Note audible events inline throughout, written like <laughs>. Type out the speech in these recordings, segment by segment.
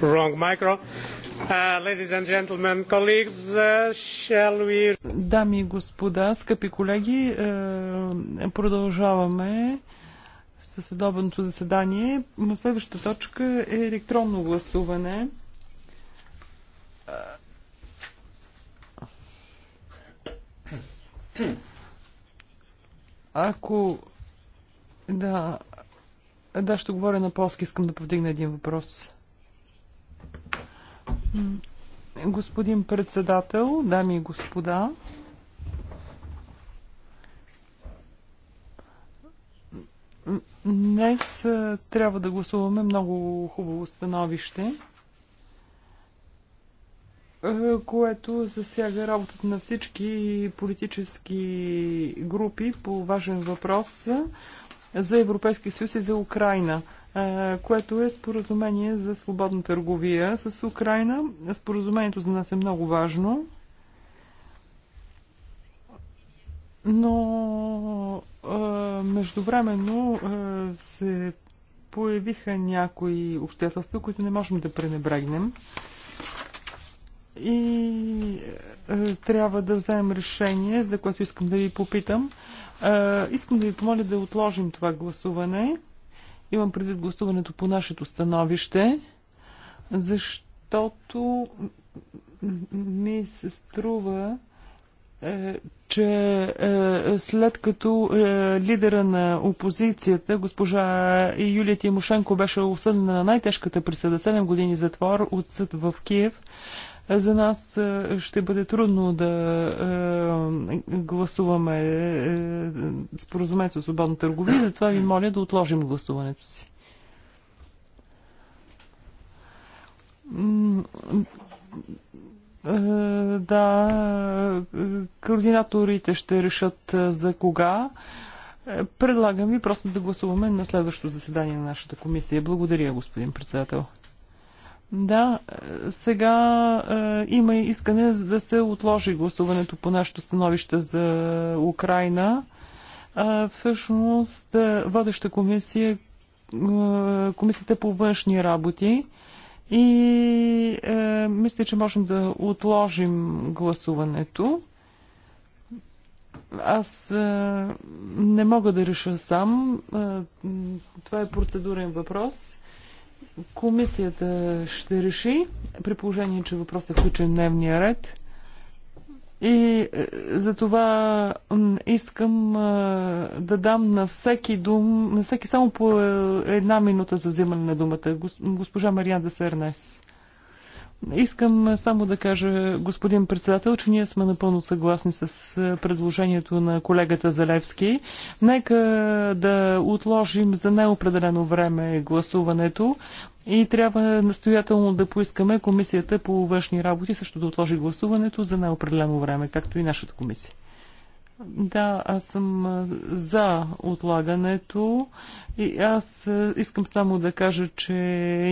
Wrong micro. Uh, ladies and gentlemen, colleagues, uh, shall we... Дами и господа, скъпи колеги, е, продължаваме със следобното заседание. Следващата точка е електронно гласуване. Ако да, да, ще говоря на полски. Искам да повдигна един въпрос. Господин председател, дами и господа, днес трябва да гласуваме много хубаво становище, което засяга работата на всички политически групи по важен въпрос за Европейския съюз и за Украина, което е споразумение за свободна търговия с Украина. Споразумението за нас е много важно, но междувременно се появиха някои обстоятелства, които не можем да пренебрегнем и трябва да вземем решение, за което искам да ви попитам. Искам да ви помоля да отложим това гласуване. Имам предвид гласуването по нашето становище, защото ми се струва, е, че е, след като е, лидера на опозицията, госпожа Юлия Тимошенко, беше осъдена на най-тежката присъда 7 години затвор от съд в Киев, за нас е, ще бъде трудно да е, гласуваме е, споразумението за свободна търговия, затова ви моля да отложим гласуването си. Да, координаторите ще решат за кога. Предлагам ви просто да гласуваме на следващото заседание на нашата комисия. Благодаря, господин председател. Да, е, сега е, има искане за да се отложи гласуването по нашето становище за Украина. Е, всъщност, е, водеща комисия, е, комисията по външни работи и е, мисля, че можем да отложим гласуването. Аз е, не мога да реша сам. Е, това е процедурен въпрос. Комисията ще реши, при положение, че въпросът е включен в дневния ред. И е, за това искам е, да дам на всеки, дум, на всеки само по е, една минута за вземане на думата. Госпожа Мария Десернес. Искам само да кажа, господин председател, че ние сме напълно съгласни с предложението на колегата Залевски. Нека да отложим за неопределено време гласуването и трябва настоятелно да поискаме комисията по външни работи също да отложи гласуването за неопределено време, както и нашата комисия. Да, аз съм за отлагането. И аз искам само да кажа, че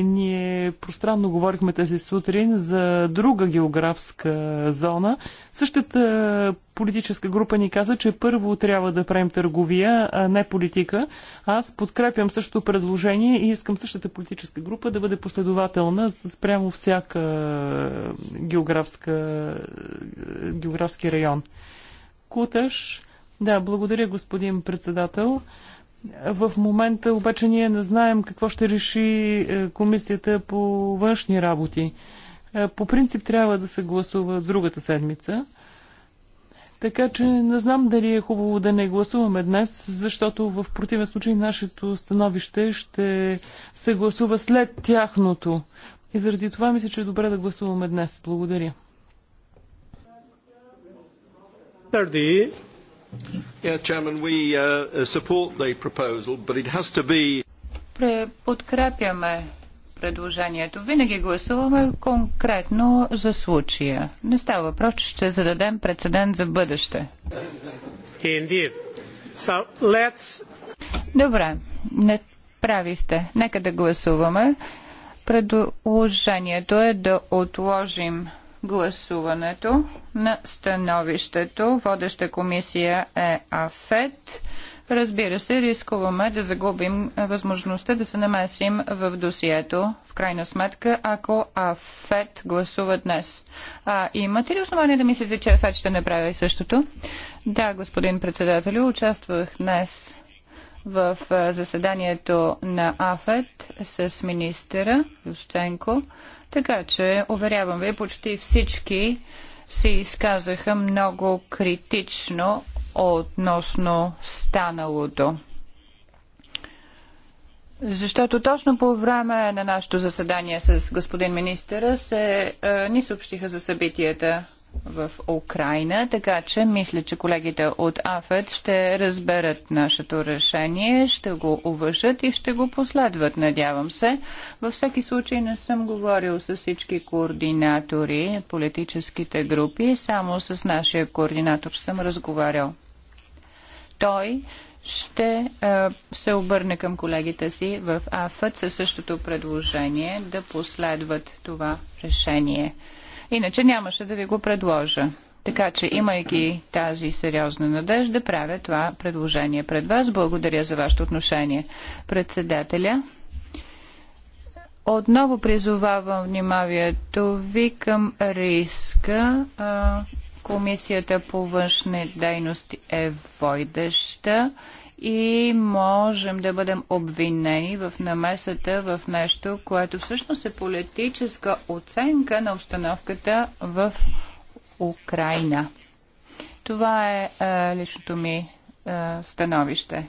ние пространно говорихме тази сутрин за друга географска зона. Същата политическа група ни каза, че първо трябва да правим търговия, а не политика. Аз подкрепям същото предложение и искам същата политическа група да бъде последователна спрямо всяка географска, географски район. Куташ. Да, благодаря, господин председател. В момента обаче ние не знаем какво ще реши е, комисията по външни работи. Е, по принцип трябва да се гласува другата седмица. Така че не знам дали е хубаво да не гласуваме днес, защото в противен случай нашето становище ще се гласува след тяхното. И заради това мисля, че е добре да гласуваме днес. Благодаря. Mr. Yeah, Chairman, we uh, uh, support the proposal, but it has to be... Подкрепяме предложението. Винаги гласуваме конкретно за случая. Не става въпрос, че ще зададем прецедент за бъдеще. Indeed. So, let's... Добре, не прави сте. Нека да гласуваме. Предложението е да отложим гласуването на становището. Водеща комисия е АФЕТ. Разбира се, рискуваме да загубим възможността да се намесим в досието, в крайна сметка, ако АФЕТ гласува днес. А, имате ли основание да мислите, че АФЕТ ще направи същото? Да, господин председател, участвах днес в заседанието на АФЕТ с министъра Русченко. Така че, уверявам ви, почти всички се изказаха много критично относно станалото. Защото точно по време на нашето заседание с господин министъра се, е, ни съобщиха за събитията в Украина, така че мисля, че колегите от АФЕД ще разберат нашето решение, ще го уважат и ще го последват, надявам се. Във всеки случай не съм говорил с всички координатори, политическите групи, само с нашия координатор съм разговарял. Той ще е, се обърне към колегите си в АФЕД със същото предложение да последват това решение. Иначе нямаше да ви го предложа. Така че, имайки тази сериозна надежда, правя това предложение пред вас. Благодаря за вашето отношение. Председателя, отново призовавам вниманието ви към риска. Комисията по външни дейности е войдеща и можем да бъдем обвинени в намесата в нещо, което всъщност е политическа оценка на обстановката в Украина. Това е, е личното ми е, становище.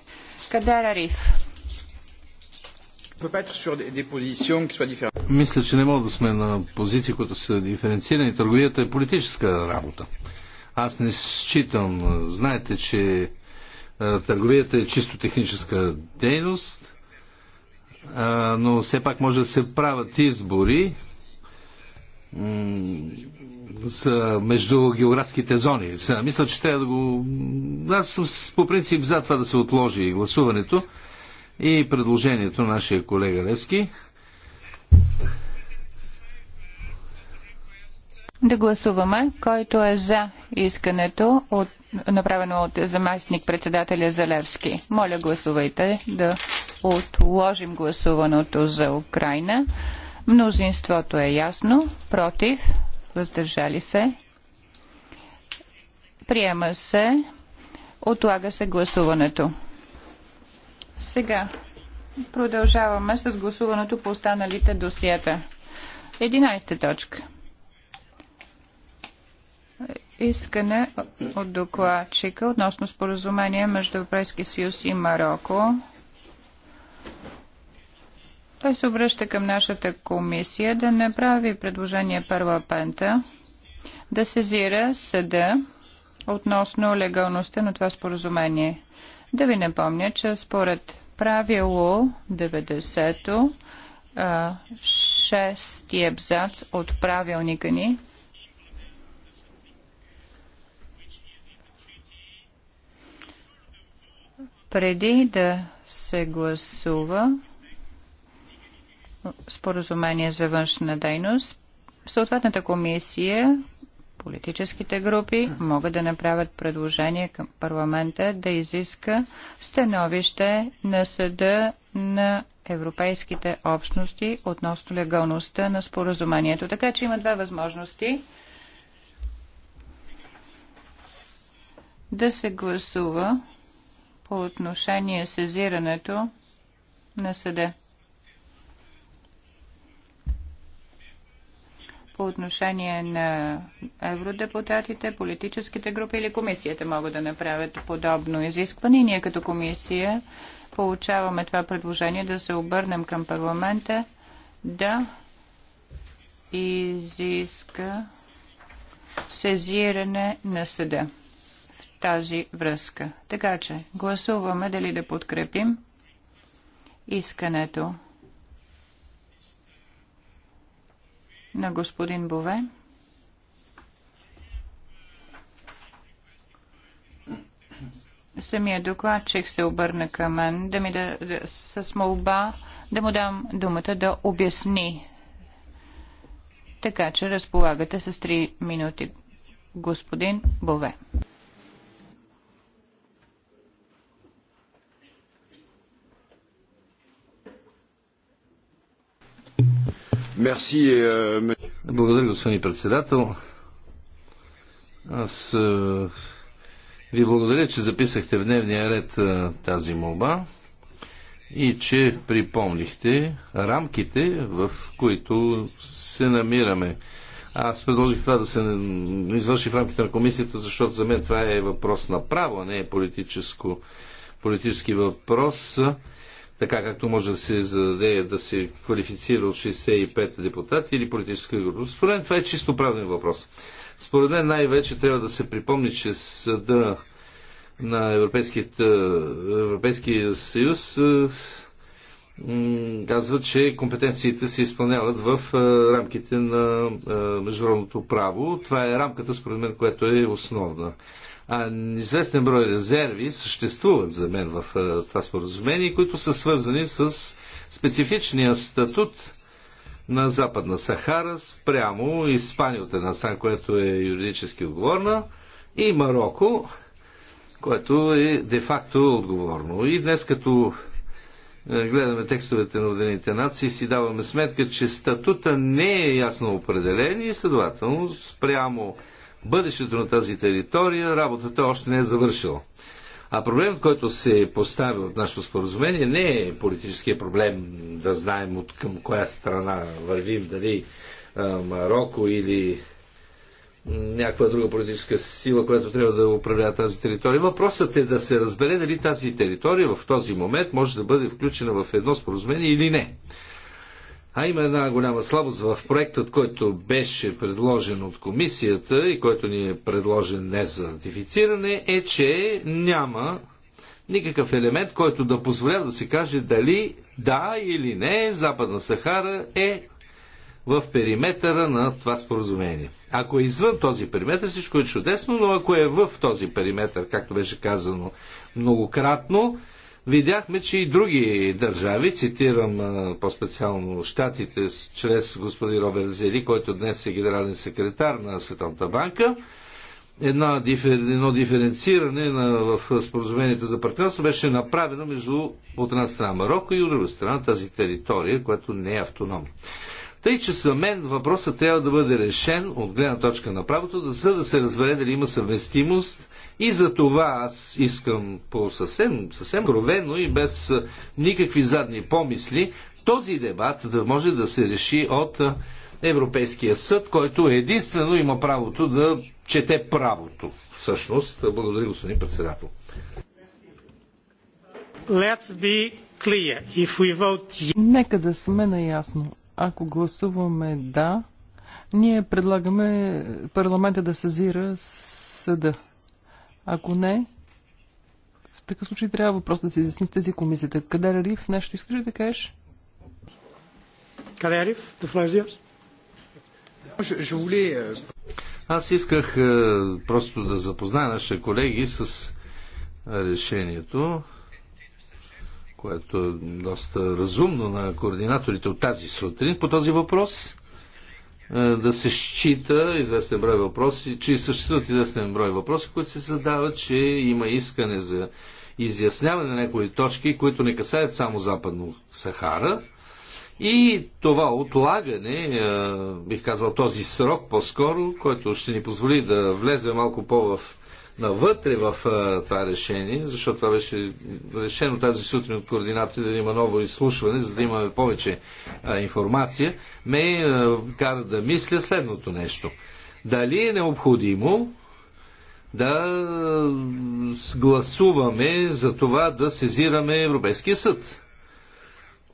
Кадер Ариф. Мисля, че не мога да сме на позиции, които са диференцирани. Търговията е политическа работа. Аз не считам. Знаете, че е, търговията е чисто техническа дейност, но все пак може да се правят избори между географските зони. Сега, мисля, че трябва да го... Аз съм по принцип за това да се отложи гласуването и предложението на нашия колега Левски. Да гласуваме, който е за искането, от, направено от заместник председателя Залевски. Моля, гласувайте да отложим гласуваното за Украина. Мнозинството е ясно, против, въздържали се. Приема се, отлага се гласуването. Сега продължаваме с гласуването по останалите досиета. 11 точка искане от докладчика относно споразумение между Европейския съюз и Марокко. Той се обръща към нашата комисия да направи предложение парламента да сезира съда относно легалността на това споразумение. Да ви напомня, че според правило 90-то, шести абзац от правилника ни, преди да се гласува споразумение за външна дейност, съответната комисия, политическите групи могат да направят предложение към парламента да изиска становище на съда на европейските общности относно легалността на споразумението. Така че има две възможности да се гласува по отношение сезирането на съда. По отношение на евродепутатите, политическите групи или комисията могат да направят подобно изискване. Ние като комисия получаваме това предложение да се обърнем към парламента да изиска сезиране на съда тази връзка. Така че гласуваме дали да подкрепим искането на господин Бове. Самия докладчик се обърна към мен да ми да, да, с молба да му дам думата да обясни. Така че разполагате с 3 минути господин Бове. Euh, благодаря, господин председател. Аз е, ви благодаря, че записахте в дневния ред е, тази молба и че припомнихте рамките, в които се намираме. Аз предложих това да се извърши в рамките на комисията, защото за мен това е въпрос на право, а не е политическо, политически въпрос така както може да се зададе, да се квалифицира от 65 депутати или политическа група. Според мен това е чисто правен въпрос. Според мен най-вече трябва да се припомни, че съда на е, Европейския съюз е, казва, че компетенциите се изпълняват в е, рамките на международното право. Това е рамката, според мен, която е основна а, известен брой резерви съществуват за мен в а, това споразумение, които са свързани с специфичния статут на Западна Сахара спрямо Испания от една страна, която е юридически отговорна, и Марокко, което е де-факто отговорно. И днес като гледаме текстовете на Обединените нации, си даваме сметка, че статута не е ясно определен и следователно спрямо бъдещето на тази територия, работата още не е завършила. А проблемът, който се поставя от нашето споразумение, не е политическия проблем да знаем от към коя страна вървим, дали Марокко или някаква друга политическа сила, която трябва да управлява тази територия. Въпросът е да се разбере дали тази територия в този момент може да бъде включена в едно споразумение или не. А има една голяма слабост в проектът, който беше предложен от комисията и който ни е предложен не за ратифициране, е, че няма никакъв елемент, който да позволява да се каже дали да или не Западна Сахара е в периметъра на това споразумение. Ако е извън този периметър, всичко е чудесно, но ако е в този периметър, както беше казано многократно, видяхме, че и други държави, цитирам по-специално Штатите, чрез господин Роберт Зели, който днес е генерален секретар на Световната банка, една, едно диференциране на, в споразуменията за партньорство беше направено между от една страна Марокко и от друга страна тази територия, която не е автономна. Тъй, че за мен въпросът трябва да бъде решен от гледна точка на правото, за да се разбере дали има съвместимост и за това аз искам по съвсем, съвсем кровено и без никакви задни помисли този дебат да може да се реши от Европейския съд, който единствено има правото да чете правото. Всъщност, благодаря господин председател. Vote... Нека да сме наясно. Ако гласуваме да, ние предлагаме парламента да сезира съда. Ако не, в такъв случай трябва въпрос да се изясни тази комисията. Къде е Риф? нещо искаш ли да кажеш? Къде е The floor is Аз исках е, просто да запозная нашите колеги с е, решението, което е доста разумно на координаторите от тази сутрин по този въпрос. Е, да се счита известен брой въпроси, че съществуват известен брой въпроси, които се задават, че има искане за изясняване на някои точки, които не касаят само Западно Сахара. И това отлагане, е, бих казал този срок по-скоро, който ще ни позволи да влезе малко по-в навътре в това решение, защото това беше решено тази сутрин от координатори да има ново изслушване, за да имаме повече информация, ме кара да мисля следното нещо. Дали е необходимо да гласуваме за това да сезираме Европейския съд?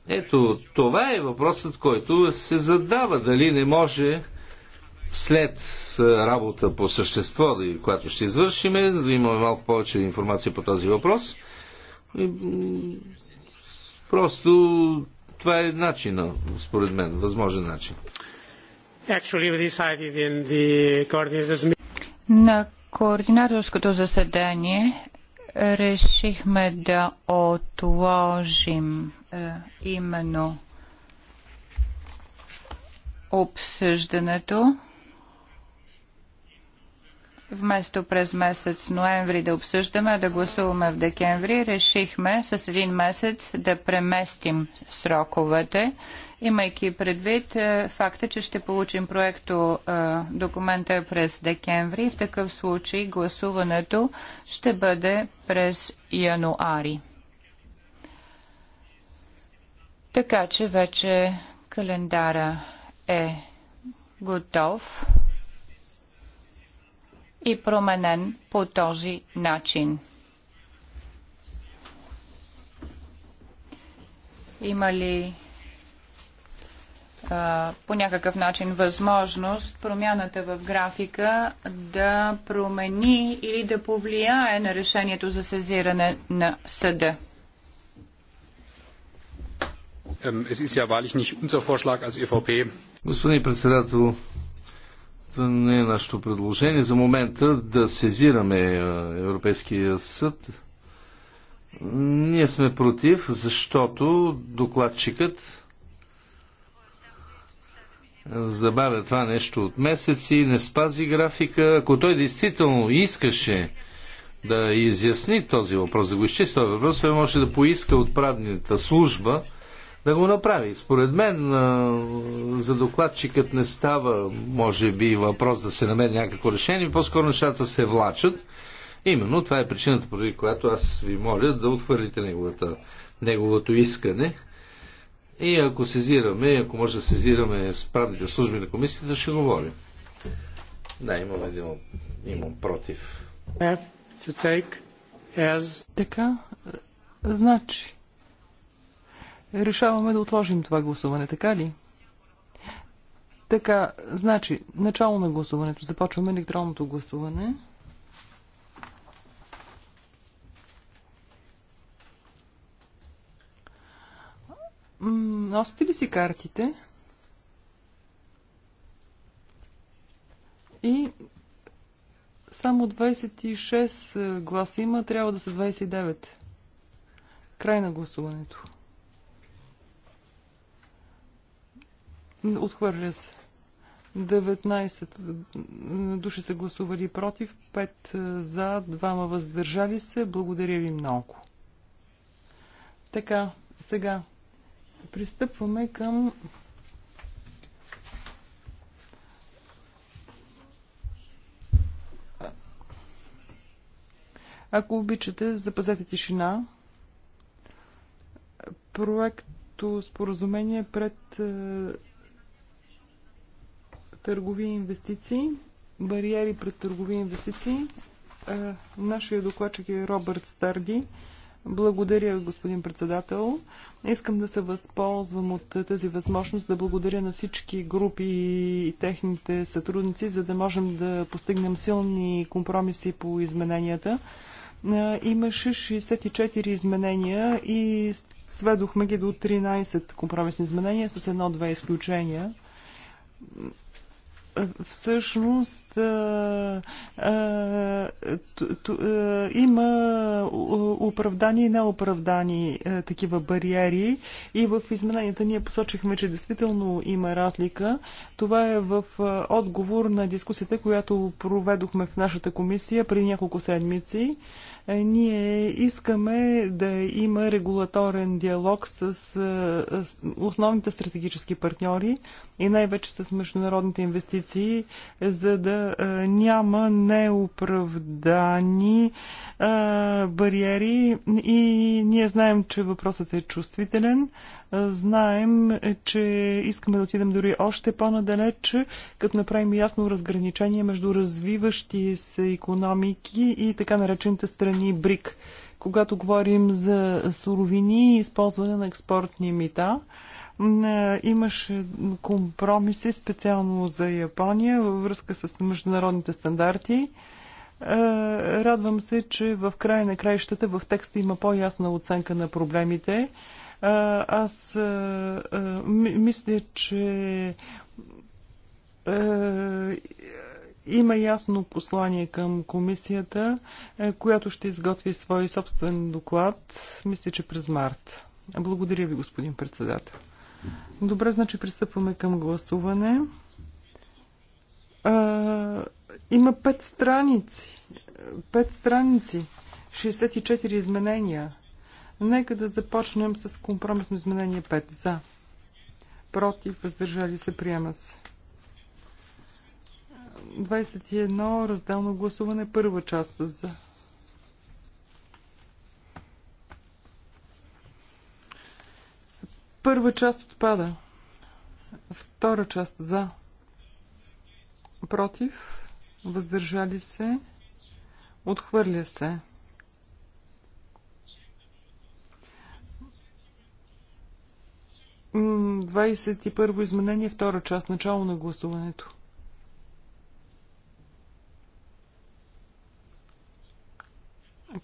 Ето, това е въпросът, който се задава. Дали не може след е, работа по същество, която ще извършиме, да имаме малко повече информация по този въпрос. Просто това е начина, според мен, възможен начин. На координаторското заседание решихме да отложим е, именно обсъждането Вместо през месец ноември да обсъждаме, да гласуваме в декември, решихме с един месец да преместим сроковете имайки предвид е, факта, че ще получим проекто е, документа през декември. В такъв случай гласуването ще бъде през януари. Така че вече календара е готов и променен по този начин. Има ли по някакъв начин възможност промяната в графика да промени или да повлияе на решението за сезиране на съда. E Господин председател, не е нашето предложение за момента да сезираме е, Европейския съд. Ние сме против, защото докладчикът забавя това нещо от месеци, не спази графика. Ако той действително искаше да изясни този въпрос, да го изчисти този въпрос, той може да поиска от правната служба да го направи. Според мен за докладчикът не става, може би, въпрос да се намери някакво решение, по-скоро нещата се влачат. Именно това е причината, поради която аз ви моля да отхвърлите неговата, неговото искане. И ако сезираме, ако може да сезираме с правните служби на комисията, ще говорим. Да, имам един, имам против. Така, значи, Решаваме да отложим това гласуване, така ли? Така, значи, начало на гласуването. Започваме електронното гласуване. Носите ли си картите? И само 26 е, гласа има, трябва да са 29. Край на гласуването. Отхвърля се. 19 души са гласували против, 5 е, за, 2 въздържали се. Благодаря ви много. Така, сега пристъпваме към Ако обичате, запазете тишина. Проекто споразумение пред е, Търгови инвестиции, бариери пред търгови инвестиции. Нашия докладчик е Робърт Старди. Благодаря, господин председател. Искам да се възползвам от тази възможност да благодаря на всички групи и техните сътрудници, за да можем да постигнем силни компромиси по измененията. Имаше 64 изменения и сведохме ги до 13 компромисни изменения с едно-две изключения всъщност а, а, т, т, а, има оправдани и неоправдани такива бариери и в измененията ние посочихме, че действително има разлика. Това е в отговор на дискусията, която проведохме в нашата комисия преди няколко седмици е, ние искаме да има регулаторен диалог с, с основните стратегически партньори и най-вече с международните инвестиции инвестиции, за да няма неоправдани бариери. И ние знаем, че въпросът е чувствителен. Знаем, че искаме да отидем дори още по-надалеч, като направим ясно разграничение между развиващи се економики и така наречените страни БРИК. Когато говорим за суровини и използване на експортни мита, е, имаше компромиси специално за Япония във връзка с международните стандарти. Е, радвам се, че в края на краищата в текста има по-ясна оценка на проблемите. Е, аз мисля, че има ясно послание към комисията, която ще изготви свой собствен доклад, мисля, че през март. Благодаря ви, господин председател. Добре, значи пристъпваме към гласуване. А, има пет страници. Пет страници. 64 изменения. Нека да започнем с компромисно изменение 5. За. Против. Въздържали се. Приема се. 21. Разделно гласуване. Първа част. За. Първа част отпада. Втора част за. Против. Въздържали се. Отхвърля се. и 21 изменение, втора част, начало на гласуването.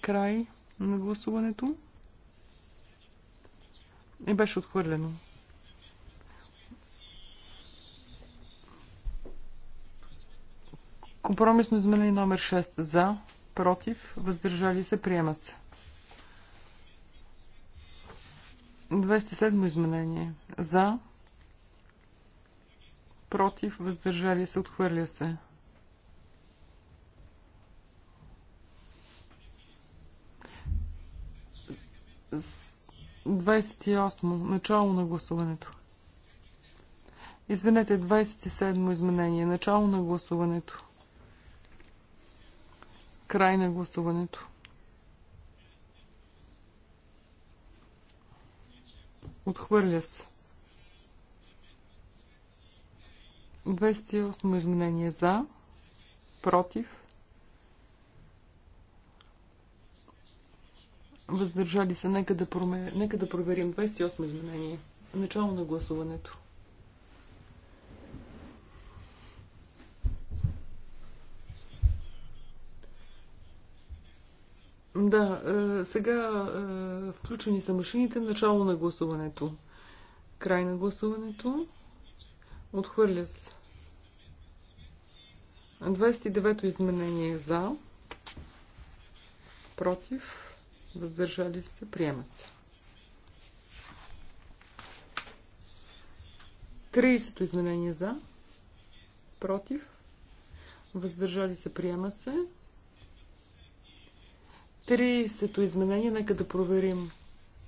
Край на гласуването. И беше отхвърлено. Компромисно изменение номер 6. За, против, въздържали се, приема се. 27 изменение. За, против, въздържали се, отхвърля се. С 28. Начало на гласуването. Извинете, 27 изменение. Начало на гласуването. Край на гласуването. Отхвърля се. 28 изменение за, против, въздържали се, нека да, проме... нека да проверим 28 изменение. Начало на гласуването. Да, е, сега е, включени са машините. Начало на гласуването. Край на гласуването. Отхвърля се. 29-то изменение за. Против въздържали се, приема се. 30 изменение за, против, въздържали се, приема се. 30-то изменение, нека да проверим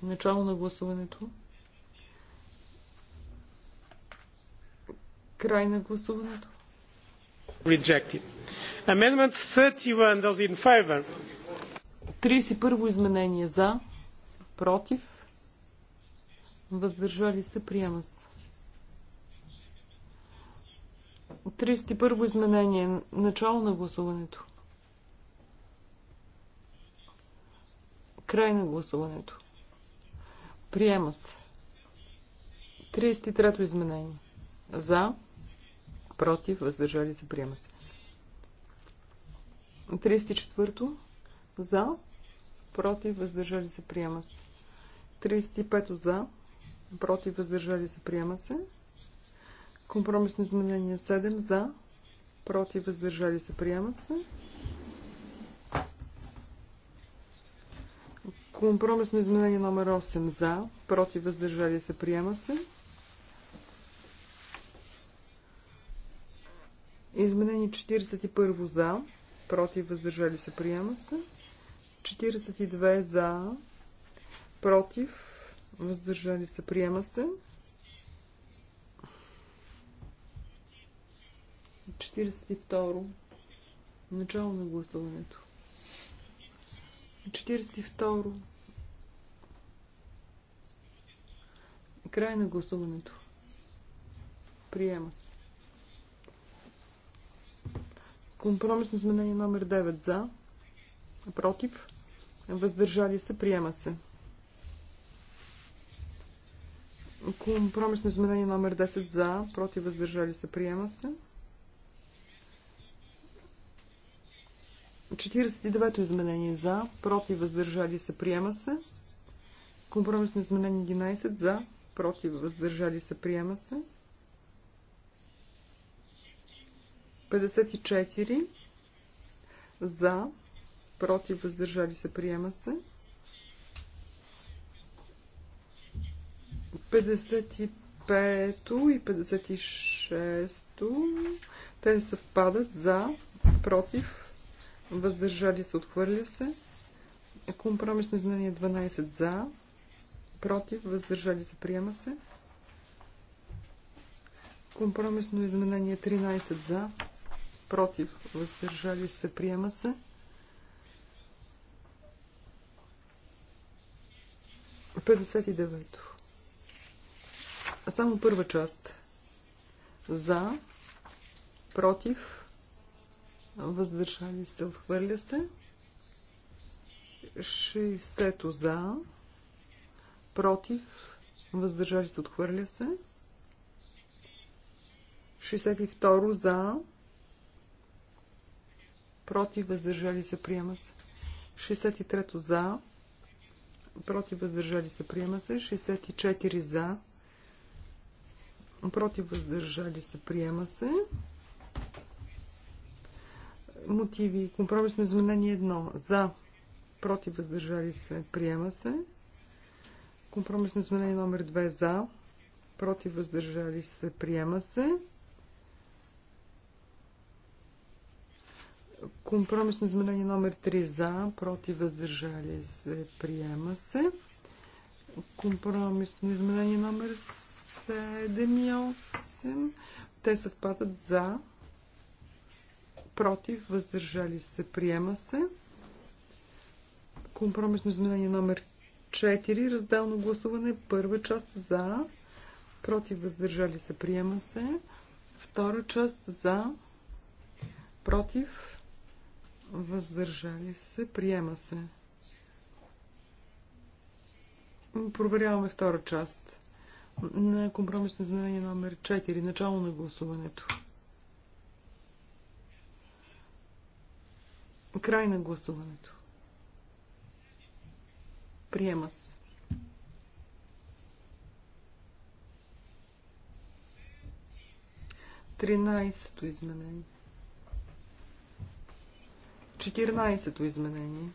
начало на гласуването. Край на гласуването. Rejected. Amendment 31, those in favor. 31 изменение за, против, въздържали се, приема се. 31 изменение, начало на гласуването. Край на гласуването. Приема се. 33 изменение. За, против, въздържали се, приема се. 34 то за, против, въздържали се, приема се. 35 за, против, въздържали се, приема се. Компромисно изменение 7 за, против, въздържали се, приема се. Компромисно изменение номер 8 за, против, въздържали се, приема се. Изменение 41 за, против, въздържали се, приема се. 42 за, против, въздържали се, приема се. 42. Начало на гласуването. 42. Край на гласуването. Приема се. Компромисно изменение номер 9 за. Против въздържали се, приема се. Компромисно изменение номер 10 за, против, въздържали се, приема се. 49-то изменение за, против, въздържали се, приема се. Компромисно изменение 11 за, против, въздържали се, приема се. 54 за, против, въздържали се, приема се. 55-то и 56-то, те съвпадат за, против, въздържали се, отхвърля се. Компромисно изменение 12 за, против, въздържали се, приема се. Компромисно изменение 13 за, против, въздържали се, приема се. 59-то. Само първа част. За, против, въздържали се, отхвърля се. 60-то за, против, въздържали се, отхвърля се. 62 за, против, въздържали се, приема се. 63 за, против въздържали се, приема се. 64 за, против въздържали се, приема се. Мотиви. Компромисно изменение 1. За, против въздържали се, приема се. Компромисно изменение номер 2. За, против въздържали се, приема се. Компромисно изменение номер 3 за, против, въздържали се, приема се. Компромисно изменение номер 7 и 8. Те съвпадат за, против, въздържали се, приема се. Компромисно изменение номер 4, разделно гласуване, първа част за, против, въздържали се, приема се. Втора част за, против, въздържали се, приема се. Проверяваме втора част на компромисно изменение номер 4, начало на гласуването. Край на гласуването. Приема се. Тринайсето изменение. 14-то изменение.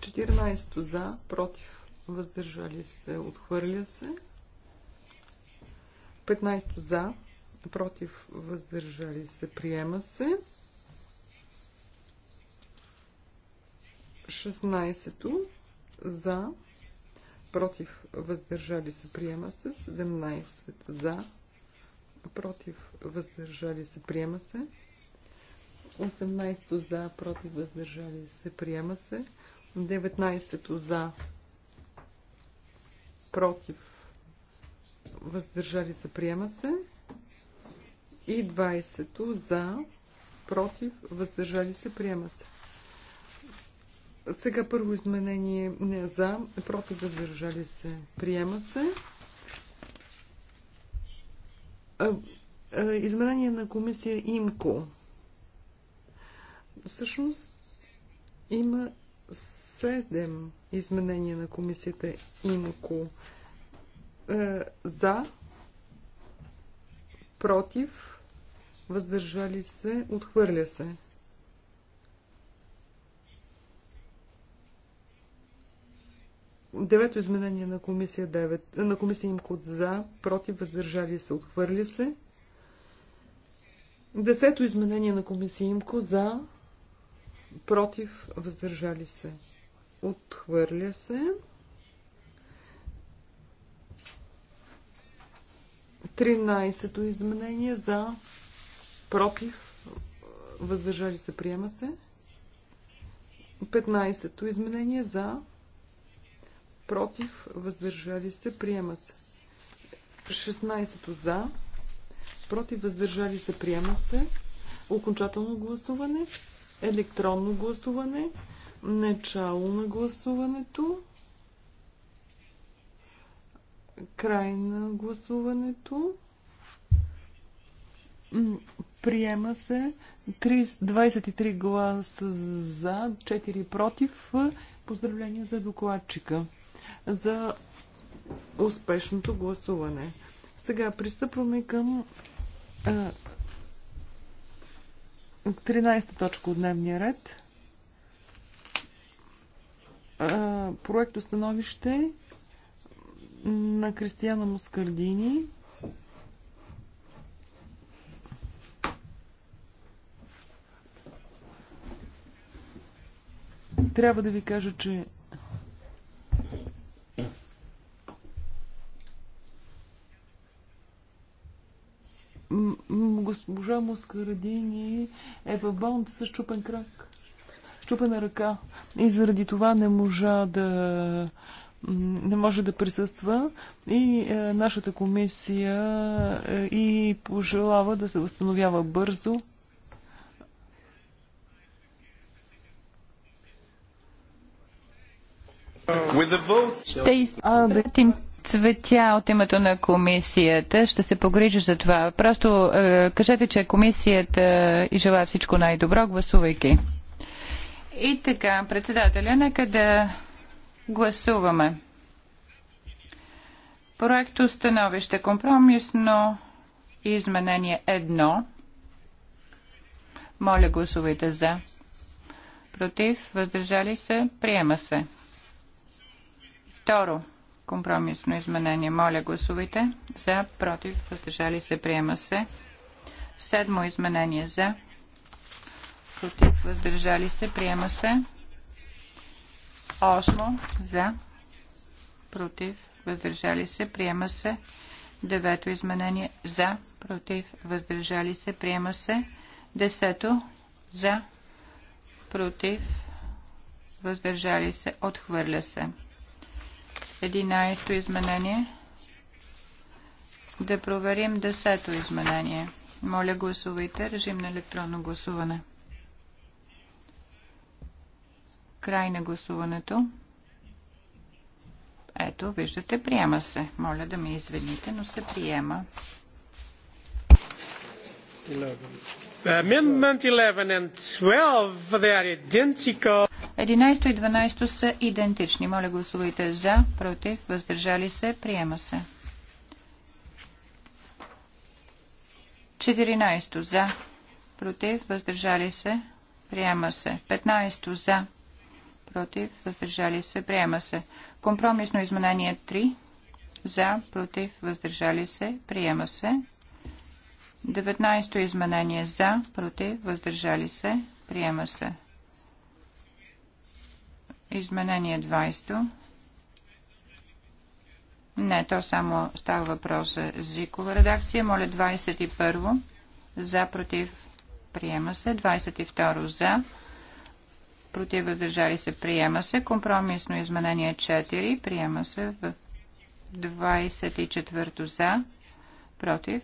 14-то за, против, въздържали се, отхвърля се. 15-то за, против, въздържали се, приема се. 16-то за, против, въздържали се, приема се. 17 за, против, въздържали се, приема се. 18 за, против, въздържали се, приема се. 19 за, против, въздържали се, приема се. И 20 за, против, въздържали се, приема се. Сега първо изменение не за, против, въздържали се, приема се. Изменение на комисия ИМКО. Всъщност има седем изменения на комисията ИМКО е, за, против, въздържали се, отхвърля се. Девето изменение на комисия, 9, е, на комисия ИМКО за, против, въздържали се, отхвърля се. Десето изменение на комисия ИМКО за, против, въздържали се, отхвърля се. 13-то изменение за против, въздържали се, приема се. 15-то изменение за против, въздържали се, приема се. 16 за против, въздържали се, приема се. Окончателно гласуване електронно гласуване, начало на гласуването, край на гласуването, приема се 23 гласа за, 4 против. Поздравления за докладчика за успешното гласуване. Сега пристъпваме към 13-та точка от дневния ред. Проект установище на Кристияна Мускардини. Трябва да ви кажа, че Госпожа Москарадини е в болница с чупен крак, чупена ръка и заради това не можа да не може да присъства и е, нашата комисия е, и пожелава да се възстановява бързо Ще изпратим цветя от името на комисията. Ще се погрижиш за това. Просто е, кажете, че комисията и желая всичко най-добро, гласувайки. И така, председателя, нека да гласуваме. Проекто становище компромисно изменение едно. Моля, гласувайте за. Против, въздържали се, приема се. Второ, компромисно изменение. Моля, гласувайте. За, против, въздържали се, приема се. Седмо изменение за, против, въздържали се, приема се. Осмо за, против, въздържали се, приема се. Девето изменение за, против, въздържали се, приема се. Десето за, против, въздържали се, отхвърля се. 11-то изменение. Да проверим 10-то изменение. Моля гласувайте. Режим на електронно гласуване. Край на гласуването. Ето, виждате, приема се. Моля да ме извините, но се приема. Amendment 11 and 12, they are identical. 11 и 12 са идентични. Моля гласувайте за, против, въздържали се, приема се. 14 за, против, въздържали се, приема се. 15 за, против, въздържали се, приема се. Компромисно изменение 3 за, против, въздържали се, приема се. 19 изменение за, против, въздържали се, приема се. Изменение 20. Не, то само става въпрос за езикова редакция. Моля 21. За, против, приема се. 22. За, против, въздържали се, приема се. Компромисно изменение 4. Приема се в 24. За, против,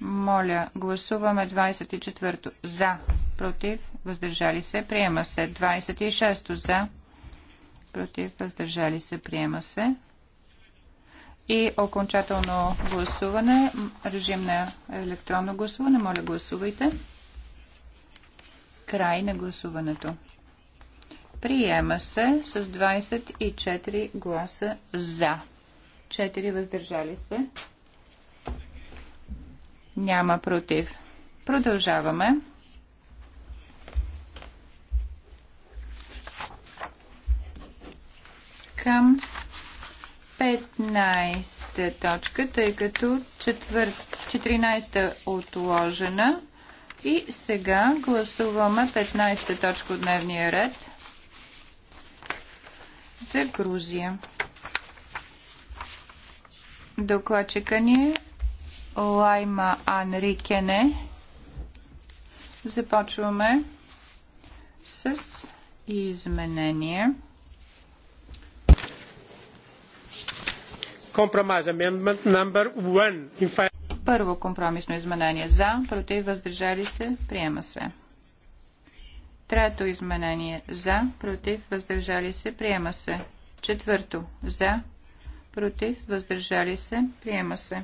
Моля, гласуваме 24-то. За. Против. Въздържали се. Приема се. 26-то. За. Против. Въздържали се. Приема се. И окончателно гласуване. Режим на електронно гласуване. Моля, гласувайте. Край на гласуването. Приема се с 24 гласа за. 4 въздържали се. Няма против. Продължаваме. Към 15 точка, тъй като 14 та отложена. И сега гласуваме 15 та точка от дневния ред за Грузия. Докладчика ни е Лайма Анрикене. Започваме с изменение. Първо компромисно изменение за, против, въздържали се, приема се. Трето изменение за, против, въздържали се, приема се. Четвърто за, против, въздържали се, приема се.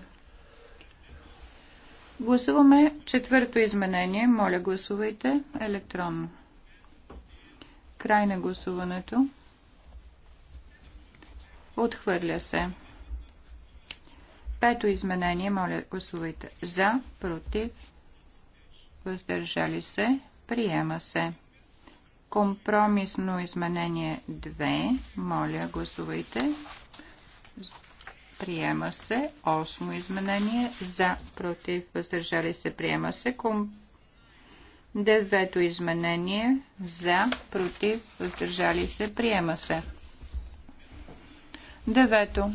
Гласуваме четвърто изменение. Моля, гласувайте електронно. Край на гласуването. Отхвърля се. Пето изменение. Моля, гласувайте за, против, въздържали се, приема се. Компромисно изменение 2. Моля, гласувайте приема се. Осмо изменение за, против, въздържали се, приема се. Ком... Девето изменение за, против, въздържали се, приема се. Девето.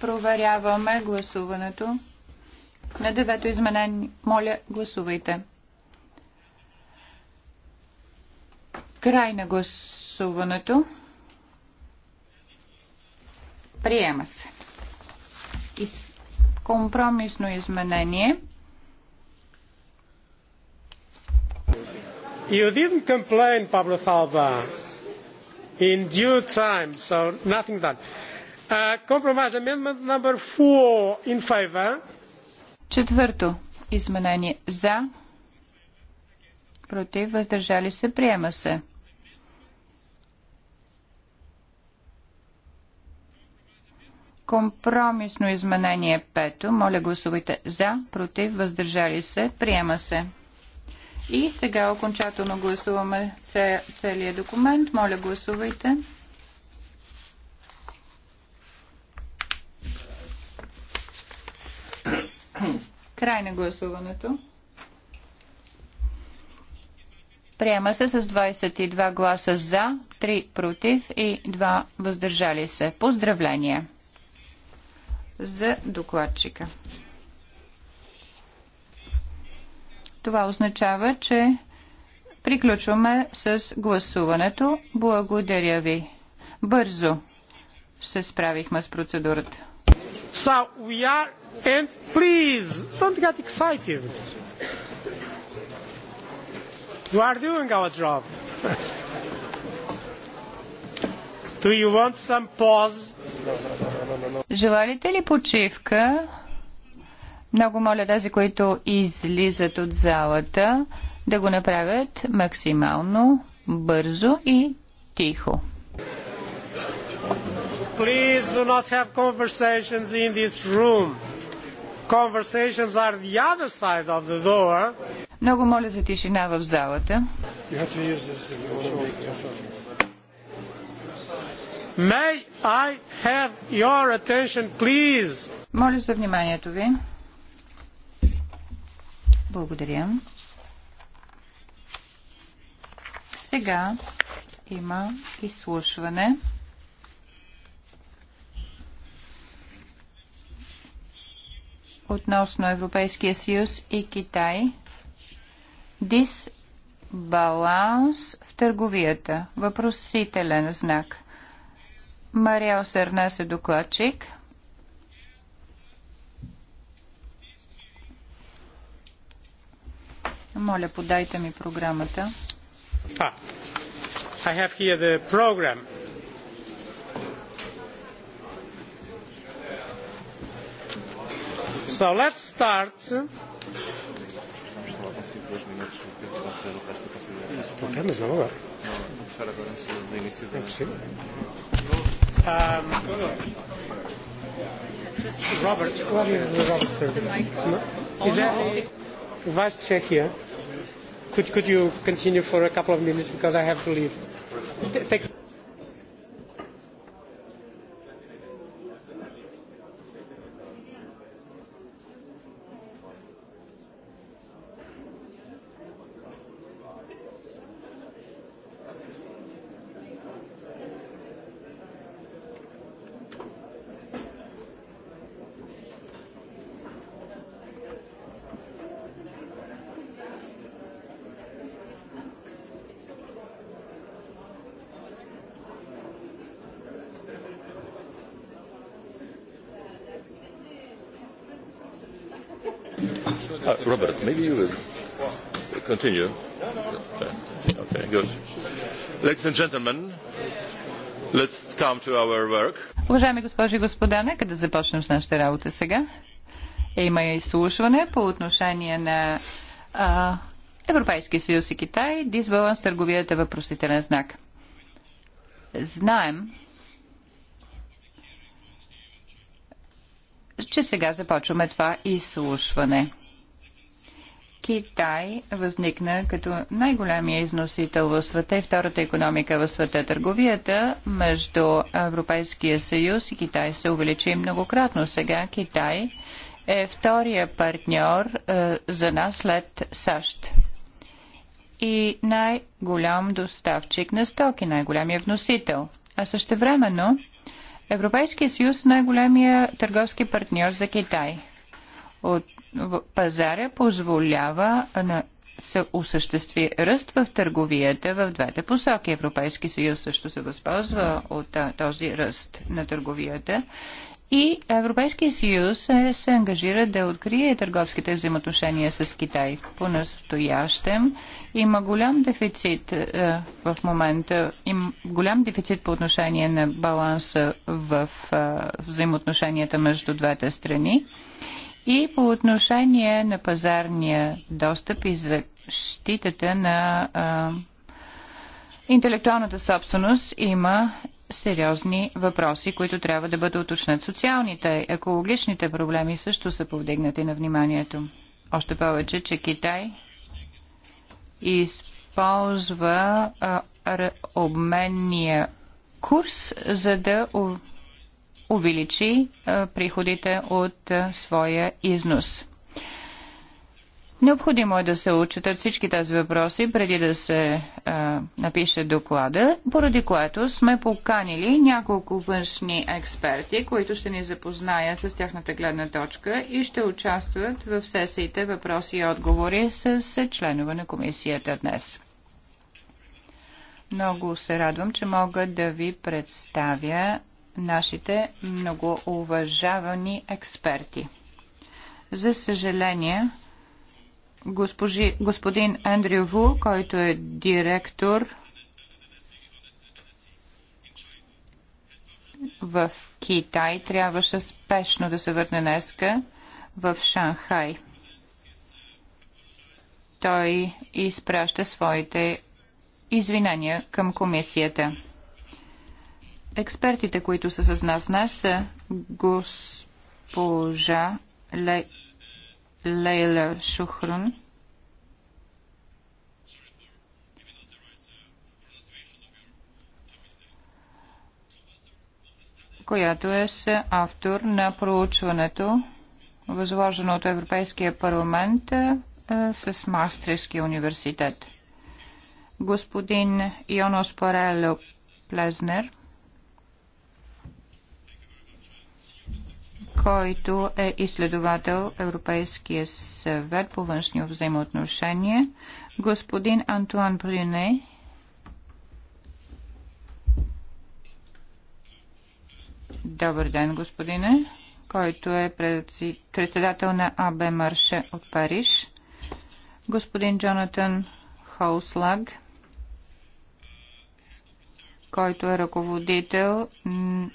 Проверяваме гласуването. На девето изменение, моля, гласувайте. Край на гласуването. Приема се компромисно изменение. You didn't complain, Pablo Salva, in due time, so nothing done. Uh, compromise amendment number four in favor. Четвърто изменение за, против, въздържали се, приема се. Компромисно изменение пето. Моля гласувайте за, против, въздържали се, приема се. И сега окончателно гласуваме целият документ. Моля гласувайте. Край на гласуването. Приема се с 22 гласа за, 3 против и 2 въздържали се. Поздравления! за докладчика. Това означава, че приключваме с гласуването. Благодаря ви. Бързо се справихме с процедурата. So we are and please don't get excited. You are doing our job. <laughs> Do you want some pause? Желаете ли почивка? Много моля тези, които излизат от залата, да го направят максимално бързо и тихо. Please do not have conversations in this room. Conversations are the other side of the door. Много моля за тишина в залата. You have to use this. May I have your attention, please? Моля за вниманието ви. Благодаря. Сега има изслушване. относно Европейския съюз и Китай. Дисбаланс в търговията. Въпросителен знак – Мариел Сернас е докладчик. Моля, подайте ми програмата. Ah, I have here the program. So let's start. Tocamos na hora. Não, não, não, não, não, não, não, não, não, Um, Robert, what is the Robert service? Is that Vice Chair here? Could, could you continue for a couple of minutes because I have to leave? Take continue? Okay, good. Ladies and gentlemen, let's come to our work. Уважаеми госпожи и господа, нека да започнем с нашата работа сега. Има изслушване по отношение на а, Европейски съюз и Китай, дисбаланс търговията въпросителен знак. Знаем, че сега започваме това изслушване. Китай възникна като най-голямия износител в света и втората економика в света. Търговията между Европейския съюз и Китай се увеличи многократно. Сега Китай е втория партньор е, за нас след САЩ и най-голям доставчик на стоки, най-голямия вносител. А същевременно Европейския съюз е най-големия търговски партньор за Китай от пазара позволява на се осъществи ръст в търговията в двете посоки. Европейски съюз също се възползва от този ръст на търговията и Европейски съюз се, се ангажира да открие търговските взаимоотношения с Китай. По-настоящем има голям дефицит е, в момента, им, голям дефицит по отношение на баланса в е, взаимоотношенията между двете страни. И по отношение на пазарния достъп и защитата на а, интелектуалната собственост има сериозни въпроси, които трябва да бъдат уточнат. Социалните, екологичните проблеми също са повдигнати на вниманието. Още повече, че Китай използва а, обменния курс, за да увеличи е, приходите от е, своя износ. Необходимо е да се отчитат всички тези въпроси преди да се а, е, напише доклада, поради което сме поканили няколко външни експерти, които ще ни запознаят с тяхната гледна точка и ще участват в сесиите въпроси и отговори с членове на комисията днес. Много се радвам, че мога да ви представя нашите многоуважавани експерти. За съжаление, госпожи, господин Андрю Ву, който е директор в Китай, трябваше спешно да се върне днеска в Шанхай. Той изпраща своите извинения към комисията. Експертите, които са с нас днес, са госпожа Ле... Лейла Шухрун. която е с автор на проучването, възложено от Европейския парламент е, с Мастриския университет. Господин Йонос Парело Плезнер – който е изследовател Европейския съвет по външни взаимоотношения, господин Антуан Брюне. Добър ден, господине, който е председател на АБ Марше от Париж. Господин Джонатан Хоуслаг, който е ръководител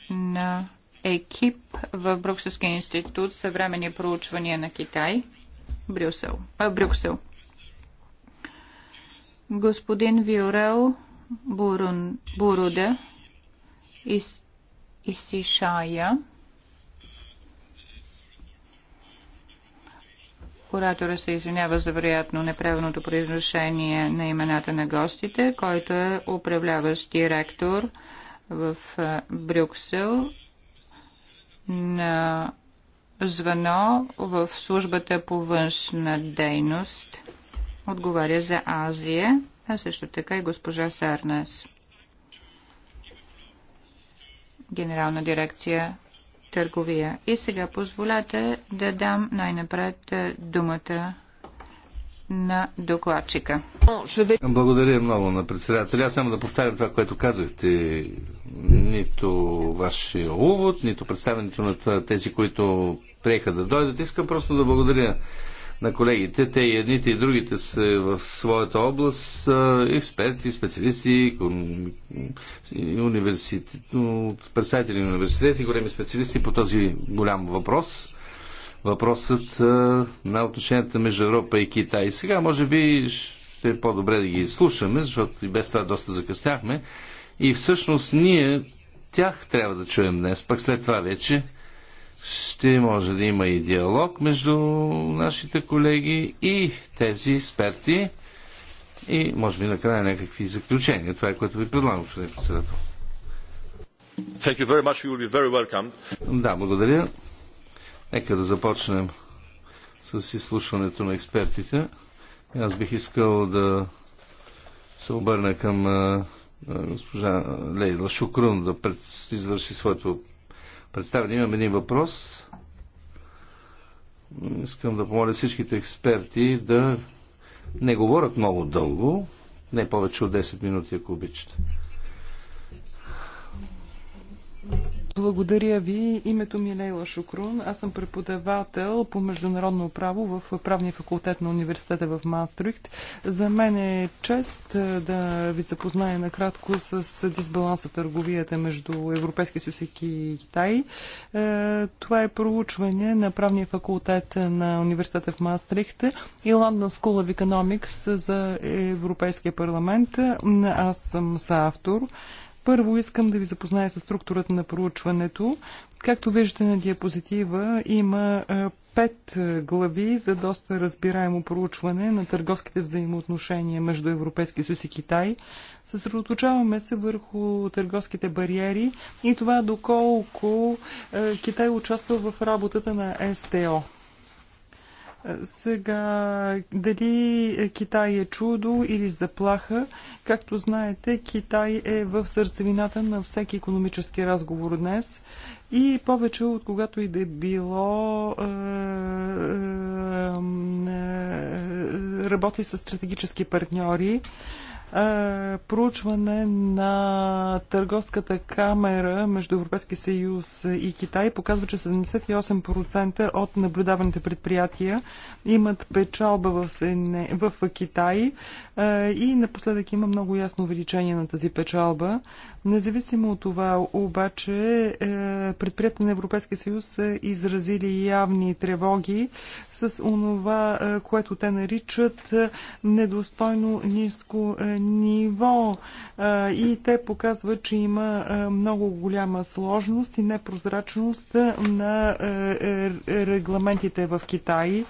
на екип в Брукселския институт съвременни проучвания на Китай, Брюсел, а, Брюксел. Господин Виорел Бурун, Буруда из, Исишая, Оратора се извинява за вероятно неправилното произношение на имената на гостите, който е управляващ директор в Брюксел на звено в службата по външна дейност. Отговаря за Азия, а също така и госпожа Сарнас. Генерална дирекция търговия. И сега позволете да дам най-напред думата на докладчика. Благодаря много на председателя. Аз само да повтарям това, което казахте. Нито вашия увод, нито представенето на тези, които приеха да дойдат. Искам просто да благодаря на колегите. Те и едните и другите са в своята област експерти, специалисти, университет, представители на университети, големи специалисти по този голям въпрос въпросът на отношенията между Европа и Китай. Сега може би ще е по-добре да ги слушаме, защото и без това доста закъсняхме. И всъщност ние тях трябва да чуем днес, пък след това вече ще може да има и диалог между нашите колеги и тези експерти и може би накрая някакви заключения. Това е което ви предлагам, господин председател. Thank you very much. You will be very welcome. Да, благодаря. Нека да започнем с изслушването на експертите. Аз бих искал да се обърна към госпожа Лейла Шукрун да пред... извърши своето представяне. Имам един въпрос. Искам да помоля всичките експерти да не говорят много дълго, не повече от 10 минути, ако обичате. Благодаря ви. Името ми е Лейла Шукрун. Аз съм преподавател по международно право в правния факултет на университета в Маастрихт. За мен е чест е, да ви запозная накратко с дисбаланса в търговията между Европейски съюз и Китай. Е, това е проучване на правния факултет на университета в Маастрихт и London School of Economics за Европейския парламент. Аз съм съавтор. автор. Първо искам да ви запозная с структурата на проучването. Както виждате на диапозитива, има пет глави за доста разбираемо проучване на търговските взаимоотношения между Европейски съюз и Китай. Съсредоточаваме се върху търговските бариери и това доколко Китай участва в работата на СТО. Сега, дали Китай е чудо или заплаха, както знаете, Китай е в сърцевината на всеки економически разговор днес и повече от когато и да е било е, е, е работи с стратегически партньори. Е, проучване на Търговската камера между Европейския съюз и Китай показва, че 78% от наблюдаваните предприятия имат печалба в, Съедине... в Китай е, и напоследък има много ясно увеличение на тази печалба. Независимо от това, обаче, е, предприятия на Европейския съюз са изразили явни тревоги с онова, което те наричат недостойно ниско ниво и те показват, че има много голяма сложност и непрозрачност на е, регламентите в Китай,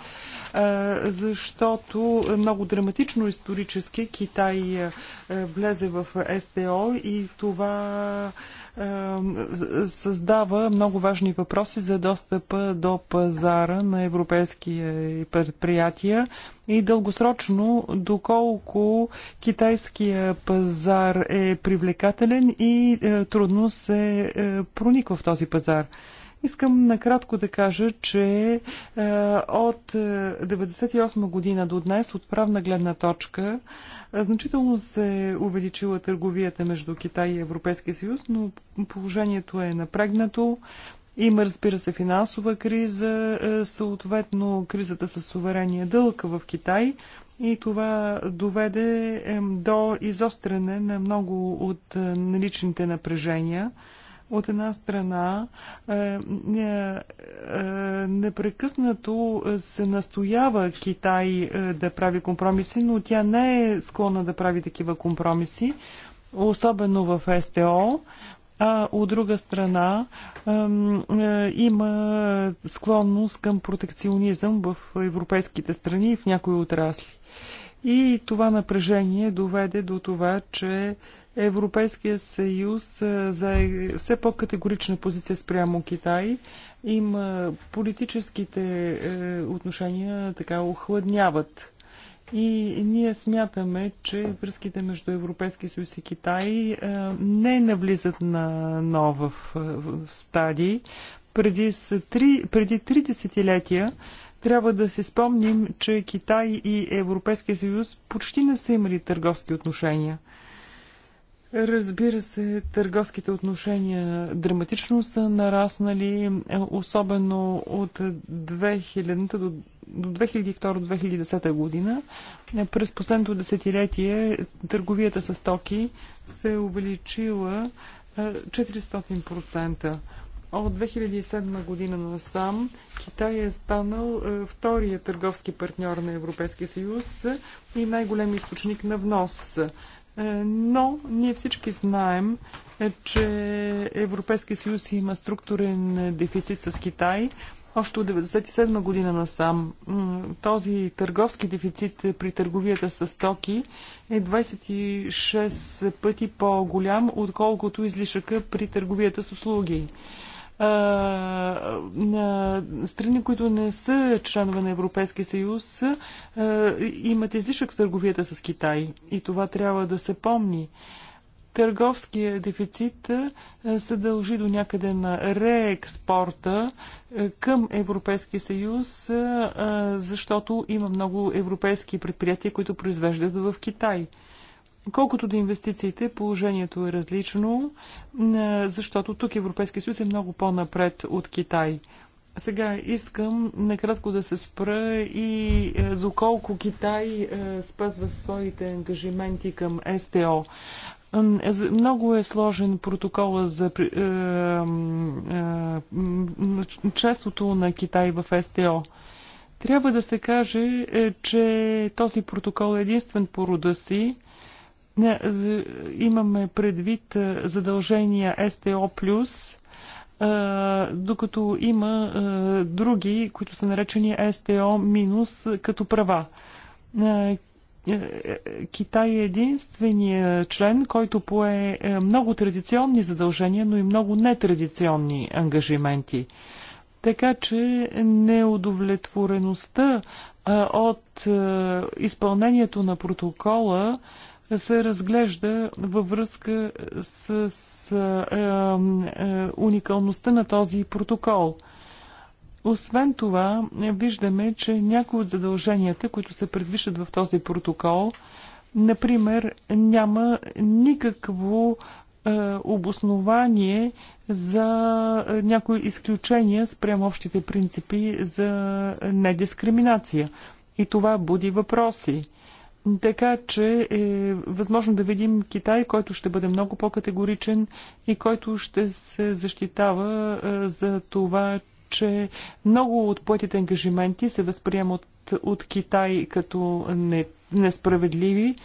защото много драматично исторически Китай влезе в СТО и това създава много важни въпроси за достъпа до пазара на европейски предприятия и дългосрочно доколко китайския пазар е привлекателен и е, трудно се е, прониква в този пазар. Искам накратко да кажа, че е, от 1998 година до днес, от правна гледна точка, Значително се увеличила търговията между Китай и Европейския съюз, но положението е напрегнато. Има, разбира се, финансова криза, съответно кризата с суверения дълг в Китай и това доведе до изостряне на много от наличните напрежения. От една страна, е, е, непрекъснато се настоява Китай е, да прави компромиси, но тя не е склонна да прави такива компромиси, особено в СТО а от друга страна има склонност към протекционизъм в европейските страни и в някои отрасли. И това напрежение доведе до това, че Европейския съюз зае все по-категорична позиция спрямо Китай. Има политическите е, отношения така охладняват. И ние смятаме, че връзките между Европейския съюз и Китай е, не навлизат на нова е, в, в стадии. Преди, три, преди три десетилетия трябва да се спомним, че Китай и Европейския съюз почти не са имали търговски отношения – Разбира се, търговските отношения драматично са нараснали, е, особено от 2000 до до 2002-2010 година. През последното десетилетие търговията с стоки се е увеличила 400%. Е, от 2007 година насам Китай е станал е, втория търговски партньор на Европейския съюз и най голем източник на внос. Е, но ние всички знаем, е, че Европейския съюз има структурен дефицит с Китай. Още от 1997 година насам този търговски дефицит при търговията с стоки е 26 пъти по-голям, отколкото излишъка при търговията с услуги страни, които не са членове на Европейския съюз, имат излишък в търговията с Китай. И това трябва да се помни. Търговския дефицит се дължи до някъде на реекспорта към Европейския съюз, защото има много европейски предприятия, които произвеждат в Китай. Колкото до инвестициите, положението е различно, защото тук Европейския съюз е много по-напред от Китай. Сега искам накратко да се спра и доколко Китай спазва своите ангажименти към СТО. Много е сложен протокола за е, е, честото на Китай в СТО. Трябва да се каже, е, че този протокол е единствен по рода си имаме предвид задължения СТО+, докато има други, които са наречени СТО- като права. Е, е, Китай е единствения член, който пое е, много традиционни задължения, но и много нетрадиционни ангажименти. Така че неудовлетвореността от изпълнението на протокола се разглежда във връзка с, с е, е, уникалността на този протокол. Освен това, виждаме, че някои от задълженията, които се предвиждат в този протокол, например, няма никакво е, обоснование за някои изключения спрямо общите принципи за недискриминация. И това буди въпроси. Така че е възможно да видим Китай, който ще бъде много по-категоричен и който ще се защитава е, за това, че много от поетите ангажименти се възприемат от, от Китай като не, несправедливи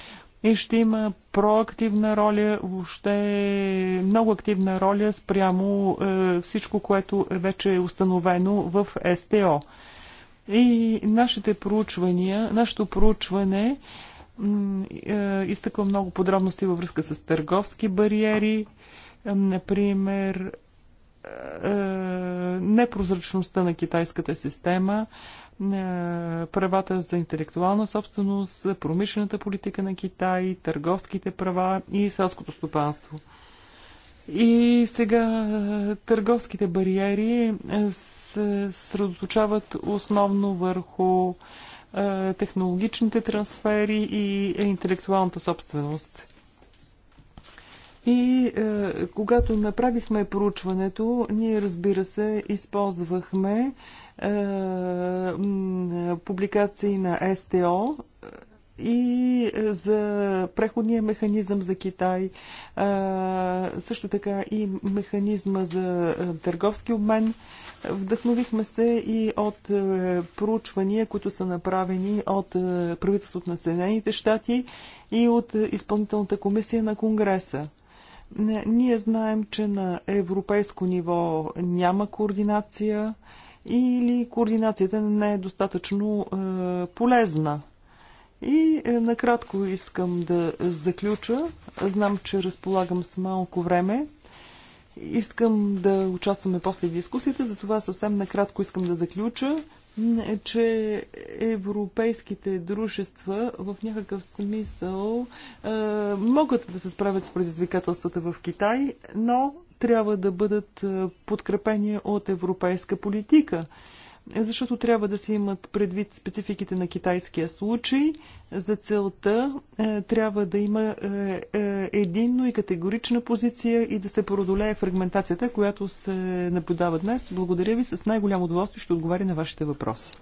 и ще има проактивна роля, въобще много активна роля спрямо е, всичко, което е вече е установено в СТО. И нашите проучвания, нашето проучване е, е, изтъква много подробности във връзка с търговски бариери, е, например е, непрозрачността на китайската система, правата за интелектуална собственост, промишлената политика на Китай, търговските права и селското стопанство. И сега търговските бариери се средоточават основно върху е, технологичните трансфери и интелектуалната собственост. И е, когато направихме проучването, ние разбира се използвахме е, публикации на СТО и е, за преходния механизъм за Китай, е, също така и механизма за е, търговски обмен. Е, Вдъхновихме се и от е, проучвания, които са направени от е, правителството на Съединените щати и от е, изпълнителната комисия на Конгреса. Ние знаем, че на европейско ниво няма координация или координацията не е достатъчно полезна. И накратко искам да заключа. Знам, че разполагам с малко време. Искам да участваме после в дискусията, затова съвсем накратко искам да заключа, е, че европейските дружества в някакъв смисъл е, могат да се справят с предизвикателствата в Китай, но трябва да бъдат е, подкрепени от европейска политика защото трябва да се имат предвид спецификите на китайския случай. За целта е, трябва да има е, е, единно и категорична позиция и да се продолее фрагментацията, която се наблюдава днес. Благодаря ви. С най-голямо удоволствие ще отговаря на вашите въпроси.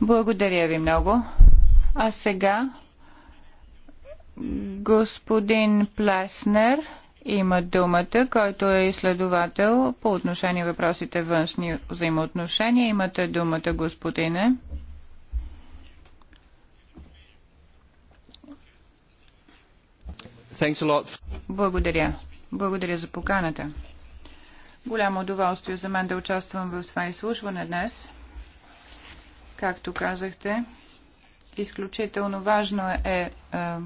Благодаря ви много. А сега Господин Плеснер има думата, който е изследовател по отношение въпросите външни взаимоотношения. Имате думата, господине. Благодаря. Благодаря за поканата. Голямо удоволствие за мен да участвам в това изслушване днес. Както казахте, изключително важно е, е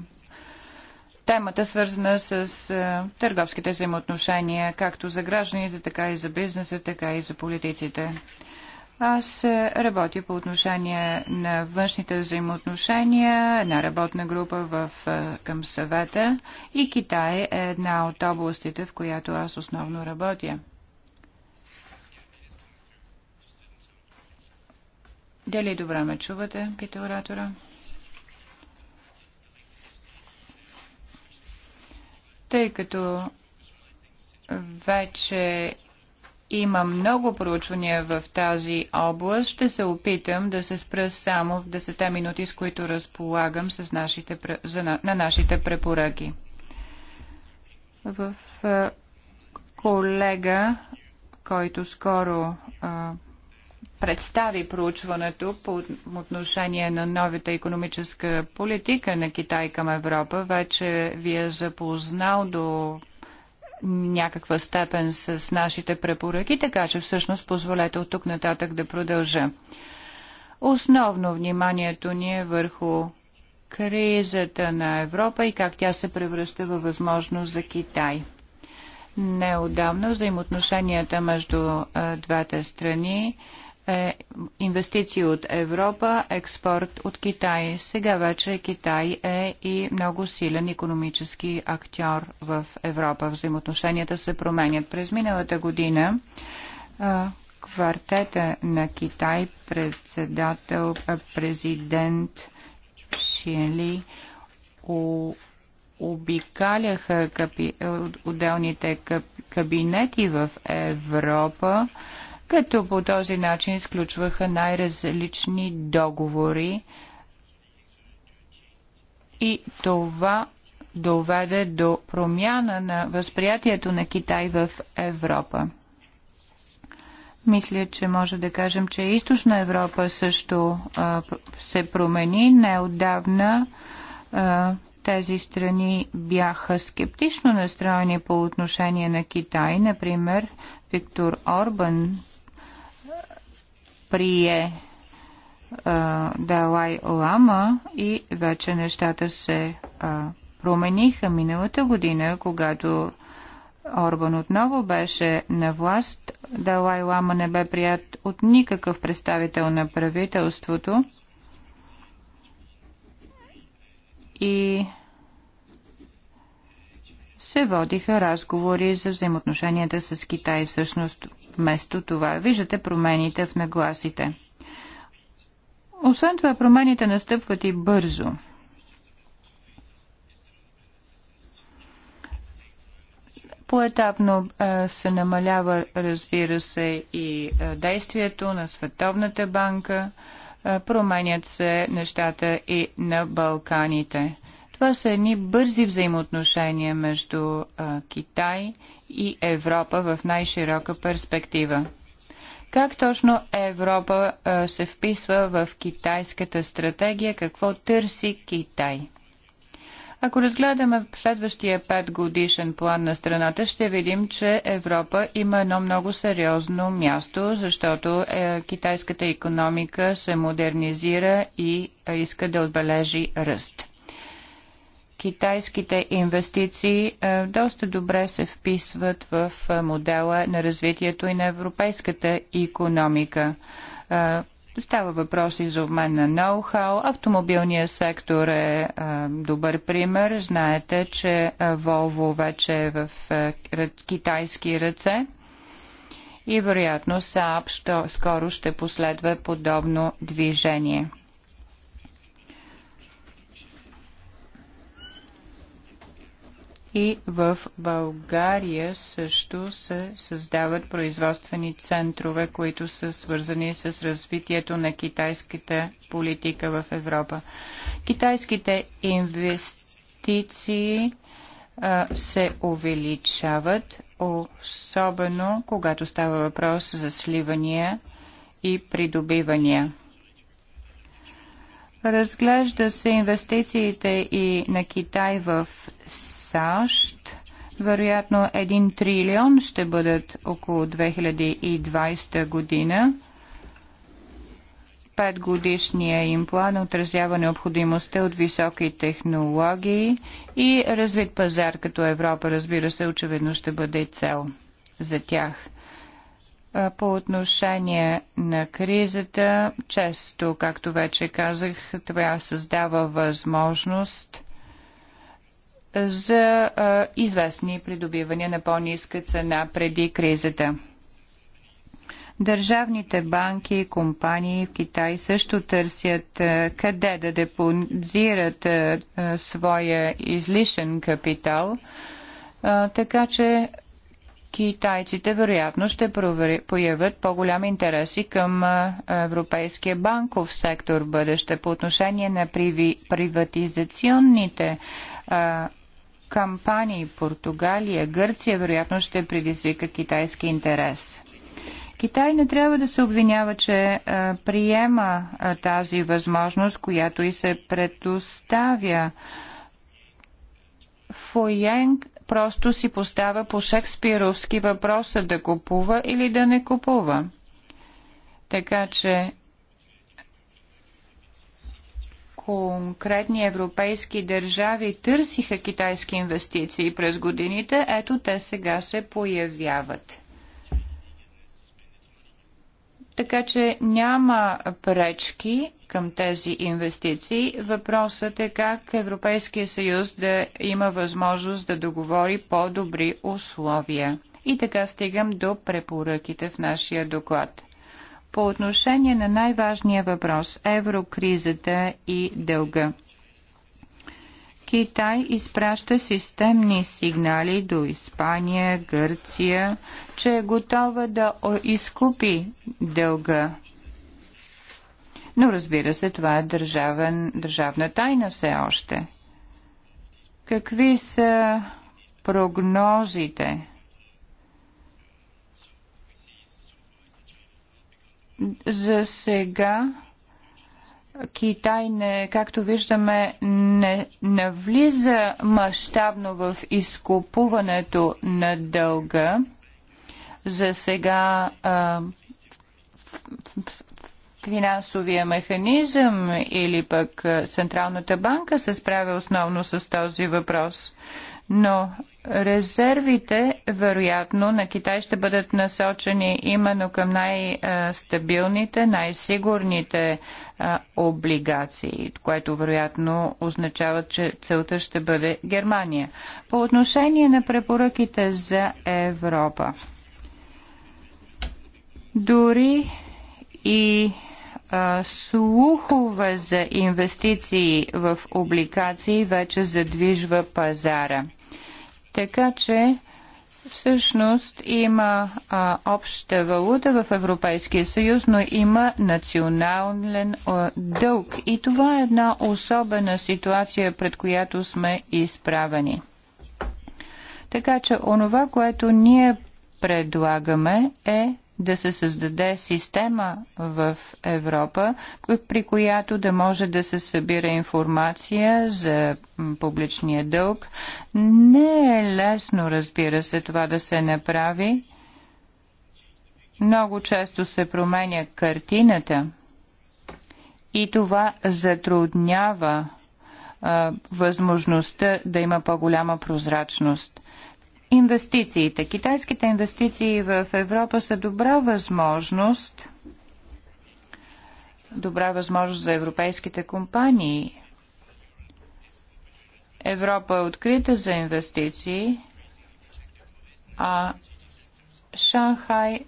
темата, свързана с е, търговските взаимоотношения, както за гражданите, така и за бизнеса, така и за политиците. Аз е, работя по отношение на външните взаимоотношения, една работна група в, е, към съвета и Китай е една от областите, в която аз основно работя. Дали добре ме чувате, пита оратора? тъй като вече има много проучвания в тази област. Ще се опитам да се спра само в 10 минути, с които разполагам с нашите, за, на, на нашите препоръки. В колега, който скоро а, представи проучването по отношение на новата економическа политика на Китай към Европа, вече ви е запознал до някаква степен с нашите препоръки, така че всъщност позволете от тук нататък да продължа. Основно вниманието ни е върху кризата на Европа и как тя се превръща във възможност за Китай. Неодавно взаимоотношенията между двете страни е инвестиции от Европа, експорт от Китай. Сега вече Китай е и много силен економически актьор в Европа. Взаимоотношенията се променят. През миналата година квартета на Китай, председател, президент Шинли обикаляха е, отделните кабинети в Европа като по този начин изключваха най-различни договори и това доведе до промяна на възприятието на Китай в Европа. Мисля, че може да кажем, че Източна Европа също а, се промени. Неодавна а, тези страни бяха скептично настроени по отношение на Китай. Например, Виктор Орбан прие а, Далай Лама и вече нещата се а, промениха миналата година, когато Орбан отново беше на власт. Далай Лама не бе прият от никакъв представител на правителството. И се водиха разговори за взаимоотношенията с Китай. Всъщност вместо това. Виждате промените в нагласите. Освен това, промените настъпват и бързо. Поетапно се намалява, разбира се, и действието на Световната банка. Променят се нещата и на Балканите. Това са едни бързи взаимоотношения между а, Китай и Европа в най-широка перспектива. Как точно Европа а, се вписва в китайската стратегия? Какво търси Китай? Ако разгледаме следващия пет годишен план на страната, ще видим, че Европа има едно много сериозно място, защото е, китайската економика се модернизира и иска да отбележи ръст китайските инвестиции е, доста добре се вписват в е, модела на развитието и на европейската економика. Е, става въпрос и за обмен на ноу-хау. Автомобилният сектор е а, добър пример. Знаете, че Volvo вече е в а, китайски ръце и вероятно САП скоро ще последва подобно движение. И в България също се създават производствени центрове, които са свързани с развитието на китайската политика в Европа. Китайските инвестиции а, се увеличават, особено когато става въпрос за сливания и придобивания. Разглежда се инвестициите и на Китай в САЩ вероятно 1 трилион ще бъдат около 2020 година. Петгодишния им план отразява необходимостта от високи технологии и развит пазар като Европа, разбира се, очевидно ще бъде цел за тях. По отношение на кризата, често, както вече казах, това създава възможност – за а, известни придобивания на по-ниска цена преди кризата. Държавните банки и компании в Китай също търсят а, къде да депозират а, своя излишен капитал, така че китайците вероятно ще появят по-голям интереси към европейския банков сектор бъдеще по отношение на приви, приватизационните а, кампании Португалия, Гърция вероятно ще предизвика китайски интерес. Китай не трябва да се обвинява, че а, е, приема а, е, тази възможност, която и се предоставя. Фойенг просто си поставя по шекспировски въпроса да купува или да не купува. Така че конкретни европейски държави търсиха китайски инвестиции през годините, ето те сега се появяват. Така че няма пречки към тези инвестиции. Въпросът е как Европейския съюз да има възможност да договори по-добри условия. И така стигам до препоръките в нашия доклад по отношение на най-важния въпрос – еврокризата и дълга. Китай изпраща системни сигнали до Испания, Гърция, че е готова да изкупи дълга. Но разбира се, това е държавен, държавна тайна все още. Какви са прогнозите? За сега Китай, не, както виждаме, не навлиза мащабно в изкупуването на дълга. За сега а, финансовия механизъм или пък Централната банка се справя основно с този въпрос. Но Резервите, вероятно, на Китай ще бъдат насочени именно към най-стабилните, най-сигурните облигации, което вероятно означава, че целта ще бъде Германия. По отношение на препоръките за Европа, дори и слухове за инвестиции в обликации вече задвижва пазара – така че всъщност има а, обща валута в Европейския съюз, но има национален а, дълг. И това е една особена ситуация, пред която сме изправени. Така че онова, което ние предлагаме е да се създаде система в Европа, при която да може да се събира информация за публичния дълг. Не е лесно, разбира се, това да се направи. Много често се променя картината и това затруднява а, възможността да има по-голяма прозрачност инвестициите. Китайските инвестиции в Европа са добра възможност, добра възможност за европейските компании. Европа е открита за инвестиции, а Шанхай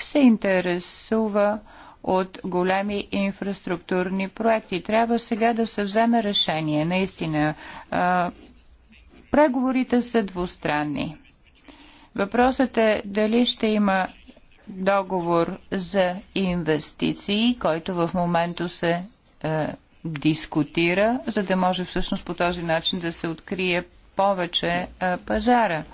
се интересува от големи инфраструктурни проекти. Трябва сега да се вземе решение. Наистина, Преговорите са двустранни. Въпросът е дали ще има договор за инвестиции, който в момента се е, дискутира, за да може всъщност по този начин да се открие повече е, пазара.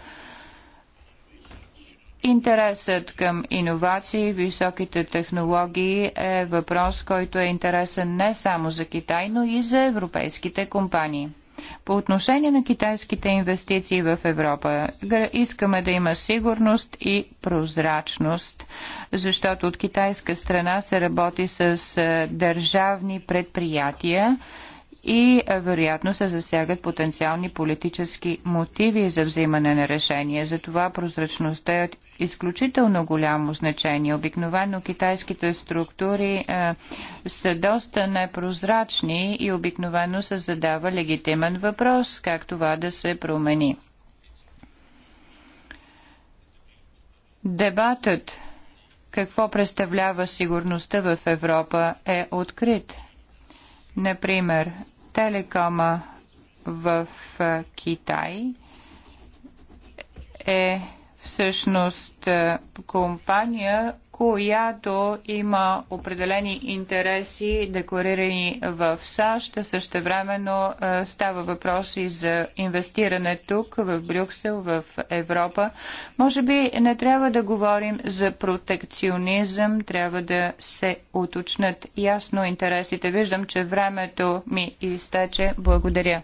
Интересът към иновации, високите технологии е въпрос, който е интересен не само за Китай, но и за европейските компании. По отношение на китайските инвестиции в Европа, искаме да има сигурност и прозрачност, защото от китайска страна се работи с е, държавни предприятия, и е, вероятно се засягат потенциални политически мотиви за взимане на решение. Затова прозрачността е изключително голямо значение. Обикновено китайските структури е, са доста непрозрачни и обикновено се задава легитимен въпрос как това да се промени. Дебатът какво представлява сигурността в Европа е открит. Например, телекома в Китай е всъщност компания, която има определени интереси, декларирани в САЩ. също времено е, става въпрос и за инвестиране тук, в Брюксел, в Европа. Може би не трябва да говорим за протекционизъм, трябва да се уточнат ясно интересите. Виждам, че времето ми изтече. Благодаря.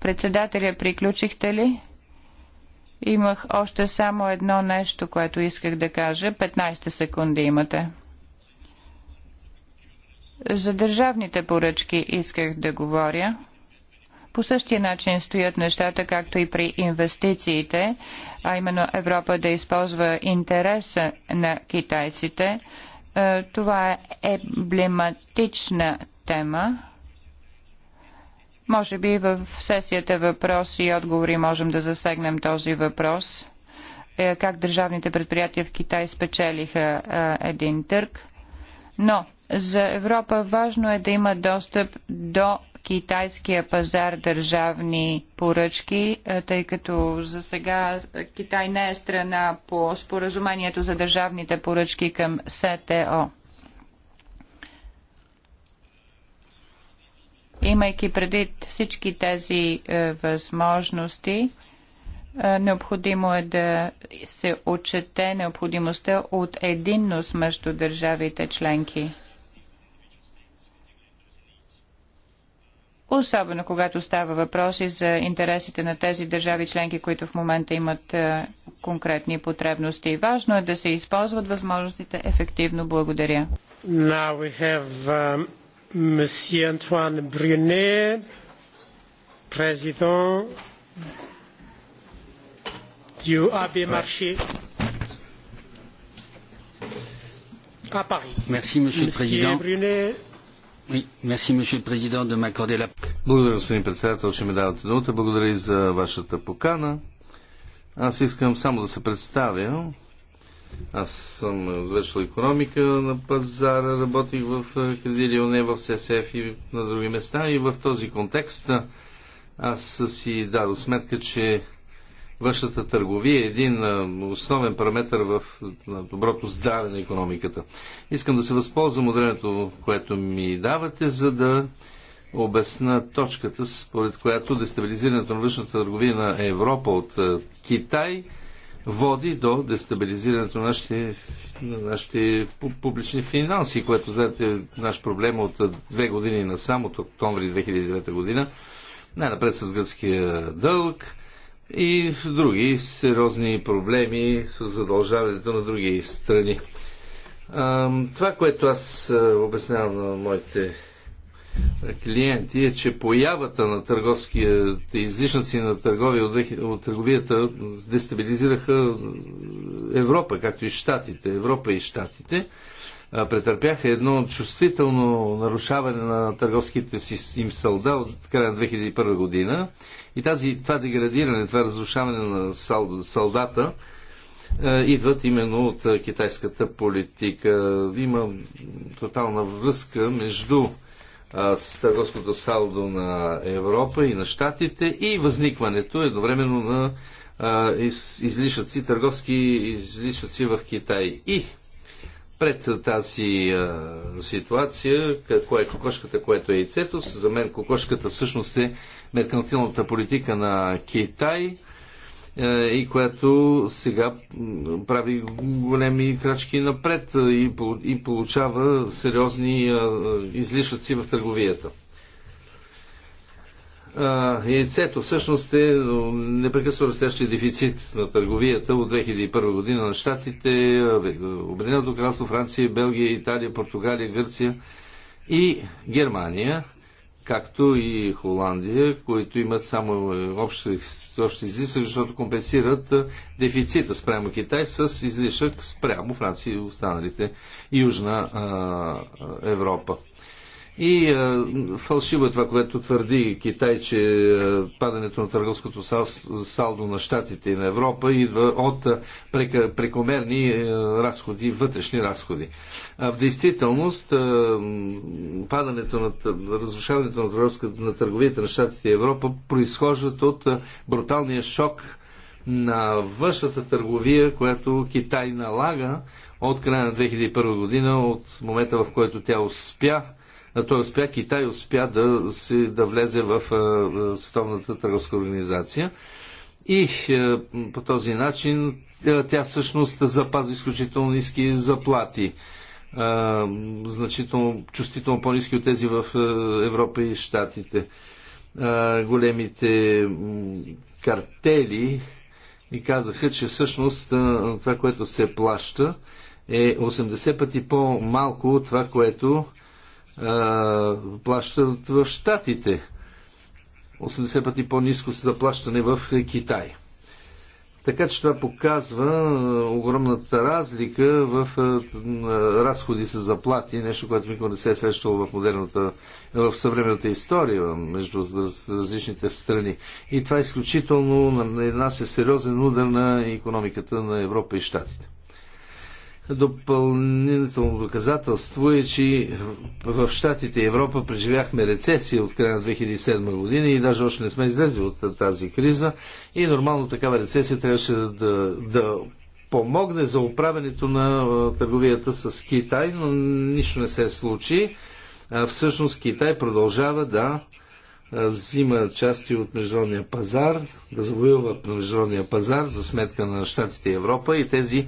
Председателя, приключихте ли? Имах още само едно нещо, което исках да кажа. 15 секунди имате. За държавните поръчки исках да говоря. По същия начин стоят нещата, както и при инвестициите, а именно Европа да използва интереса на китайците. Е, това е емблематична тема. Може би в сесията въпроси и отговори можем да засегнем този въпрос. Е, как държавните предприятия в Китай спечелиха един търг. Но за Европа важно е да има достъп до китайския пазар държавни поръчки, тъй като за сега Китай не е страна по споразумението за държавните поръчки към СТО. Имайки предвид всички тези е, възможности, е, необходимо е да се отчете необходимостта от единност между държавите членки. Особено когато става въпроси за интересите на тези държави членки, които в момента имат е, конкретни потребности. Важно е да се използват възможностите ефективно. Благодаря. Now we have, um... Monsieur Antoine Brunet, président du AB Marché à Paris. Merci, Monsieur le Président. Brunet, благодаря, господин председател, че ми давате думата. Благодаря и за вашата покана. Аз искам само да се представя. Аз съм завършил економика на пазара, работих в е, не в ССФ и на други места. И в този контекст аз си дадох сметка, че външната търговия е един основен параметр в доброто здраве на економиката. Искам да се възползвам от времето, което ми давате, за да обясна точката, според която дестабилизирането на външната търговия на Европа от е, Китай – води до дестабилизирането на нашите, на нашите публични финанси, което, знаете, наш проблем от две години насам, от октомври 2009 година, най-напред с гръцкия дълг и други сериозни проблеми с задължаването на други страни. Това, което аз обяснявам на моите клиенти е, че появата на търговските излишъци на търговия от търговията дестабилизираха Европа, както и Штатите. Европа и Штатите претърпяха едно чувствително нарушаване на търговските си им салда от края на 2001 година. И тази, това деградиране, това разрушаване на сал, салдата идват именно от китайската политика. Има тотална връзка между с търговското салдо на Европа и на Штатите и възникването едновременно на из, излишъци, търговски излишъци в Китай. И пред тази а, ситуация, какво е кокошката, което е яйцето, за мен кокошката всъщност е меркантилната политика на Китай – е, и която сега прави големи крачки напред и получава сериозни е, излишъци в търговията е, яйцето всъщност е непрекъсно растящия дефицит на търговията от 2001 година на Штатите, Обединеното кралство, Франция, Белгия, Италия, Португалия, Гърция и Германия както и Холандия, които имат само е, общ, излишък, защото компенсират е, дефицита спрямо Китай с излишък спрямо Франция и останалите Южна а, Европа. И а, е, фалшиво е това, което твърди Китай, че а, е, падането на търговското сал, салдо на Штатите и на Европа идва от а, е, прека, прекомерни а, разходи, вътрешни разходи. А, в действителност, а, падането на разрушаването на, на търговията на Штатите и Европа произхождат от а, бруталния шок на външната търговия, която Китай налага от края на 2001 година, от момента в който тя успя той успя, Китай успя да, си, да влезе в Световната търговска организация. И по този начин тя всъщност запазва изключително ниски заплати значително, чувствително по-низки от тези в Европа и Штатите. Големите картели и казаха, че всъщност това, което се плаща, е 80 пъти по-малко от това, което плащат в Штатите. 80 пъти по-низко се заплащане в Китай. Така че това показва огромната разлика в разходи с заплати, нещо, което никога не се е срещало в, модерната, в съвременната история между различните страни. И това е изключително на се сериозен удар на економиката на Европа и Штатите. Допълнително доказателство е, че в Штатите и Европа преживяхме рецесия от края на 2007 година и даже още не сме излезли от тази криза. И нормално такава рецесия трябваше да, да помогне за управенето на търговията с Китай, но нищо не се случи. Всъщност Китай продължава да взима части от международния пазар, да завоюва международния пазар за сметка на Штатите и Европа и тези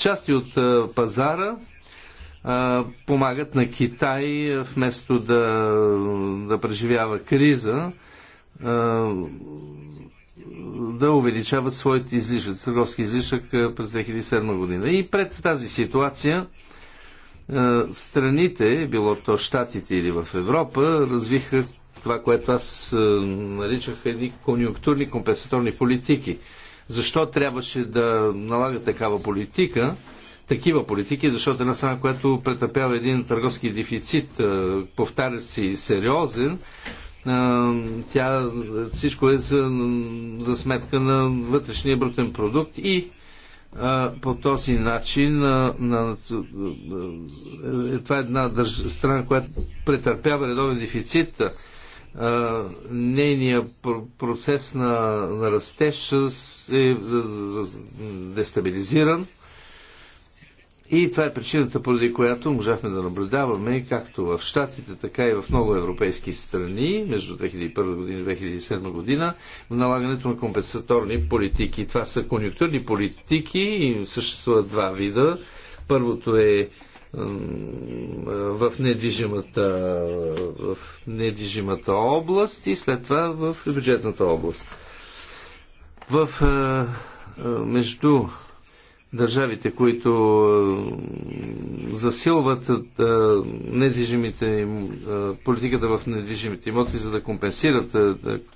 части от пазара помагат на Китай вместо да, да преживява криза да увеличават своите излишък, търговски излишък през 2007 година. И пред тази ситуация страните, било то Штатите или в Европа, развиха това, което аз наричах едни конъюнктурни компенсаторни политики – защо трябваше да налага такава политика, такива политики, защото една страна, която претъпява един търговски дефицит, повтаря си сериозен, тя всичко е за, за сметка на вътрешния брутен продукт и по този начин на, на, а, е, това е една държ... страна, която претърпява редовен дефицит нейния процес на, на растеж е дестабилизиран. И това е причината, поради която можахме да наблюдаваме както в Штатите, така и в много европейски страни между 2001 година и 2007 година в налагането на компенсаторни политики. Това са конъюнктурни политики и съществуват два вида. Първото е в недвижимата, в недвижимата област и след това в бюджетната област. В е, е, между държавите, които е, засилват недвижимите, политиката в недвижимите имоти, за да компенсират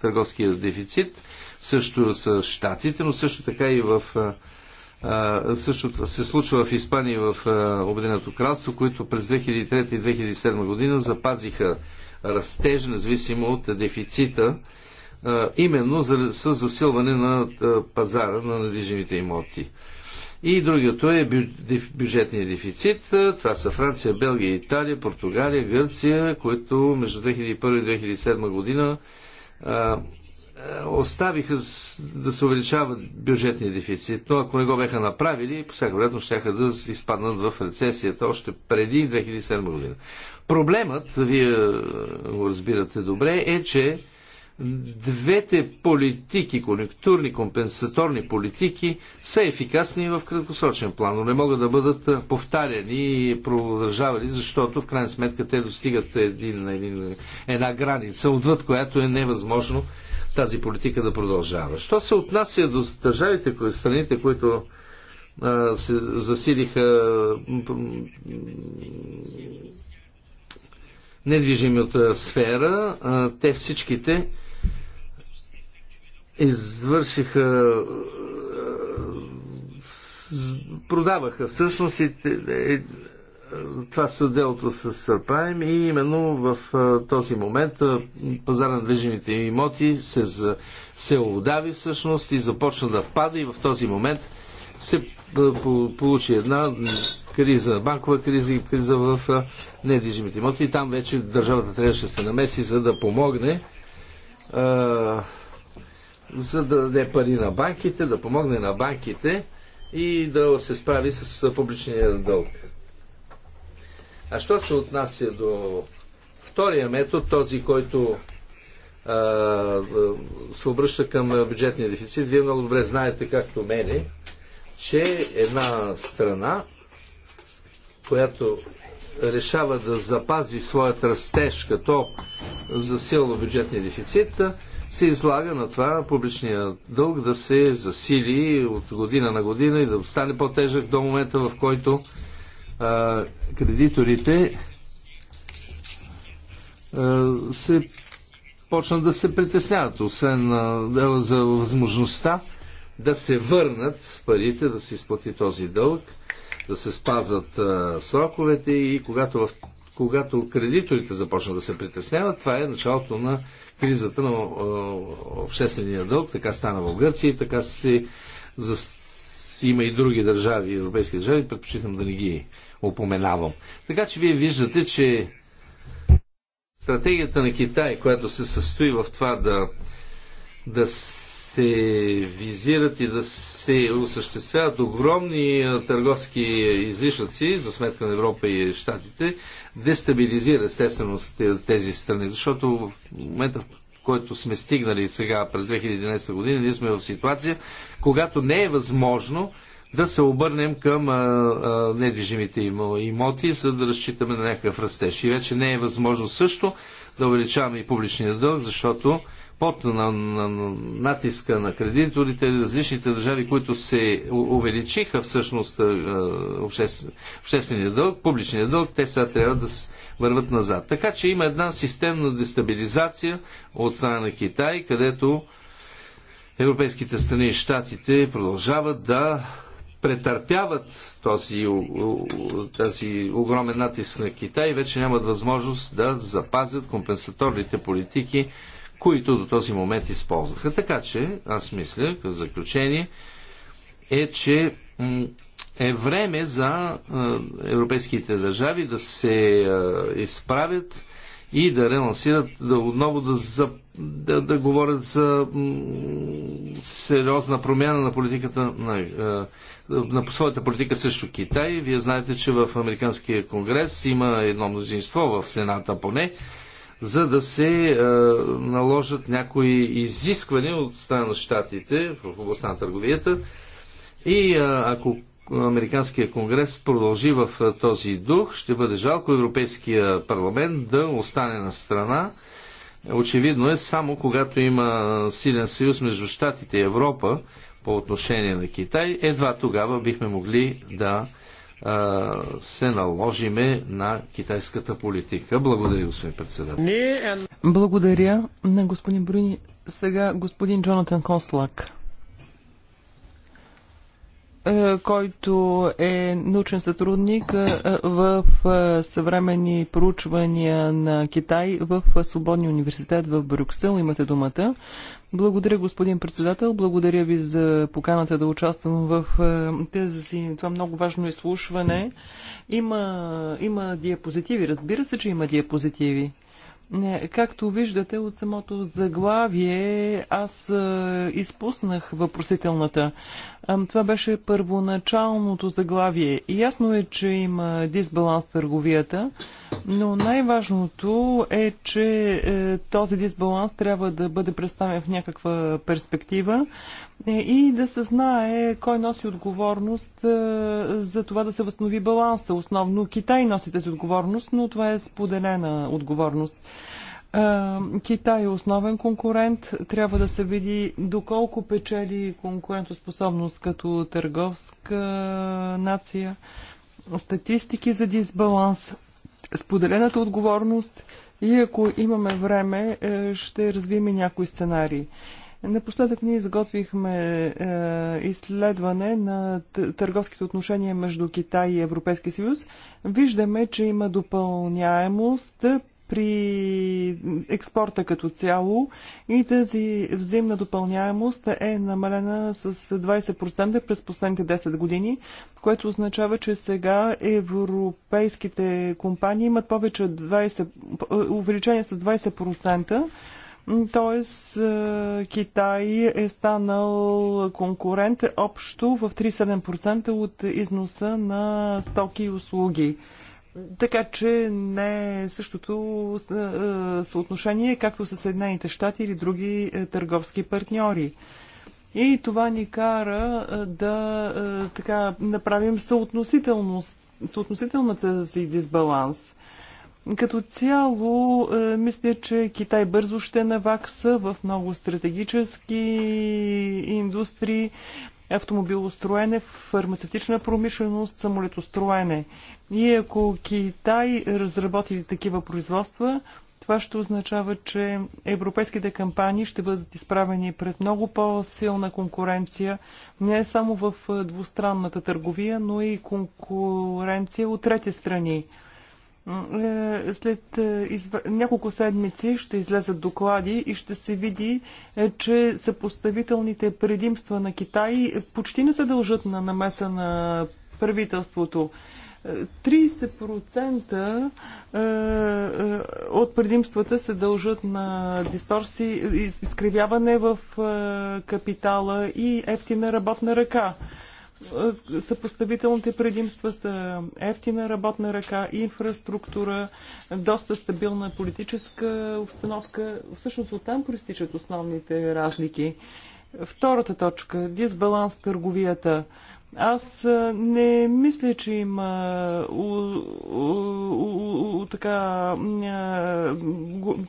търговския дефицит, също с щатите, но също така и в Същото се случва в Испания и в Обединеното кралство, които през 2003 и 2007 година запазиха растеж, независимо от дефицита, именно с засилване на пазара на недвижимите имоти. И другото е бюджетния дефицит. Това са Франция, Белгия, Италия, Португалия, Гърция, които между 2001 и 2007 година оставиха да се увеличава бюджетния дефицит, но ако не го беха направили, по всяка вероятност ще да изпаднат в рецесията още преди 2007 година. Проблемът, вие го разбирате добре, е, че двете политики, конъюнктурни, компенсаторни политики, са ефикасни в краткосрочен план, но не могат да бъдат повтаряни и продължавани, защото в крайна сметка те достигат един, един, една граница, отвъд която е невъзможно тази политика да продължава. Що се отнася до държавите, страните, които а, се засилиха от сфера, а, те всичките извършиха продаваха всъщност и това са делото с Прайм и именно в този момент пазар на движимите имоти се, се удави всъщност и започна да пада и в този момент се получи една криза, банкова криза и криза в недвижимите имоти и там вече държавата трябваше да се намеси, за да помогне за да даде пари на банките, да помогне на банките и да се справи с публичния дълг. А що се отнася до втория метод, този, който а, се обръща към бюджетния дефицит, вие много добре знаете, както мене, че една страна, която решава да запази своят растеж, като засилва бюджетния дефицит, се излага на това публичния дълг да се засили от година на година и да стане по-тежък до момента, в който кредиторите се почнат да се притесняват, освен за възможността да се върнат парите, да се изплати този дълг, да се спазат сроковете и когато, в, когато кредиторите започнат да се притесняват, това е началото на кризата на обществения дълг. Така стана в Гърция и така се за, има и други държави, европейски държави, предпочитам да не ги упоменавам. Така че вие виждате, че стратегията на Китай, която се състои в това да, да се визират и да се осъществяват огромни търговски излишъци за сметка на Европа и Штатите, дестабилизира естествено тези страни. Защото в момента, в който сме стигнали сега през 2011 година, ние сме в ситуация, когато не е възможно да се обърнем към а, а, недвижимите имоти, за да разчитаме на някакъв растеж. И вече не е възможно също да увеличаваме и публичния дълг, защото под на, на, на натиска на кредиторите, различните държави, които се увеличиха всъщност обществен, обществения дълг, публичния дълг, те сега трябва да върват назад. Така че има една системна дестабилизация от страна на Китай, където европейските страни и щатите продължават да претърпяват този, огромен натиск на Китай и вече нямат възможност да запазят компенсаторните политики, които до този момент използваха. Така че, аз мисля, в заключение, е, че е време за европейските държави да се изправят и да релансират, да отново да, за, да, да говорят за сериозна промяна на политиката, на, е, на своята политика срещу Китай. Вие знаете, че в Американския конгрес има едно мнозинство, в Сената поне, за да се а, е, наложат някои изисквания от страна на щатите в областта на търговията. И а, е, ако Американския конгрес продължи в този дух, ще бъде жалко Европейския парламент да остане на страна. Очевидно е само когато има силен съюз между Штатите и Европа по отношение на Китай, едва тогава бихме могли да се наложиме на китайската политика. Благодаря, господин председател. Благодаря на господин Бруни. Сега господин Джонатан Конслак. Е, който е научен сътрудник е, в е, съвременни проучвания на Китай в Свободния университет в Брюксел. Имате думата. Благодаря, господин председател. Благодаря ви за поканата да участвам в тези, това много важно изслушване. Има, има диапозитиви. Разбира се, че има диапозитиви. Както виждате от самото заглавие, аз е, изпуснах въпросителната. Това беше първоначалното заглавие. Ясно е, че има дисбаланс в търговията, но най-важното е, че е, този дисбаланс трябва да бъде представен в някаква перспектива. Е, и да се знае кой носи отговорност е, за това да се възстанови баланса. Основно Китай носи тази отговорност, но това е споделена отговорност. Е, Китай е основен конкурент. Трябва да се види доколко печели конкурентоспособност като търговска нация, статистики за дисбаланс, споделената отговорност и ако имаме време, ще развием някои сценарии. Напоследък ние изготвихме е, изследване на търговските отношения между Китай и Европейския съюз. Виждаме, че има допълняемост при експорта като цяло и тази взаимна допълняемост е намалена с 20% през последните 10 години, което означава, че сега европейските компании имат повече 20, увеличение с 20%, Тоест Китай е станал конкурент общо в 37% от износа на стоки и услуги. Така че не е същото съотношение, както с Съединените щати или други търговски партньори. И това ни кара да така, направим съотносителност, съотносителната си дисбаланс. Като цяло, е, мисля, че Китай бързо ще навакса в много стратегически индустрии автомобилостроене, фармацевтична промишленост, самолетостроене. И ако Китай разработи такива производства, това ще означава, че европейските кампании ще бъдат изправени пред много по-силна конкуренция, не само в двустранната търговия, но и конкуренция от трети страни. Е, след е, няколко седмици ще излезат доклади и ще се види, е, че съпоставителните предимства на Китай почти не се дължат на намеса на правителството. 30% от предимствата се дължат на дисторси, изкривяване в капитала и ефтина работна ръка. Е, Съпоставителните предимства са ефтина работна ръка, инфраструктура, доста стабилна политическа обстановка. Всъщност оттам проистичат основните разлики. Втората точка – дисбаланс в търговията. Аз е, не мисля, че има у, у, у, у, така, е,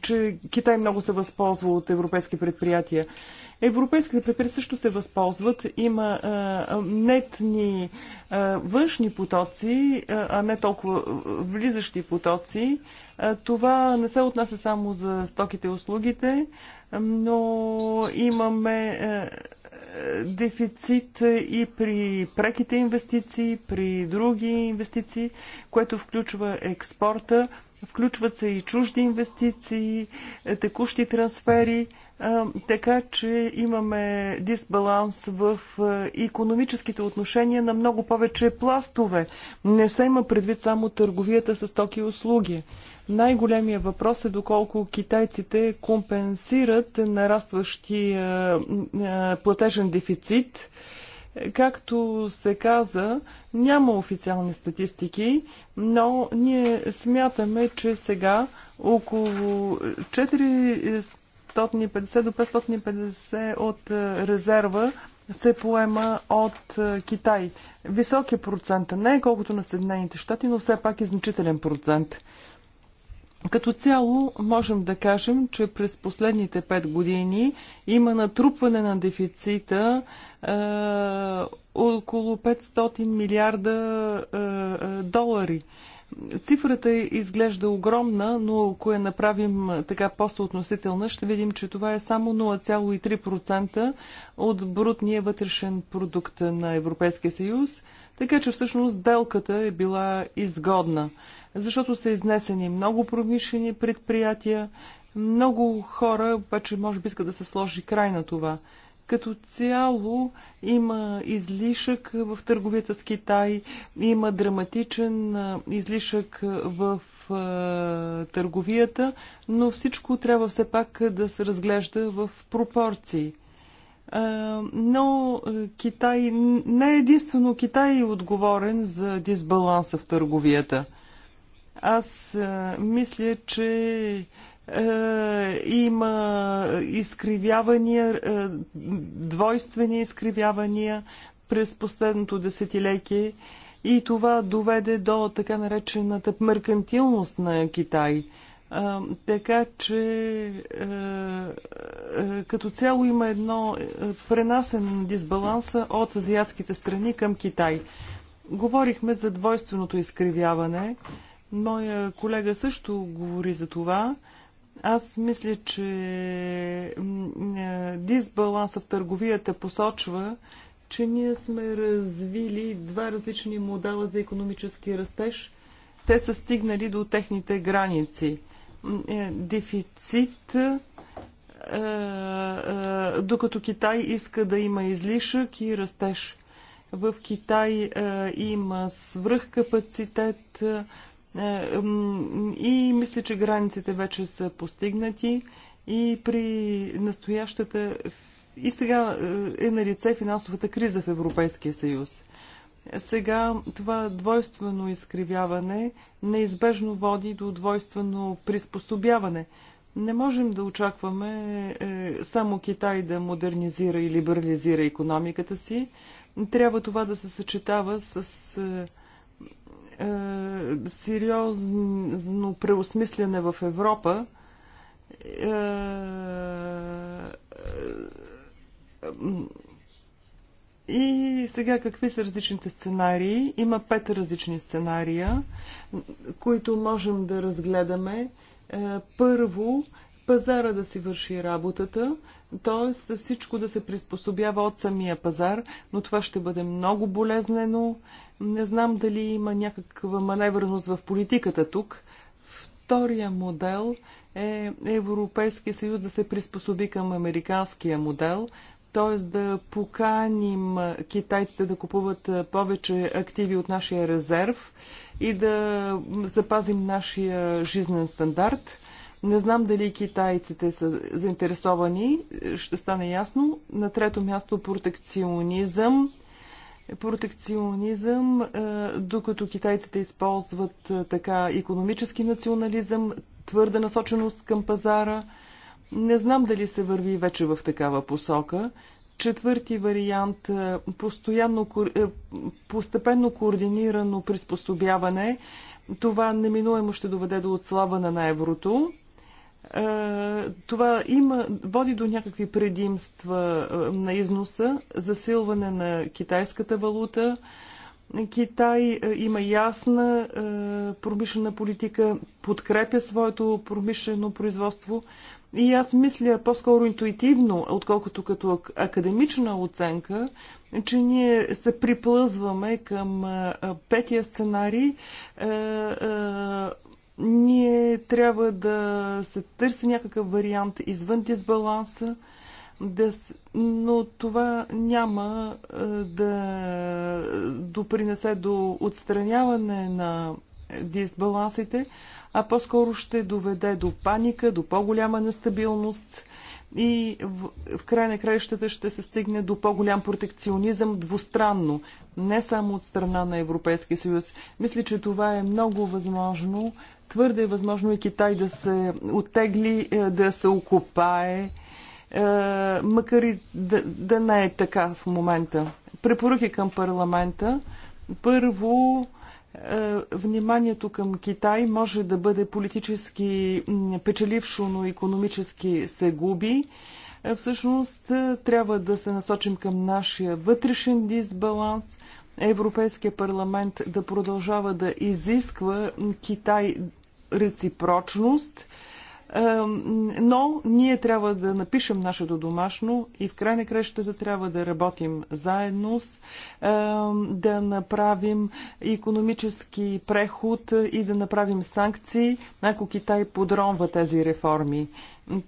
че Китай много се възползва от европейски предприятия. Европейските предприятия също се възползват. Има а, нетни а, външни потоци, а не толкова влизащи потоци. А, това не се отнася само за стоките и услугите, но имаме а, дефицит и при преките инвестиции, при други инвестиции, което включва експорта, включват се и чужди инвестиции, текущи трансфери – така че имаме дисбаланс в економическите отношения на много повече пластове. Не се има предвид само търговията с токи и услуги. Най-големия въпрос е доколко китайците компенсират нарастващия платежен дефицит. Както се каза, няма официални статистики, но ние смятаме, че сега около 4 550 до 550 от е, резерва се поема от е, Китай. Висок е процента, не е колкото на Съединените щати, но все пак е значителен процент. Като цяло можем да кажем, че през последните 5 години има натрупване на дефицита е, около 500 милиарда е, е долари. Е, Цифрата изглежда огромна, но ако я направим така по съотносителна ще видим, че това е само 0,3% от брутния вътрешен продукт на Европейския съюз, така че всъщност делката е била изгодна, защото са изнесени много промишлени предприятия, много хора, обаче може би иска да се сложи край на това. Като цяло има излишък в търговията с Китай, има драматичен излишък в търговията, но всичко трябва все пак да се разглежда в пропорции. Но Китай, не единствено Китай е отговорен за дисбаланса в търговията. Аз мисля, че е, има изкривявания, е, двойствени изкривявания през последното десетилетие и това доведе до така наречената меркантилност на Китай. Е, така че като цяло има едно пренасен дисбаланс от азиатските страни към Китай. Говорихме за двойственото изкривяване. Моя колега също говори за това. Аз мисля, че е, дисбаланса в търговията посочва, че ние сме развили два различни модела за економически растеж. Те са стигнали до техните граници. Е, дефицит, е, докато Китай иска да има излишък и растеж. В Китай има свръхкапацитет, капацитет е, и мисля, че границите вече са постигнати и при настоящата и сега е, е на лице финансовата криза в Европейския съюз. Сега това двойствено изкривяване неизбежно води до двойствено приспособяване. Не можем да очакваме е, само Китай да модернизира и либерализира економиката си. Трябва това да се съчетава с е, сериозно преосмисляне в Европа. Е, е, и сега какви са различните сценарии? Има пет различни сценария, които можем да разгледаме. Първо, пазара да си върши работата, т.е. всичко да се приспособява от самия пазар, но това ще бъде много болезнено, не знам дали има някаква маневреност в политиката тук. Втория модел е Европейския съюз да се приспособи към американския модел, т.е. да поканим китайците да купуват повече активи от нашия резерв и да запазим нашия жизнен стандарт. Не знам дали китайците са заинтересовани, ще стане ясно. На трето място протекционизъм протекционизъм, е, докато китайците използват е, така економически национализъм, твърда насоченост към пазара. Не знам дали се върви вече в такава посока. Четвърти вариант е, постоянно, постепенно координирано приспособяване. Това неминуемо ще доведе до отслабване на еврото. Е, това има, води до някакви предимства е, на износа, засилване на китайската валута. Китай е, има ясна промишлена политика, подкрепя своето промишлено производство. И аз мисля по-скоро интуитивно, отколкото като академична оценка, че ние се приплъзваме към петия сценарий ние трябва да се търси някакъв вариант извън дисбаланса, да, но това няма да допринесе до отстраняване на дисбалансите, а по-скоро ще доведе до паника, до по-голяма нестабилност и в, в край на краищата ще се стигне до по-голям протекционизъм двустранно, не само от страна на Европейския съюз. Мисля, че това е много възможно Твърде е възможно и Китай да се отегли, е, да се окупае, е, макар и да, да не е така в момента. Препоръки към парламента. Първо, е, вниманието към Китай може да бъде политически печелившо, но економически се губи. Всъщност трябва да се насочим към нашия вътрешен дисбаланс, Европейския парламент да продължава да изисква Китай реципрочност, но ние трябва да напишем нашето домашно и в край на крещата трябва да работим заедно, с, да направим економически преход и да направим санкции, ако Китай подронва тези реформи.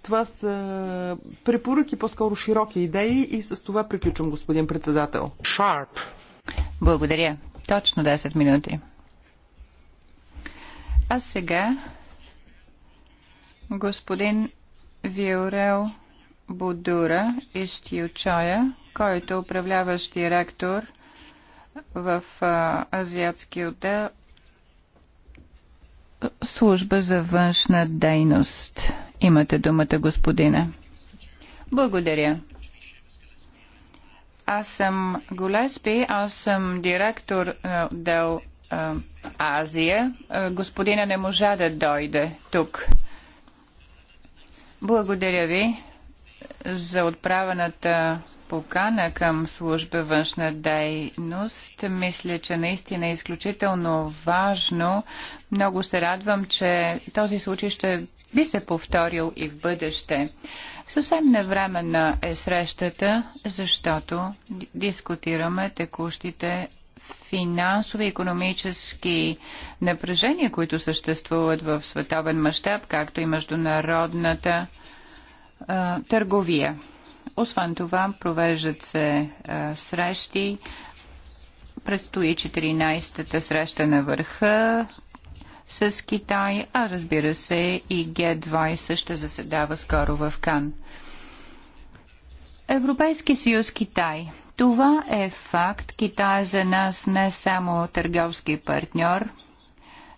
Това са препоръки, по-скоро широки идеи и с това приключвам, господин председател. Sharp. Благодаря. Точно 10 минути. А сега господин Виорел Будура Ищиочоя, който е управляващ директор в а, азиатски отдел служба за външна дейност. Имате думата, господина. Благодаря. Аз съм Голеспи, аз съм директор на е, Дел е, Азия. Е, господина не можа да дойде тук. Благодаря ви за отправената покана към служба външна дейност. Мисля, че наистина е изключително важно. Много се радвам, че този случай ще би се повторил и в бъдеще. Съвсем невременна е срещата, защото дискутираме текущите финансови и економически напрежения, които съществуват в световен мащаб, както и международната а, търговия. Освен това, провеждат се а, срещи. Предстои 14-та среща на върха, с Китай, а разбира се и Г20 ще заседава скоро в Кан. Европейски съюз Китай. Това е факт. Китай е за нас не само търговски партньор,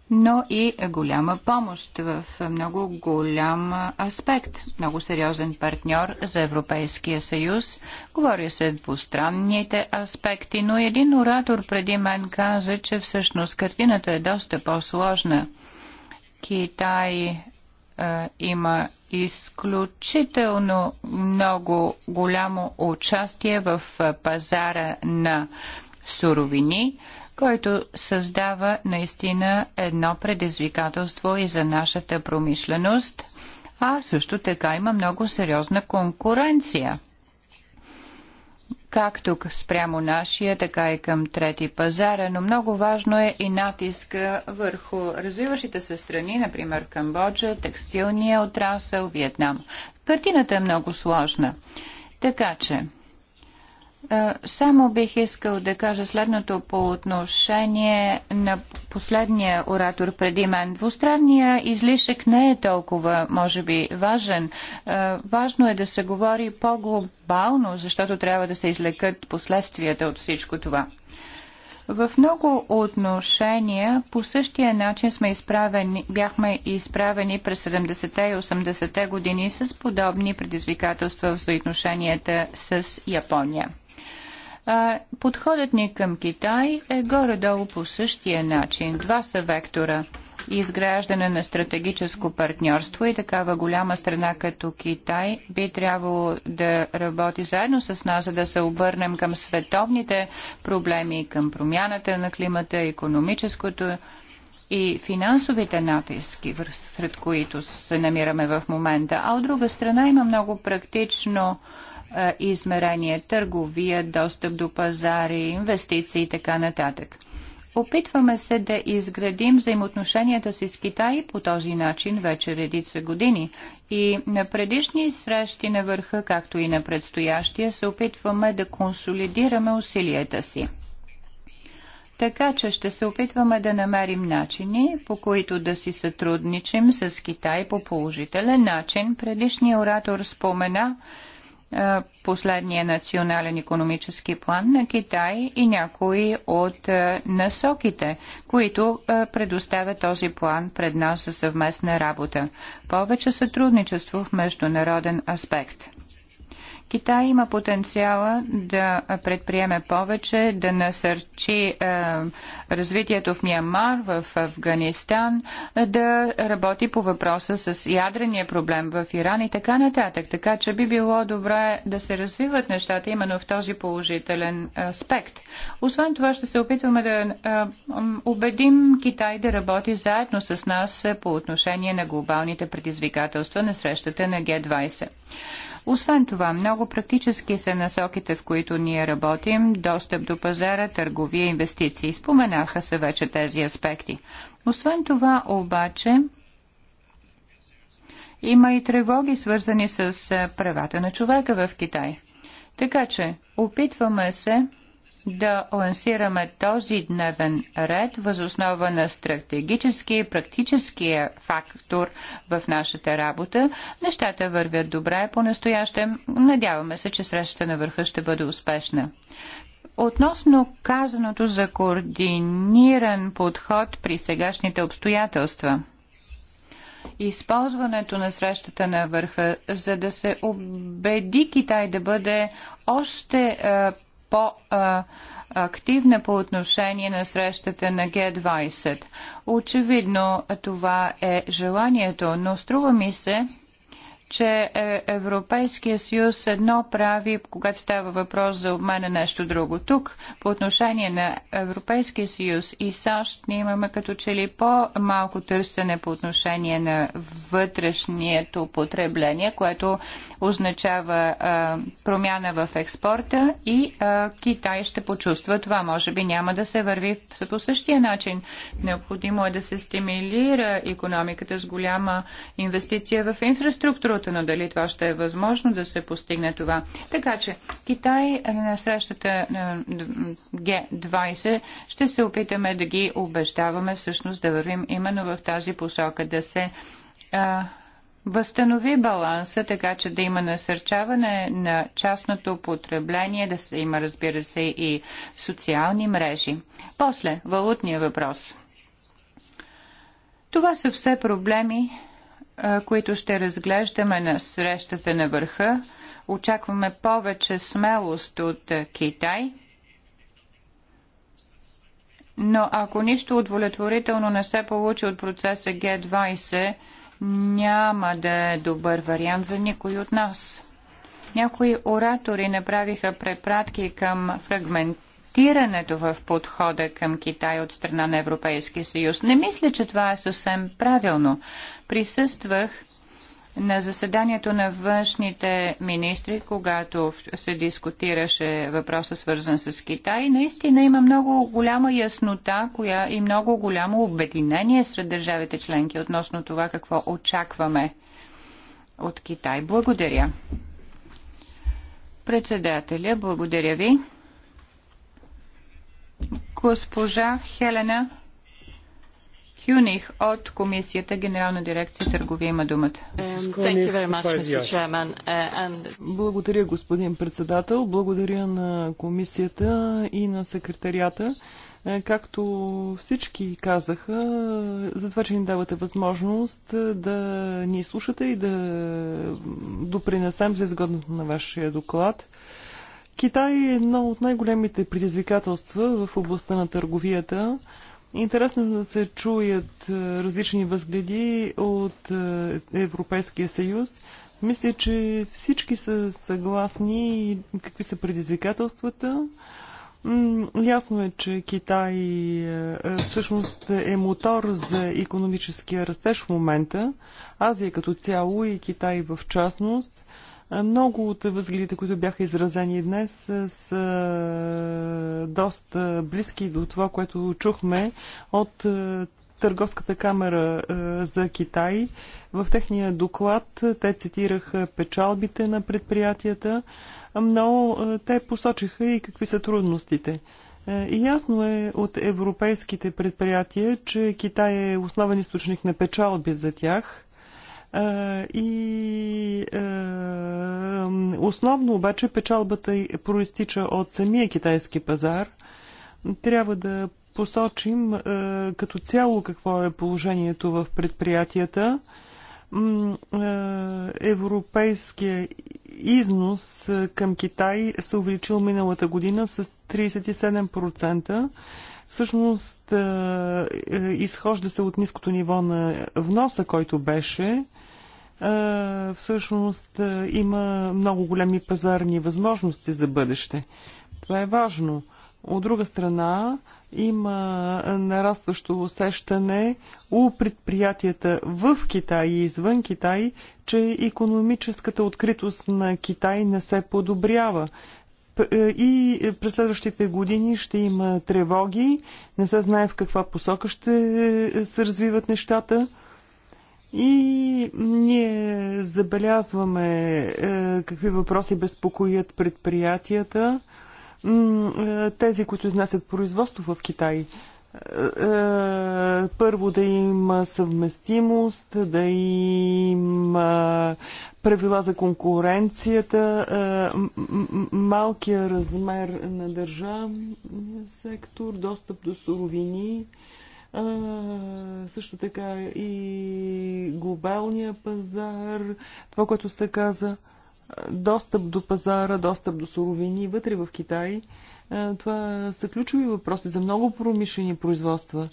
но и голяма помощ в много голям аспект. Много сериозен партньор за Европейския съюз. Говори се двустранните аспекти, но един оратор преди мен каза, че всъщност картината е доста по-сложна. Китай е, има изключително много голямо участие в пазара на суровини който създава наистина едно предизвикателство и за нашата промишленост, а също така има много сериозна конкуренция както спрямо нашия, така и към трети пазара, но много важно е и натиска върху развиващите се страни, например Камбоджа, текстилния отрасъл, Виетнам. Картината е много сложна. Така че, е, само бих искал да кажа следното по отношение на последния оратор преди мен. Двустранния излишък не е толкова, може би, важен. Е, важно е да се говори по-глобално, защото трябва да се излекат последствията от всичко това. В много отношения по същия начин сме изправени, бяхме изправени през 70-те и 80-те години с подобни предизвикателства в съотношенията с Япония подходът ни към Китай е горе-долу по същия начин. Два са вектора изграждане на стратегическо партньорство и такава голяма страна като Китай би трябвало да работи заедно с нас, за да се обърнем към световните проблеми, към промяната на климата, економическото и финансовите натиски, сред които се намираме в момента. А от друга страна има много практично е, измерение търговия, достъп до пазари, инвестиции и така нататък. Опитваме се да изградим взаимоотношенията си с Китай по този начин вече редица години. И на предишни срещи на върха, както и на предстоящия, се опитваме да консолидираме усилията си. Така че ще се опитваме да намерим начини, по които да си сътрудничим с Китай по положителен начин. Предишният оратор спомена, е, последния национален економически план на Китай и някои от е, насоките, които е, предоставят този план пред нас за съвместна работа. Повече сътрудничество в международен аспект. Китай има потенциала да предприеме повече, да насърчи е, развитието в Миямар, в Афганистан, да работи по въпроса с ядрения проблем в Иран и така нататък. Така че би било добре да се развиват нещата именно в този положителен е, аспект. Освен това ще се опитваме да е, убедим Китай да работи заедно с нас е, по отношение на глобалните предизвикателства на срещата на Г-20. Освен това, много практически са насоките, в които ние работим, достъп до пазара, търговия, инвестиции. Споменаха се вече тези аспекти. Освен това, обаче, има и тревоги, свързани с правата на човека в Китай. Така че, опитваме се да лансираме този дневен ред възоснова на стратегически и практическия фактор в нашата работа. Нещата вървят добре по-настоящем. Надяваме се, че срещата на върха ще бъде успешна. Относно казаното за координиран подход при сегашните обстоятелства – използването на срещата на върха, за да се убеди Китай да бъде още е, по-активна по отношение на срещата на Г-20. Очевидно това е желанието, но струва ми се, че е, Европейския съюз едно прави, когато става въпрос за обмена нещо друго. Тук, по отношение на Европейския съюз и САЩ, ние имаме като че ли по-малко търсене по отношение на вътрешнието потребление, което означава а, е, промяна в експорта и а, е, Китай ще почувства това. Може би няма да се върви по същия начин. Необходимо е да се стимулира економиката с голяма инвестиция в инфраструктура, правителството, но дали това ще е възможно да се постигне това. Така че Китай на срещата на g 20 ще се опитаме да ги обещаваме всъщност да вървим именно в тази посока, да се а, възстанови баланса, така че да има насърчаване на частното потребление, да се има, разбира се, и социални мрежи. После, валутния въпрос. Това са все проблеми, които ще разглеждаме на срещата на върха. Очакваме повече смелост от Китай. Но ако нищо удовлетворително не се получи от процеса Г20, няма да е добър вариант за никой от нас. Някои оратори направиха препратки към фрагмент блокирането в подхода към Китай от страна на Европейския съюз. Не мисля, че това е съвсем правилно. Присъствах на заседанието на външните министри, когато се дискутираше въпроса свързан с Китай, наистина има много голяма яснота коя и много голямо обединение сред държавите членки относно това какво очакваме от Китай. Благодаря. Председателя, благодаря ви госпожа Хелена Кюних от Комисията Генерална дирекция Търговия има думата. Uh, Благодаря, господин председател. Благодаря на комисията и на секретарията. Uh, както всички казаха, за това, че ни давате възможност uh, да ни слушате и да допринесем за изгодното на вашия доклад. Китай е едно от най-големите предизвикателства в областта на търговията. Интересно е да се чуят е, различни възгледи от е, Европейския съюз. Мисля, че всички са съгласни какви са предизвикателствата. Ясно е, че Китай всъщност е мотор за економическия растеж в момента. Азия като цяло и Китай в частност – много от възгледите, които бяха изразени днес, е, са доста близки до това, което чухме от е, Търговската камера е, за Китай. В техния доклад те цитираха печалбите на предприятията, но те посочиха и какви са трудностите. И ясно е от европейските предприятия, че Китай е основен източник на печалби за тях – и основно обаче печалбата проистича от самия китайски пазар. Трябва да посочим като цяло какво е положението в предприятията. Европейския износ към Китай се увеличил миналата година с 37%. Всъщност, е, изхожда се от ниското ниво на вноса, който беше всъщност има много големи пазарни възможности за бъдеще. Това е важно. От друга страна, има нарастващо усещане у предприятията в Китай и извън Китай, че економическата откритост на Китай не се подобрява. Е, и през следващите години ще има тревоги, не се знае в каква посока ще е, се развиват нещата. И ние забелязваме е, какви въпроси безпокоят предприятията, е, тези, които изнасят производство в Китай. Е, е, първо да има съвместимост, да има правила за конкуренцията, малкия размер на държавния сектор, достъп до суровини, също така и глобалния пазар, това, което се каза, достъп до пазара, достъп до суровини вътре в Китай. Това са ключови въпроси за много промишлени производства.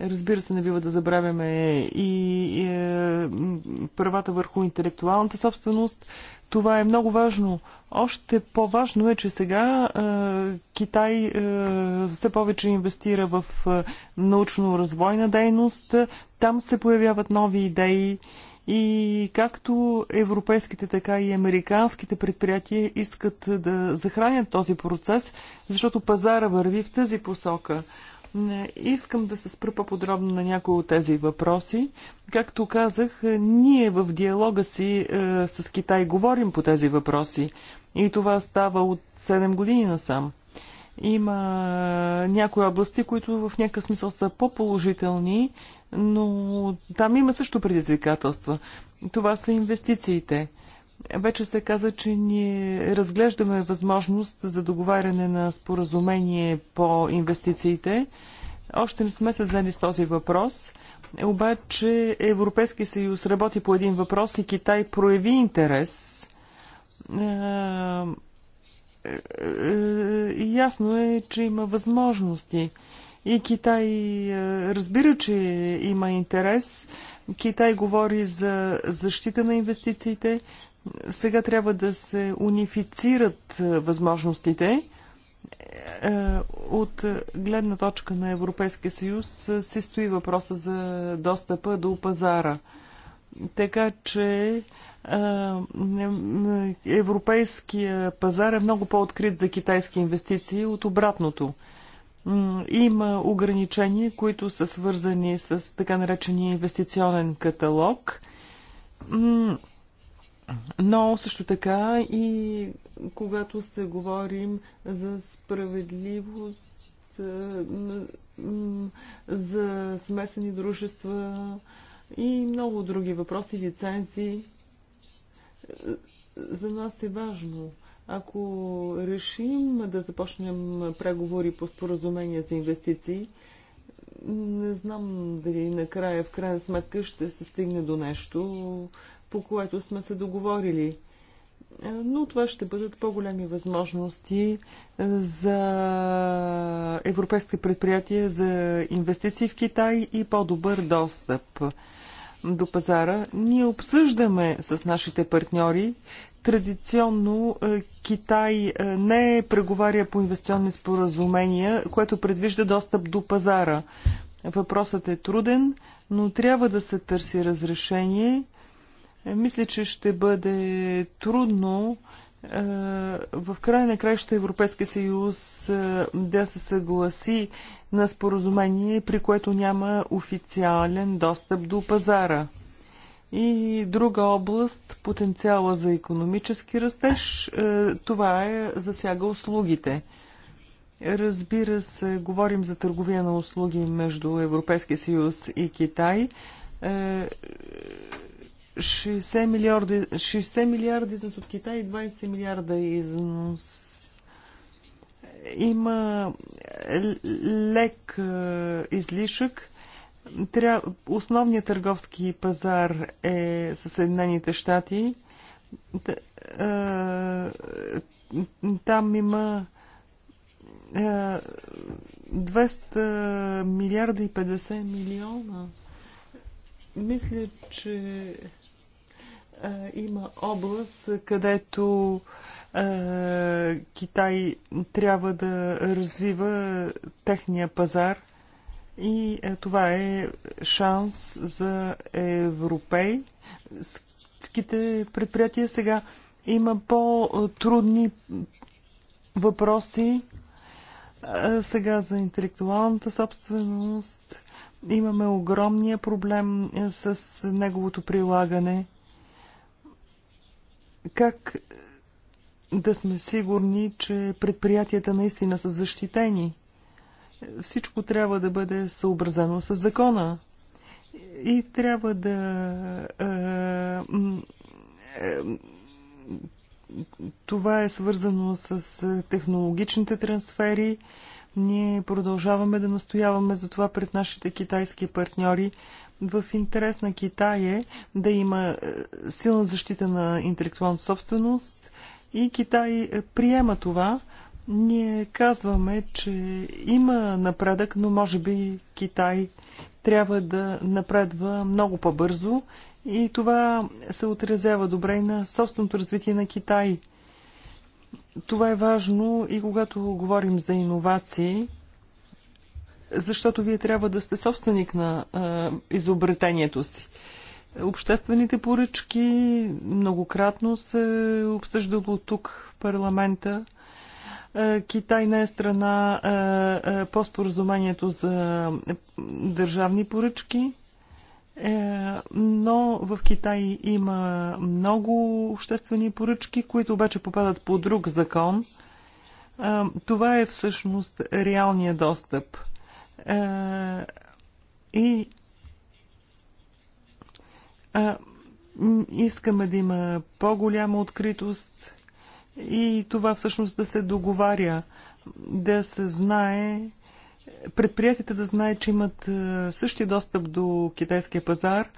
Разбира се, не бива да забравяме и, и е, правата върху интелектуалната собственост. Това е много важно. Още по-важно е, че сега е, Китай е, все повече инвестира в е, научно-развойна дейност. Там се появяват нови идеи и както европейските, така и американските предприятия искат да захранят този процес, защото пазара върви в тази посока. Не, искам да се спръпа подробно на някои от тези въпроси. Както казах, ние в диалога си е, с Китай говорим по тези въпроси. И това става от 7 години насам. Има някои области, които в някакъв смисъл са по-положителни, но там има също предизвикателства. Това са инвестициите. Вече се каза, че ние разглеждаме възможност за договаряне на споразумение по инвестициите. Още не сме се взели с този въпрос. Обаче Европейски съюз работи по един въпрос и Китай прояви интерес е, е, е, ясно е, че има възможности. И Китай разбира, че има интерес. Китай говори за защита на инвестициите. Сега трябва да се унифицират възможностите. От гледна точка на Европейския съюз се стои въпроса за достъпа до пазара. Така че европейския пазар е много по-открит за китайски инвестиции от обратното. Има ограничения, които са свързани с така наречения инвестиционен каталог, но също така и когато се говорим за справедливост, за смесени дружества и много други въпроси, лицензии за нас е важно. Ако решим да започнем преговори по споразумение за инвестиции, не знам дали накрая, в крайна сметка, ще се стигне до нещо, по което сме се договорили. Но това ще бъдат по-големи възможности за европейски предприятия за инвестиции в Китай и по-добър достъп до пазара. Ние обсъждаме с нашите партньори. Традиционно е, Китай е, не преговаря по инвестиционни споразумения, което предвижда достъп до пазара. Въпросът е труден, но трябва да се търси разрешение. Мисля, че ще бъде трудно в края на краща Европейския съюз да се съгласи на споразумение, при което няма официален достъп до пазара. И друга област, потенциала за економически растеж, това е засяга услугите. Разбира се, говорим за търговия на услуги между Европейския съюз и Китай 60 милиарда, 60 милиарди износ от Китай и 20 милиарда износ. Има лек е, излишък. Основният търговски пазар е Съединените щати. Е, там има 200 е, милиарда и 50 милиона. Мисля, че има област, където Китай трябва да развива техния пазар и това е шанс за европейските предприятия. Сега има по-трудни въпроси сега за интелектуалната собственост. Имаме огромния проблем с неговото прилагане как да сме сигурни, че предприятията наистина са защитени. Всичко трябва да бъде съобразено с закона. И трябва да. Е, е, това е свързано с технологичните трансфери. Ние продължаваме да настояваме за това пред нашите китайски партньори. В интерес на Китай е да има е, силна защита на интелектуална собственост и Китай е, приема това. Ние казваме, че има напредък, но може би Китай трябва да напредва много по-бързо и това се отразява добре и на собственото развитие на Китай. Това е важно и когато говорим за иновации защото вие трябва да сте собственик на изобретението си. Обществените поръчки многократно се обсъждало тук в парламента. Китай не е страна по споразумението за държавни поръчки, е, но в Китай има много обществени поръчки, които обаче попадат по друг закон. Това е всъщност реалния достъп – и искаме да има по-голяма откритост и това всъщност да се договаря, да се знае, предприятията да знаят, че имат същия достъп до китайския пазар,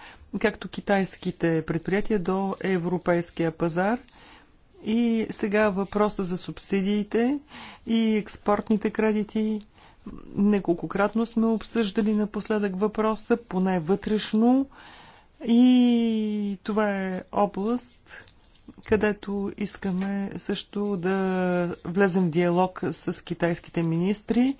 както китайските предприятия до европейския пазар. И сега въпроса за субсидиите и експортните кредити Неколкократно сме обсъждали напоследък въпроса, поне вътрешно. И това е област, където искаме също да влезем в диалог с китайските министри.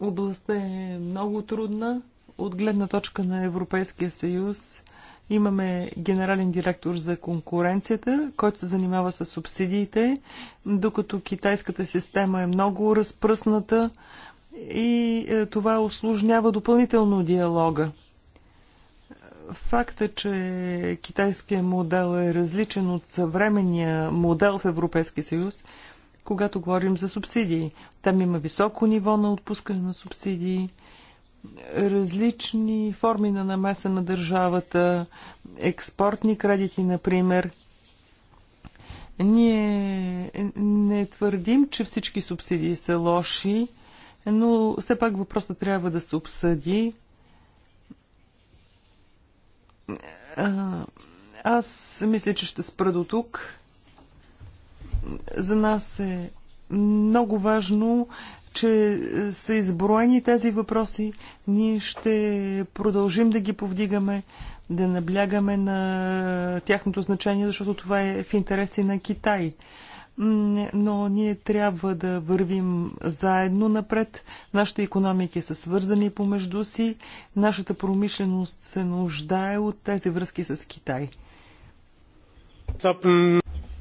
Областта е много трудна. От гледна точка на Европейския съюз имаме генерален директор за конкуренцията, който се занимава с субсидиите, докато китайската система е много разпръсната и е, това осложнява допълнително диалога. Факта, че китайският модел е различен от съвременния модел в Европейския съюз, когато говорим за субсидии. Там има високо ниво на отпускане на субсидии, различни форми на намеса на държавата, експортни кредити, например. Ние не твърдим, че всички субсидии са лоши но все пак въпросът трябва да се обсъди. Аз мисля, че ще спра до тук. За нас е много важно, че са изброени тези въпроси. Ние ще продължим да ги повдигаме, да наблягаме на тяхното значение, защото това е в интереси на Китай но ние трябва да вървим заедно напред. Нашите економики са свързани помежду си, нашата промишленост се нуждае от тези връзки с Китай.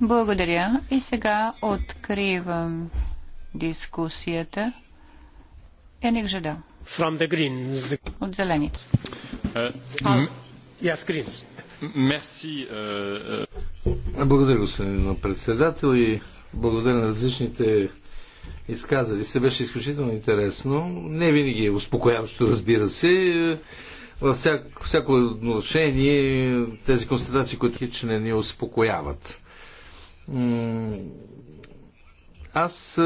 Благодаря. И сега откривам дискусията. Еник Жада. От зелените. Uh, mm, yes, greens. Euh, euh. Благодаря, господин председател и благодаря на различните изказали се. Беше изключително интересно. Не винаги е успокояващо, разбира се. Във всяко, всяко отношение тези констатации, които че не ни успокояват. Аз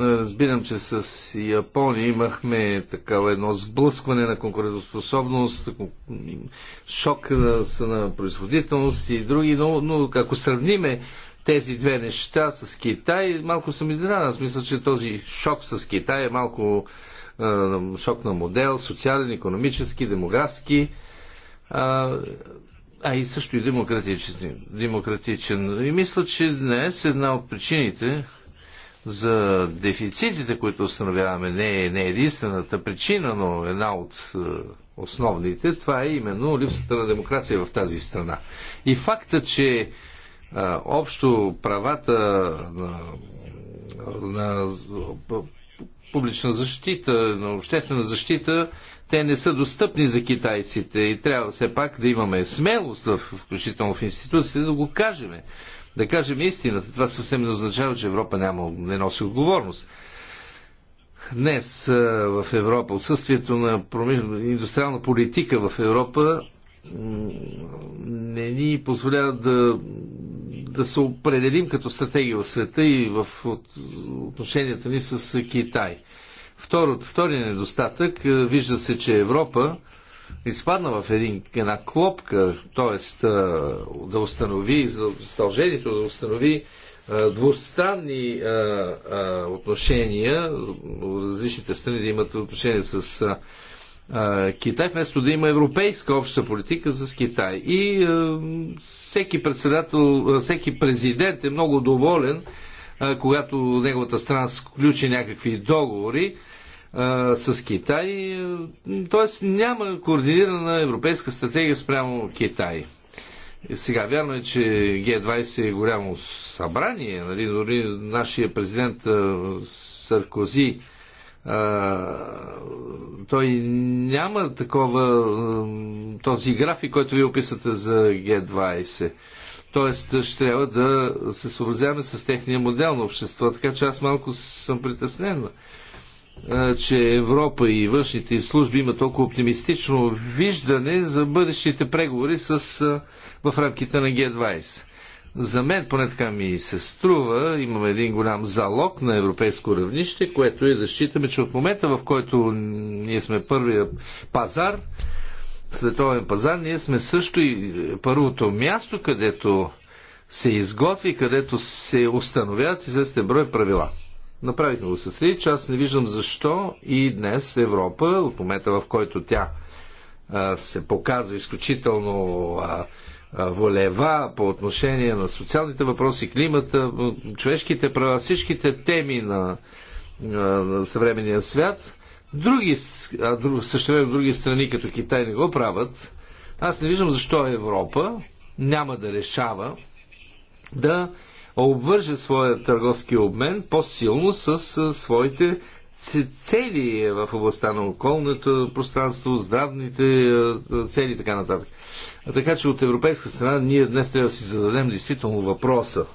Разбирам, че с Япония имахме такава едно сблъскване на конкурентоспособност, шок на, на производителност и други, но, но ако сравниме тези две неща с Китай, малко съм изненадан. Аз мисля, че този шок с Китай е малко е, шок на модел, социален, економически, демографски, а, а и също и демократичен, демократичен. И мисля, че днес една от причините, за дефицитите, които установяваме, не е, не е единствената причина, но една от е, основните, това е именно липсата на демокрация в тази страна. И факта, че а, е, общо правата на, на публична защита, на обществена защита, те не са достъпни за китайците и трябва все пак да имаме смелост, включително в институциите, да го кажеме да кажем истината. Това съвсем не означава, че Европа няма, не носи отговорност. Днес в Европа отсъствието на индустриална политика в Европа не ни позволява да, да се определим като стратегия в света и в отношенията ни с Китай. Второ, втори недостатък, вижда се, че Европа изпадна в един, една клопка, т.е. да установи задължението, да установи двустранни отношения, различните страни да имат отношения с а, Китай, вместо да има европейска обща политика с Китай. И всеки председател, всеки президент е много доволен, когато неговата страна сключи някакви договори, а, с Китай. Т.е. няма координирана европейска стратегия спрямо Китай. Сега, вярно е, че Г20 е голямо събрание. Нали? Дори нашия президент Саркози а, той няма такова този график, който ви описате за Г20. Тоест, ще трябва да се съобразяваме с техния модел на общество, така че аз малко съм притеснен че Европа и външните служби имат толкова оптимистично виждане за бъдещите преговори с, в рамките на Г-20. За мен, поне така ми се струва, имаме един голям залог на европейско равнище, което е да считаме, че от момента, в който ние сме първия пазар, световен пазар, ние сме също и първото място, където се изготви, където се установяват известен брой правила. Направихме го с Рич. Аз не виждам защо и днес Европа, от момента в който тя а, се показва изключително а, а, волева по отношение на социалните въпроси, климата, човешките права, всичките теми на, на съвременния свят, други, а, друг, други страни, като Китай, не го правят. Аз не виждам защо Европа няма да решава да обвърже своя търговски обмен по-силно с своите цели в областта на околното пространство, здравните цели и така нататък. Така че от европейска страна ние днес трябва да си зададем действително въпроса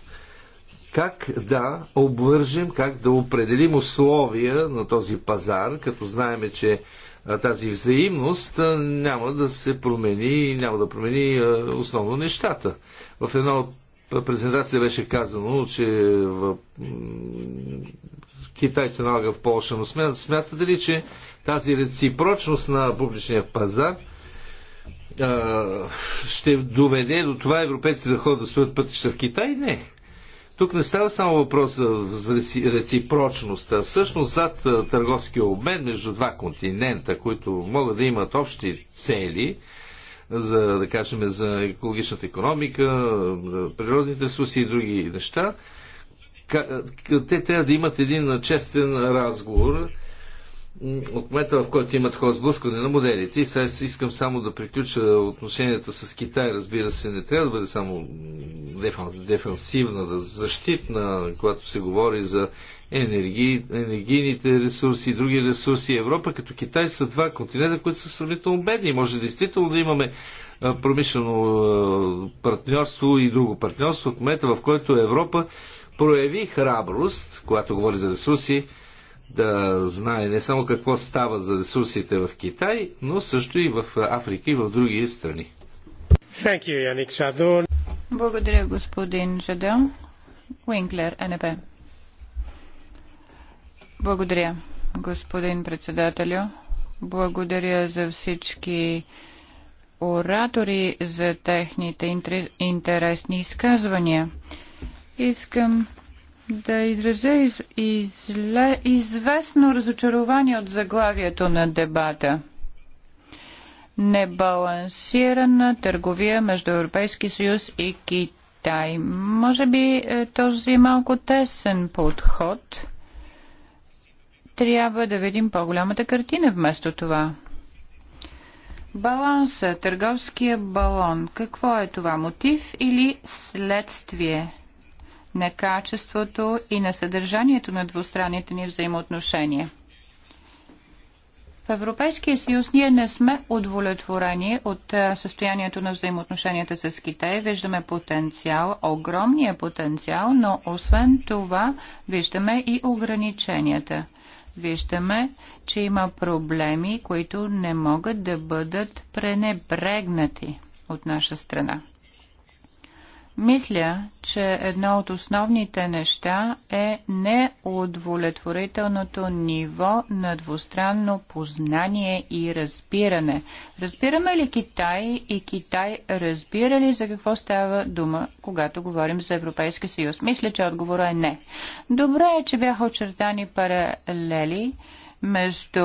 как да обвържем, как да определим условия на този пазар, като знаеме, че тази взаимност няма да се промени, няма да промени основно нещата. В едно от презентация беше казано, че в Китай се налага в Польша, но смятате ли, че тази реципрочност на публичния пазар ще доведе до това европейците да ходят да строят пътища в Китай? Не. Тук не става само въпрос за реципрочност, а всъщност зад търговския обмен между два континента, които могат да имат общи цели, за, да кажем, за екологичната економика, природните ресурси и други неща, те трябва да имат един честен разговор от момента, в който има такова сблъскване на моделите, и сега искам само да приключа отношенията с Китай, разбира се, не трябва да бъде само дефенсивна, защитна, когато се говори за енергии, енергийните ресурси и други ресурси. Европа като Китай са два континента, които са сравнително бедни. Може действително да имаме промишлено партньорство и друго партньорство от момента, в който Европа прояви храброст, когато говори за ресурси, да знае не само какво става за ресурсите в Китай, но също и в Африка и в други страни. You, Благодаря, господин Жадел. Уинклер, НП. Благодаря, господин председателю. Благодаря за всички оратори за техните интересни изказвания. Искам да изразя из, изле, известно разочарование от заглавието на дебата. Небалансирана търговия между Европейски съюз и Китай. Може би е, този малко тесен подход трябва да видим по-голямата картина вместо това. Баланса, търговския балон. Какво е това? Мотив или следствие? на качеството и на съдържанието на двустранните ни взаимоотношения. В Европейския съюз ние не сме удовлетворени от състоянието на взаимоотношенията с Китай. Виждаме потенциал, огромния потенциал, но освен това виждаме и ограниченията. Виждаме, че има проблеми, които не могат да бъдат пренебрегнати от наша страна. Мисля, че едно от основните неща е неудовлетворителното ниво на двустранно познание и разбиране. Разбираме ли Китай и Китай разбира ли за какво става дума, когато говорим за Европейски съюз? Мисля, че отговора е не. Добре е, че бяха очертани паралели между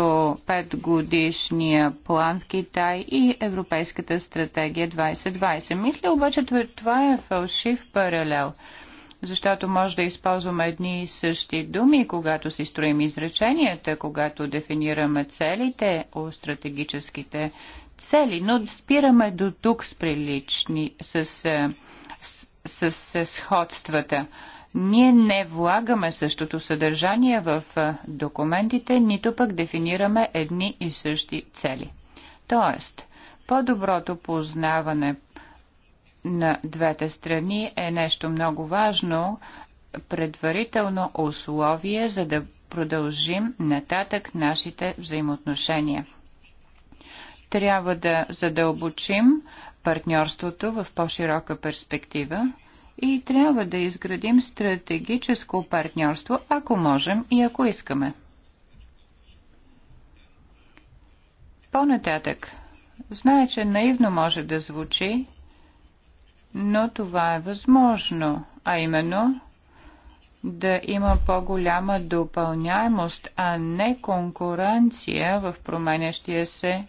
5 годишния план в Китай и Европейската стратегия 2020. Мисля обаче, това е фалшив паралел защото може да използваме едни и същи думи, когато си строим изреченията, когато дефинираме целите, о стратегическите цели, но спираме до тук с прилични, с, е, с, с, с сходствата. Ние не влагаме същото съдържание в документите, нито пък дефинираме едни и същи цели. Тоест, по-доброто познаване на двете страни е нещо много важно, предварително условие, за да продължим нататък нашите взаимоотношения. Трябва да задълбочим партньорството в по-широка перспектива, и трябва да изградим стратегическо партньорство, ако можем и ако искаме. По-нататък, знае, че наивно може да звучи, но това е възможно, а именно да има по-голяма допълняемост, а не конкуренция в променящия се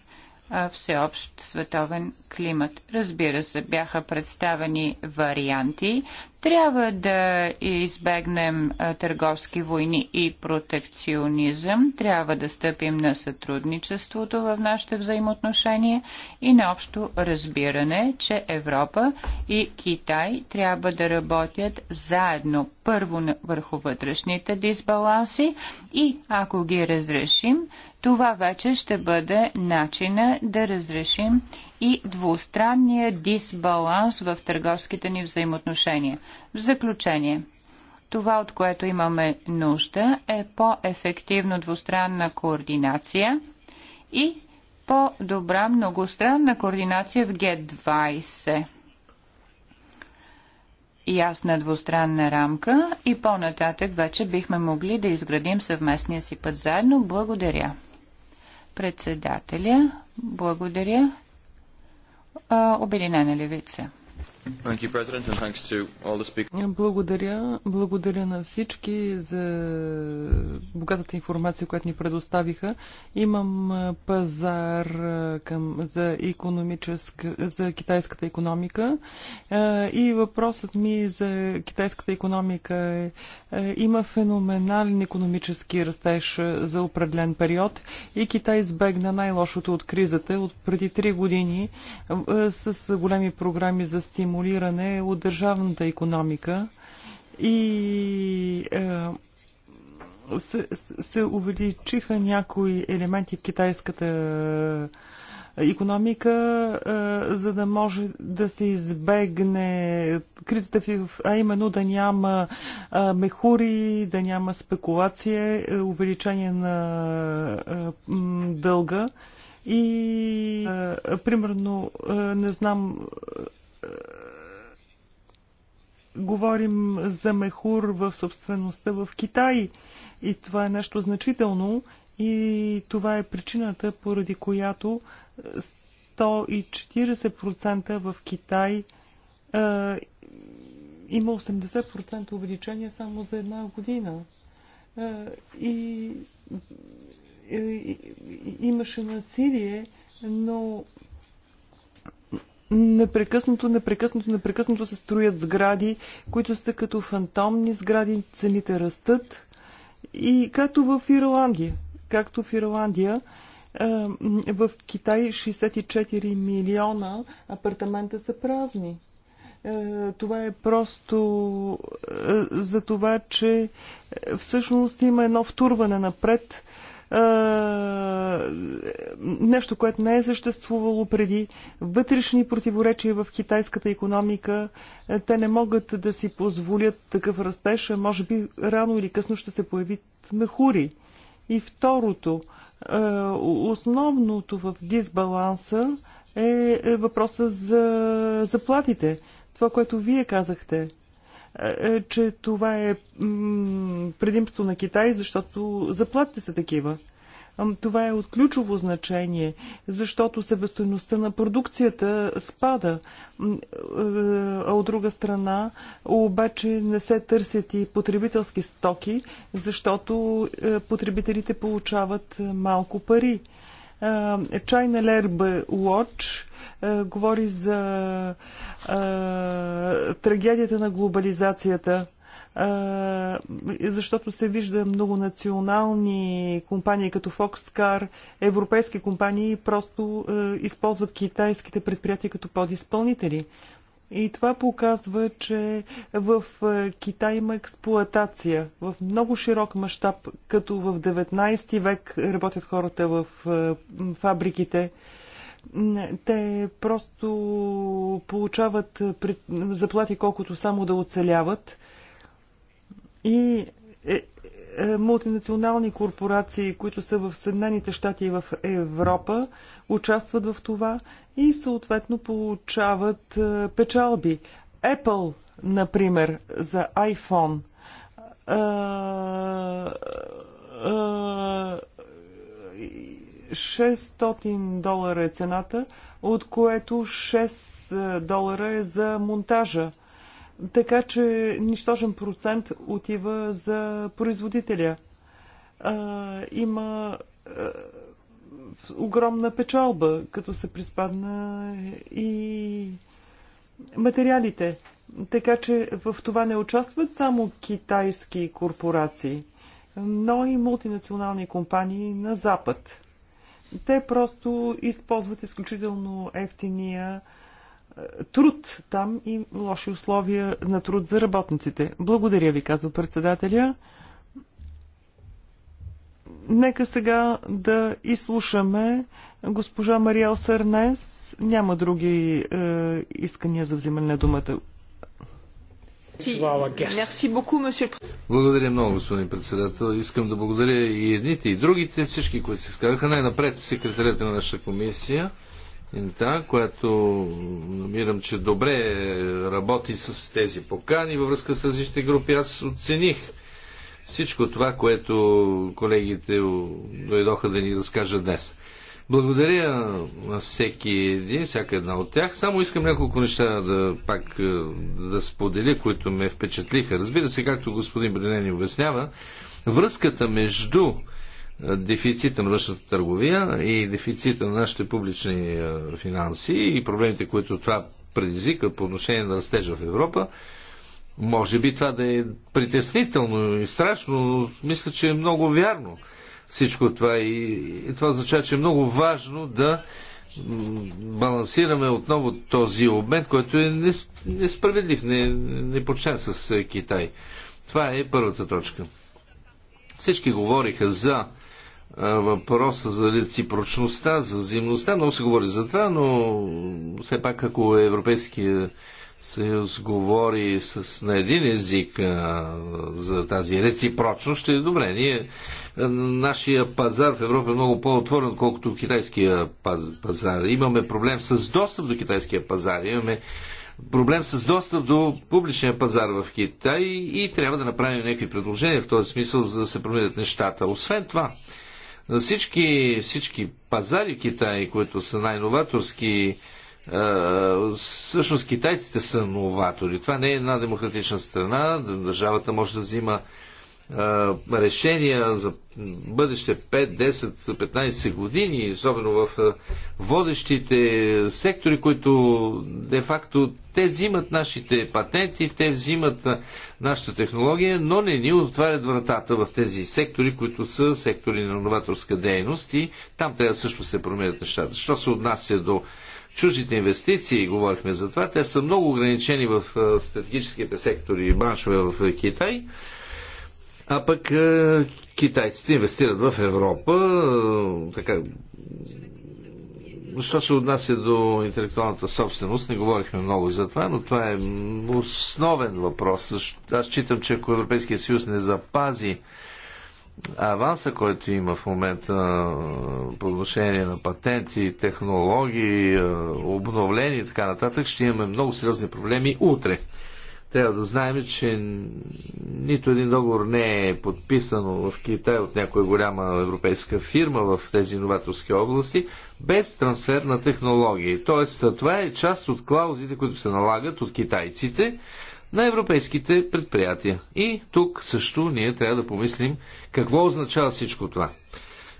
всеобщ световен климат. Разбира се, бяха представени варианти. Трябва да избегнем търговски войни и протекционизъм. Трябва да стъпим на сътрудничеството в нашите взаимоотношения и на общо разбиране, че Европа и Китай трябва да работят заедно първо върху вътрешните дисбаланси и ако ги разрешим, това вече ще бъде начина да разрешим и двустранния дисбаланс в търговските ни взаимоотношения. В заключение, това, от което имаме нужда, е по-ефективно двустранна координация и по-добра многостранна координация в Г20 ясна двустранна рамка и по-нататък вече бихме могли да изградим съвместния си път заедно. Благодаря. Председателя, благодаря. Обединена левица. Благодаря. Благодаря на всички за богатата информация, която ни предоставиха. Имам пазар към, за, за китайската економика и въпросът ми за китайската економика е има феноменален економически растеж за определен период и Китай избегна най-лошото от кризата от преди 3 години с големи програми за стимул стимулиране от държавната економика и е, се, се увеличиха някои елементи в китайската економика, е, за да може да се избегне кризата, а именно да няма е, мехури, да няма спекулация, увеличение на дълга. И, примерно, не знам, Говорим за мехур в собствеността в Китай и това е нещо значително и това е причината, поради която 140% е, в Китай е, има 80% увеличение само за една година. Е, и, е, и имаше насилие, но Непрекъснато, непрекъснато, непрекъснато се строят сгради, които са като фантомни сгради, цените растат. И както в Ирландия, както в Ирландия, в Китай 64 милиона апартамента са празни. Това е просто за това, че всъщност има едно втурване напред нещо, което не е съществувало преди, вътрешни противоречия в китайската економика, те не могат да си позволят такъв растеж, а може би рано или късно ще се появят мехури. И второто, основното в дисбаланса е, е въпроса за заплатите. Това, което вие казахте – е, че това е предимство на Китай, защото заплатите са такива. Това е от ключово значение, защото себестойността на продукцията спада. Е, а от друга страна, обаче не се търсят и потребителски стоки, защото е, потребителите получават малко пари. China Lerbe Watch е, говори за е, трагедията на глобализацията е, защото се вижда много национални компании като Foxcar, европейски компании просто използват китайските предприятия като подизпълнители. И това показва, че в Китай има експлоатация в много широк мащаб, като в 19 век работят хората в фабриките. Те просто получават заплати колкото само да оцеляват. И е, е, мултинационални корпорации, които са в Съединените щати и в Европа, участват в това и съответно получават е, печалби. Apple, например, за iPhone. А, а, 600 долара е цената, от което 6 е, долара е за монтажа. Така че нищожен процент отива за производителя. А, има а, е, огромна печалба, като се приспадна е, и материалите. Така че в това не участват само китайски корпорации, но и мултинационални компании на Запад. Те просто използват изключително ефтиния е, труд там и лоши условия на труд за работниците. Благодаря ви, казва председателя. Нека сега да изслушаме госпожа Мариел Сърнес. Няма други е, искания за взимане на думата. Благодаря много, господин председател. Искам да благодаря и едните, и другите, всички, които се изказаха. Най-напред секретарята на нашата комисия, Инта, която намирам, че добре работи с тези покани във връзка с различните групи. Аз оцених всичко това, което колегите дойдоха да ни разкажат днес. Благодаря на всеки един, всяка една от тях. Само искам няколко неща да пак е, да споделя, които ме впечатлиха. Разбира се, както господин Бринен обяснява, връзката между е, дефицита на външната търговия и дефицита на нашите публични е, финанси и проблемите, които това предизвика по отношение на растежа в Европа, може би това да е притеснително и страшно, но мисля, че е много вярно всичко това. И, и това означава, че е много важно да балансираме отново този обмен, който е несправедлив, не, не с е, Китай. Това е първата точка. Всички говориха за е, въпроса за реципрочността, за взаимността. Много се говори за това, но все пак ако Европейския съюз говори с, на един език а, за тази реципрочност, ще е добре. Ние, нашия пазар в Европа е много по-отворен, отколкото китайския пазар. Имаме проблем с достъп до китайския пазар. Имаме проблем с достъп до публичния пазар в Китай и трябва да направим някакви предложения в този смисъл, за да се променят нещата. Освен това, всички, всички пазари в Китай, които са най-новаторски, всъщност китайците са новатори. Това не е една демократична страна. Държавата може да взима решения за бъдеще 5, 10, 15 години, особено в водещите сектори, които де-факто те взимат нашите патенти, те взимат нашата технология, но не ни отварят вратата в тези сектори, които са сектори на новаторска дейност и там трябва също се променят нещата. Що се отнася до Чуждите инвестиции, говорихме за това, те са много ограничени в стратегическите сектори и браншове в Китай. А пък китайците инвестират в Европа, така Що се отнася до интелектуалната собственост, не говорихме много за това, но това е основен въпрос. Аз считам, че ако Европейския съюз не запази аванса, който има в момента по отношение на патенти, технологии, обновления и така нататък, ще имаме много сериозни проблеми утре. Трябва да знаем, че нито един договор не е подписан в Китай от някоя голяма европейска фирма в тези новаторски области без трансфер на технологии. Тоест, това е част от клаузите, които се налагат от китайците на европейските предприятия. И тук също ние трябва да помислим какво означава всичко това.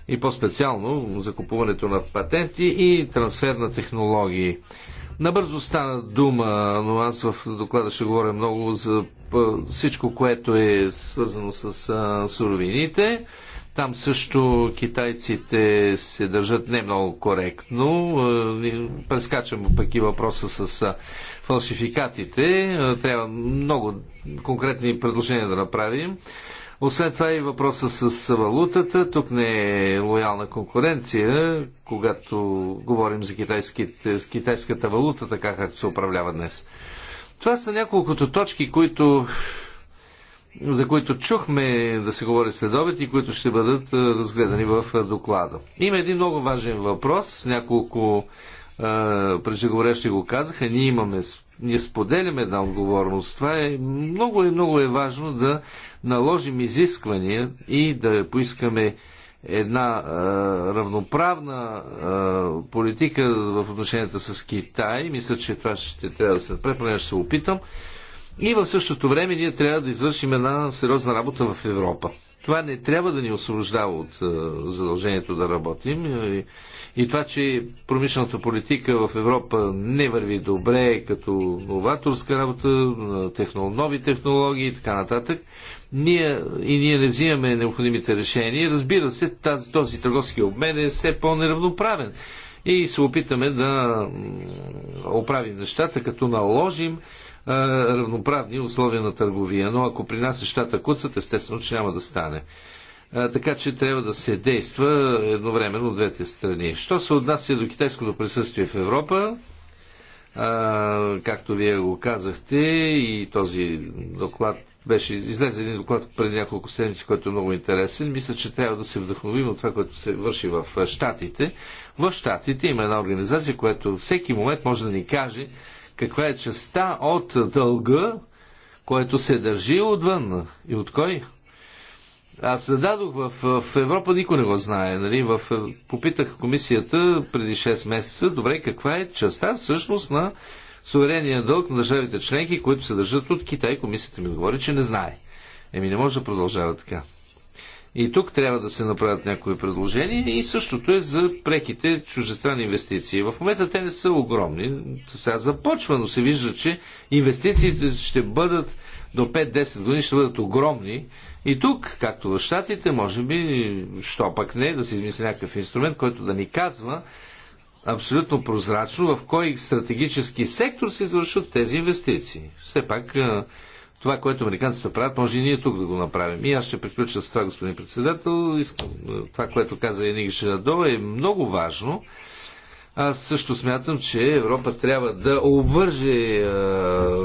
И по-специално закупуването на патенти и трансфер на технологии. Набързо стана дума, но аз в доклада ще говоря много за всичко, което е свързано с суровините там също китайците се държат не много коректно. Е, прескачам пък и въпроса с фалшификатите. Е, трябва много конкретни предложения да направим. Освен това и въпроса с валутата. Тук не е лоялна конкуренция, когато говорим за китайската валута, така както се управлява днес. Това са няколкото точки, които за които чухме да се говори след обед и които ще бъдат разгледани в доклада. Има един много важен въпрос, няколко преждеговорящи го казаха, ние имаме, ние споделяме една отговорност. Това е много и е, много е важно да наложим изисквания и да поискаме една а, равноправна а, политика в отношенията с Китай. Мисля, че това ще трябва да се направи, поне ще се опитам. И в същото време ние трябва да извършим една сериозна работа в Европа. Това не трябва да ни освобождава от е, задължението да работим. Е, и, това, че промишлената политика в Европа не върви добре като новаторска работа, е, нови технологии и така нататък, ние, и ние не взимаме необходимите решения. Разбира се, тази, този търговски обмен е все по-неравноправен. И се опитаме да оправим нещата, като наложим равноправни условия на търговия. Но ако при нас нещата куцат, естествено, че няма да стане. Така че трябва да се действа едновременно от двете страни. Що се отнася до китайското присъствие в Европа, а, както вие го казахте, и този доклад беше излезе един доклад преди няколко седмици, който е много интересен. Мисля, че трябва да се вдъхновим от това, което се върши в Штатите. В Штатите има една организация, която всеки момент може да ни каже каква е частта от дълга, който се държи отвън. И от кой? Аз зададох в, в Европа, никой не го знае. Нали? В, попитах комисията преди 6 месеца, добре, каква е частта всъщност на суверения дълг на държавите членки, които се държат от Китай. Комисията ми отговори, че не знае. Еми не може да продължава така. И тук трябва да се направят някои предложения и същото е за преките чуждестранни инвестиции. В момента те не са огромни. Сега започва, но се вижда, че инвестициите ще бъдат до 5-10 години ще бъдат огромни. И тук, както в Штатите, може би, що пък не, да се измисли някакъв инструмент, който да ни казва абсолютно прозрачно в кой стратегически сектор се извършват тези инвестиции. Все пак това, което американците правят, може и ние тук да го направим. И аз ще приключа с това, господин председател. Искам, е, това, което каза Еник Женадова е много важно. Аз също смятам, че Европа трябва да обвърже е,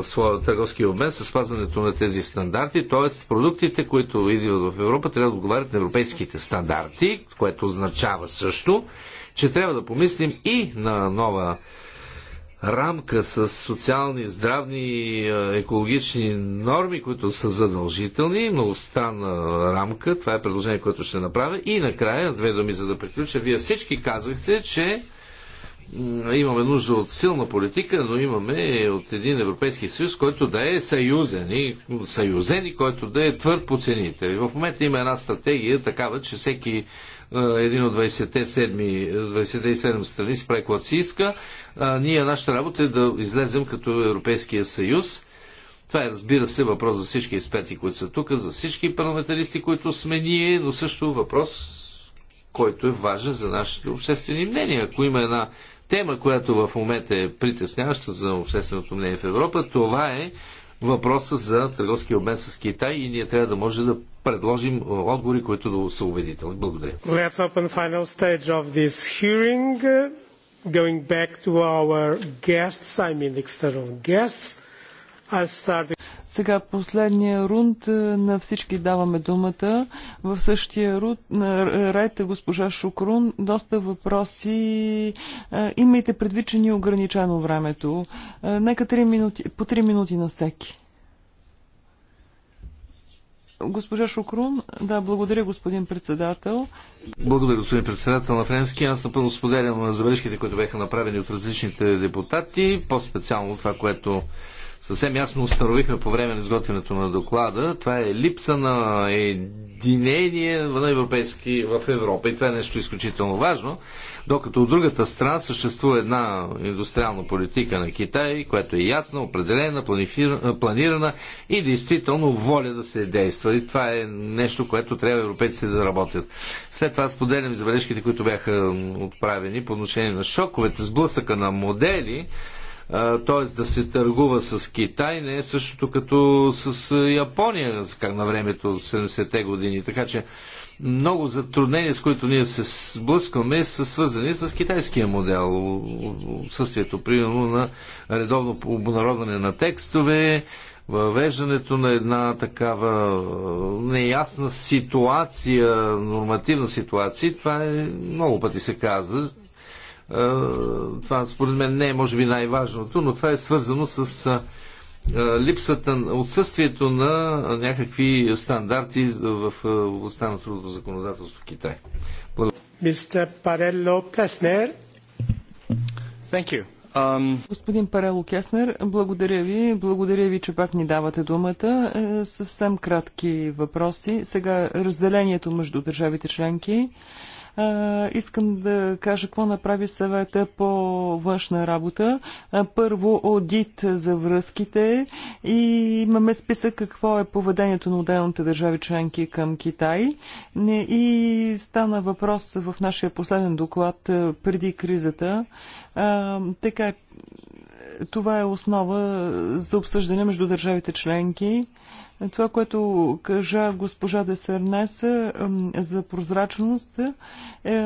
своя търговски обмен с спазването на тези стандарти, т.е. продуктите, които идват в Европа, трябва да отговарят на европейските стандарти, което означава също, че трябва да помислим и на нова рамка с социални, здравни, е, екологични норми, които са задължителни, многостранна рамка. Това е предложение, което ще направя. И накрая, две думи за да приключа. Вие всички казахте, че имаме нужда от силна политика, но имаме от един Европейски съюз, който да е съюзен и съюзен и който да е твърд по цените. И в момента има една стратегия такава, че всеки е, един от 27 страни си прави каквото си иска. Ние, нашата работа е да излезем като Европейския съюз. Това е, разбира се, въпрос за всички експерти, които са тук, за всички парламентаристи, които сме ние, но също въпрос, който е важен за нашите обществени мнения. Ако има една тема, която в момента е притесняваща за общественото мнение в Европа, това е въпроса за търговския обмен с Китай и ние трябва да може да предложим отговори, които да са убедителни. Благодаря. Let's open final stage of this hearing. Uh, going back to our guests, I mean external guests, I'll start сега последния рунд е, на всички даваме думата. В същия рунд, ред е госпожа Шукрун, доста въпроси. Е, имайте предвид, че ни е ограничено времето. Нека 3 минути, по 3 минути на всеки. Госпожа Шукрун, да, благодаря господин председател. Благодаря господин председател на Френски. Аз напълно споделям на завършките, които бяха направени от различните депутати, по-специално това, което съвсем ясно установихме по време на изготвянето на доклада, това е липса на единение на европейски в Европа и това е нещо изключително важно, докато от другата страна съществува една индустриална политика на Китай, която е ясна, определена, планирана и действително воля да се действа. И това е нещо, което трябва европейците да работят. След това споделям забележките, които бяха отправени по отношение на шоковете, сблъсъка на модели, т.е. да се търгува с Китай не е същото като с Япония, как на времето 70-те години. Така че много затруднения, с които ние се сблъскваме, са свързани с китайския модел. съствието, примерно, на редовно обнародване на текстове, въвеждането на една такава неясна ситуация, нормативна ситуация, това е много пъти се каза, е, това според мен не е може би най-важното, но това е свързано с е, е, липсата, отсъствието на някакви стандарти в областта на трудното законодателство в Китай. Мистер Парело Плеснер. Um, Господин Парело Кеснер, благодаря ви. Благодаря ви, че пак ни давате думата. Съвсем кратки въпроси. Сега разделението между държавите членки. Искам да кажа какво направи съвета по външна работа. Първо, аудит за връзките и имаме списък какво е поведението на отделните държави членки към Китай. И стана въпрос в нашия последен доклад преди кризата. Така, това е основа за обсъждане между държавите членки. Това, което кажа госпожа Десернеса за прозрачност, е,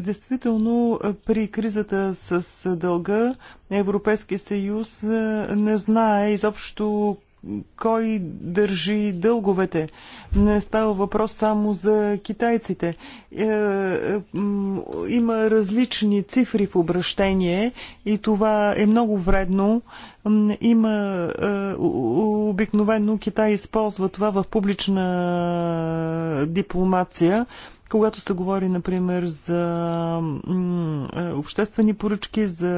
действително при кризата с дълга Европейския съюз е, не знае изобщо кой държи дълговете. Не става въпрос само за китайците. Е, е, има различни цифри в обращение и това е много вредно. Има е, обикновено Китай използва това в публична дипломация когато се говори, например, за обществени поръчки, за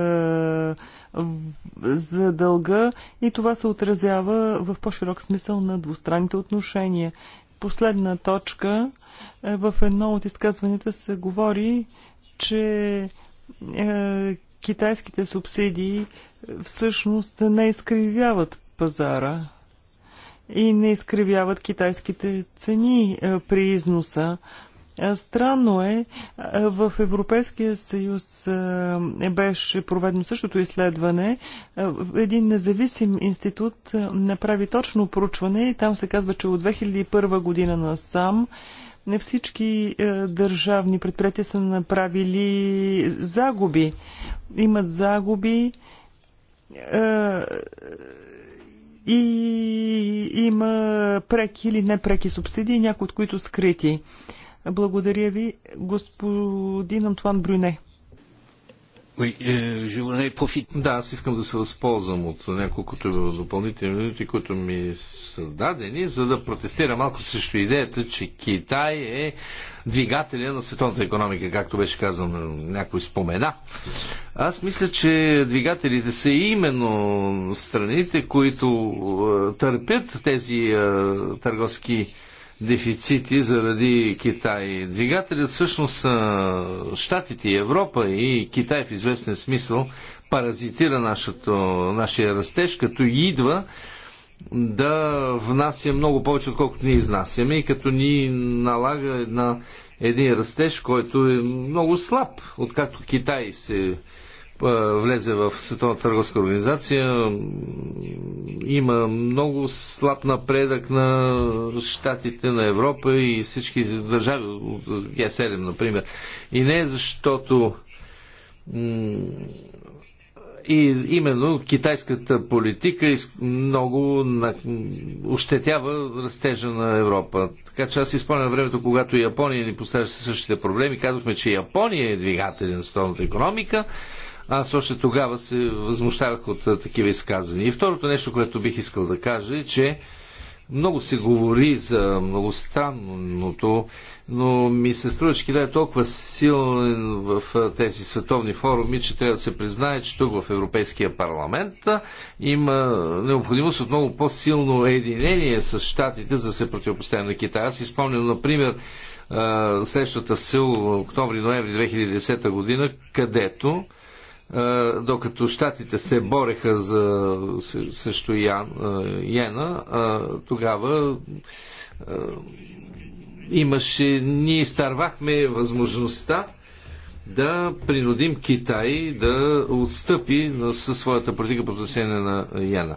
за дълга и това се отразява в по-широк смисъл на двустранните отношения. Последна точка. Е, в едно от изказванията се говори, че е, китайските субсидии всъщност не изкривяват пазара и не изкривяват китайските цени е, при износа. Странно е, в Европейския съюз беше проведено същото изследване. Един независим институт направи точно проучване и там се казва, че от 2001 година насам не всички държавни предприятия са направили загуби. Имат загуби и има преки или непреки субсидии, някои от които скрити. Благодаря ви, господин Антуан Брюне. Euh, да, аз искам да се възползвам от няколкото допълнителни минути, които ми са дадени, за да протестира малко срещу идеята, че Китай е двигателя на световната економика, както беше казан, някой спомена. Аз мисля, че двигателите са именно страните, които е, търпят тези е, търговски дефицити заради Китай. Двигателят всъщност са Штатите и Европа и Китай в известен смисъл паразитира нашето, нашия растеж, като идва да внася много повече, отколкото ние изнасяме и като ни налага на един растеж, който е много слаб, откакто Китай се влезе в Световната търговска организация. Има много слаб напредък на щатите, на Европа и всички държави, Г7, например. И не защото и именно китайската политика много ощетява растежа на Европа. Така че аз изпълням времето, когато Япония ни поставяше същите проблеми. Казахме, че Япония е двигателен на столната економика аз още тогава се възмущавах от а, такива изказвания. И второто нещо, което бих искал да кажа е, че много се говори за многостранното, но ми се струва, че Китай е толкова силен в тези световни форуми, че трябва да се признае, че тук в Европейския парламент има необходимост от много по-силно единение с щатите, за да се противопоставим на Китай. Аз изпомням, например, срещата в Сеул октомври-ноември 2010 година, където докато щатите се бореха за, също Йена, тогава имаше, ние изтървахме възможността да принудим Китай да отстъпи със своята политика по отношение на Яна.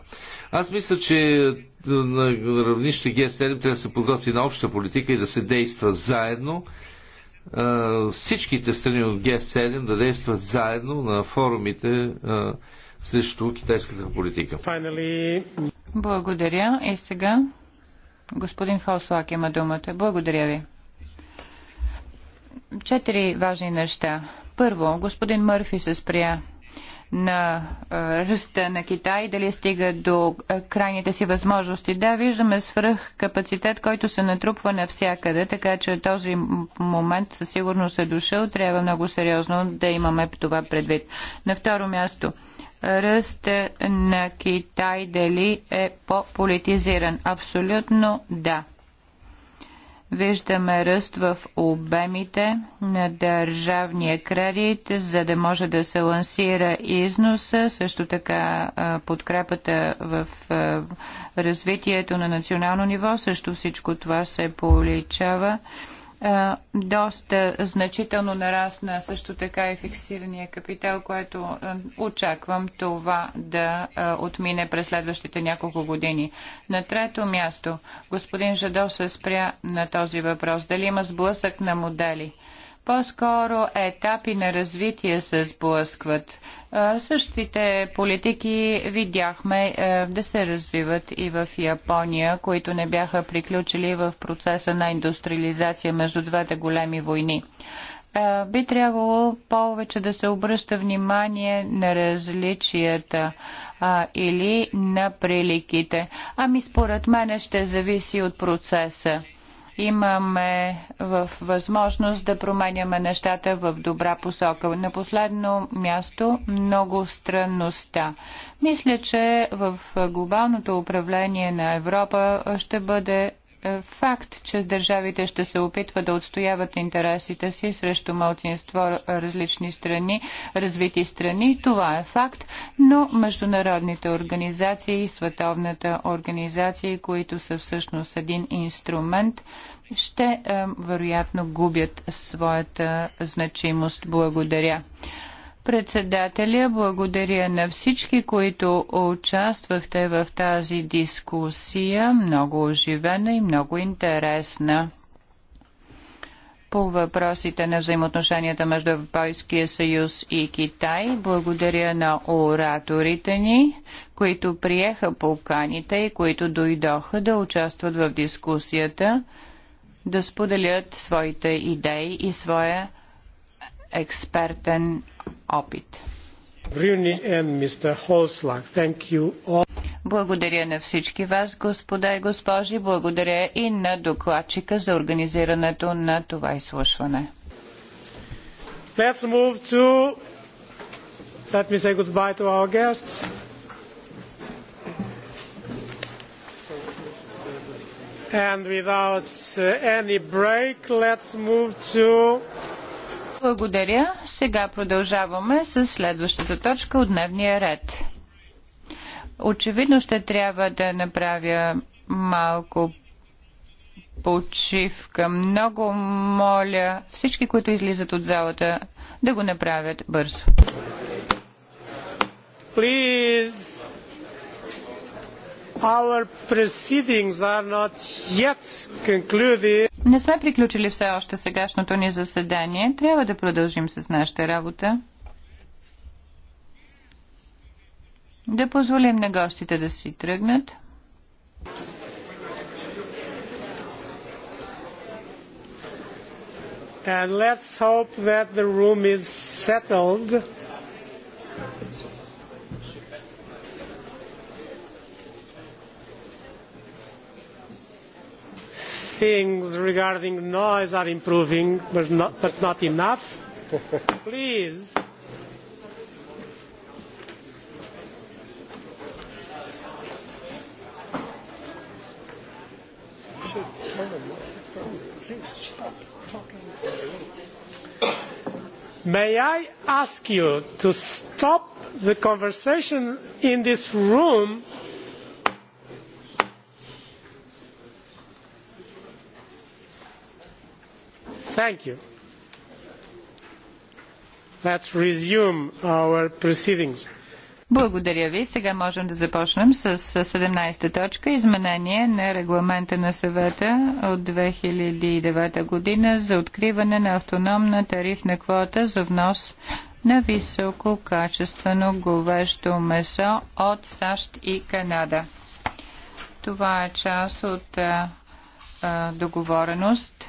Аз мисля, че на равнище Г7 трябва да се подготви на обща политика и да се действа заедно всичките страни от Г7 да действат заедно на форумите срещу китайската политика. Благодаря. И сега господин Хослак има думата. Благодаря ви. Четири важни неща. Първо, господин Мърфи се спря на ръста на Китай, дали стига до крайните си възможности. Да, виждаме свръх капацитет, който се натрупва навсякъде, така че този момент със сигурност е дошъл. Трябва много сериозно да имаме това предвид. На второ място ръст на Китай дали е по-политизиран? Абсолютно да. Виждаме ръст в обемите на държавния кредит, за да може да се лансира износа, също така подкрепата в развитието на национално ниво, също всичко това се получава доста значително нарасна също така и фиксирания капитал, което очаквам това да отмине през следващите няколко години. На трето място, господин Жадов се спря на този въпрос. Дали има сблъсък на модели? по-скоро етапи на развитие се сблъскват. Същите политики видяхме е, да се развиват и в Япония, които не бяха приключили в процеса на индустриализация между двете големи войни би трябвало повече да се обръща внимание на различията а, или на приликите. Ами според мен ще зависи от процеса имаме в възможност да променяме нещата в добра посока. На последно място много странността. Мисля, че в глобалното управление на Европа ще бъде факт, че държавите ще се опитват да отстояват интересите си срещу малцинство различни страни, развити страни. Това е факт, но международните организации и Световната организация, които са всъщност един инструмент, ще е, вероятно губят своята значимост. Благодаря. Председателя, благодаря на всички, които участвахте в тази дискусия, много оживена и много интересна по въпросите на взаимоотношенията между Европейския съюз и Китай. Благодаря на ораторите ни, които приеха полканите и които дойдоха да участват в дискусията, да споделят своите идеи и своя експертен опит. Благодаря на всички вас, господа и госпожи. Благодаря и на докладчика за организирането на това изслушване. Let's move to... Let me say goodbye to our guests. And without uh, any break, let's move to благодаря. Сега продължаваме с следващата точка от дневния ред. Очевидно ще трябва да направя малко почивка. Много моля всички, които излизат от залата, да го направят бързо. Please. Our proceedings are not yet concluded. Не сме приключили все още сегашното ни заседание. Трябва да продължим с нашата работа. Да позволим на гостите да си тръгнат. And let's hope that the room is settled. things regarding noise are improving, but not, but not enough. Please. May I ask you to stop the conversation in this room Thank you. Let's resume our proceedings. Благодаря ви. Сега можем да започнем с 17 та точка. Изменение на регламента на съвета от 2009 година за откриване на автономна тарифна квота за внос на висококачествено говещо месо от САЩ и Канада. Това е част от а, договореност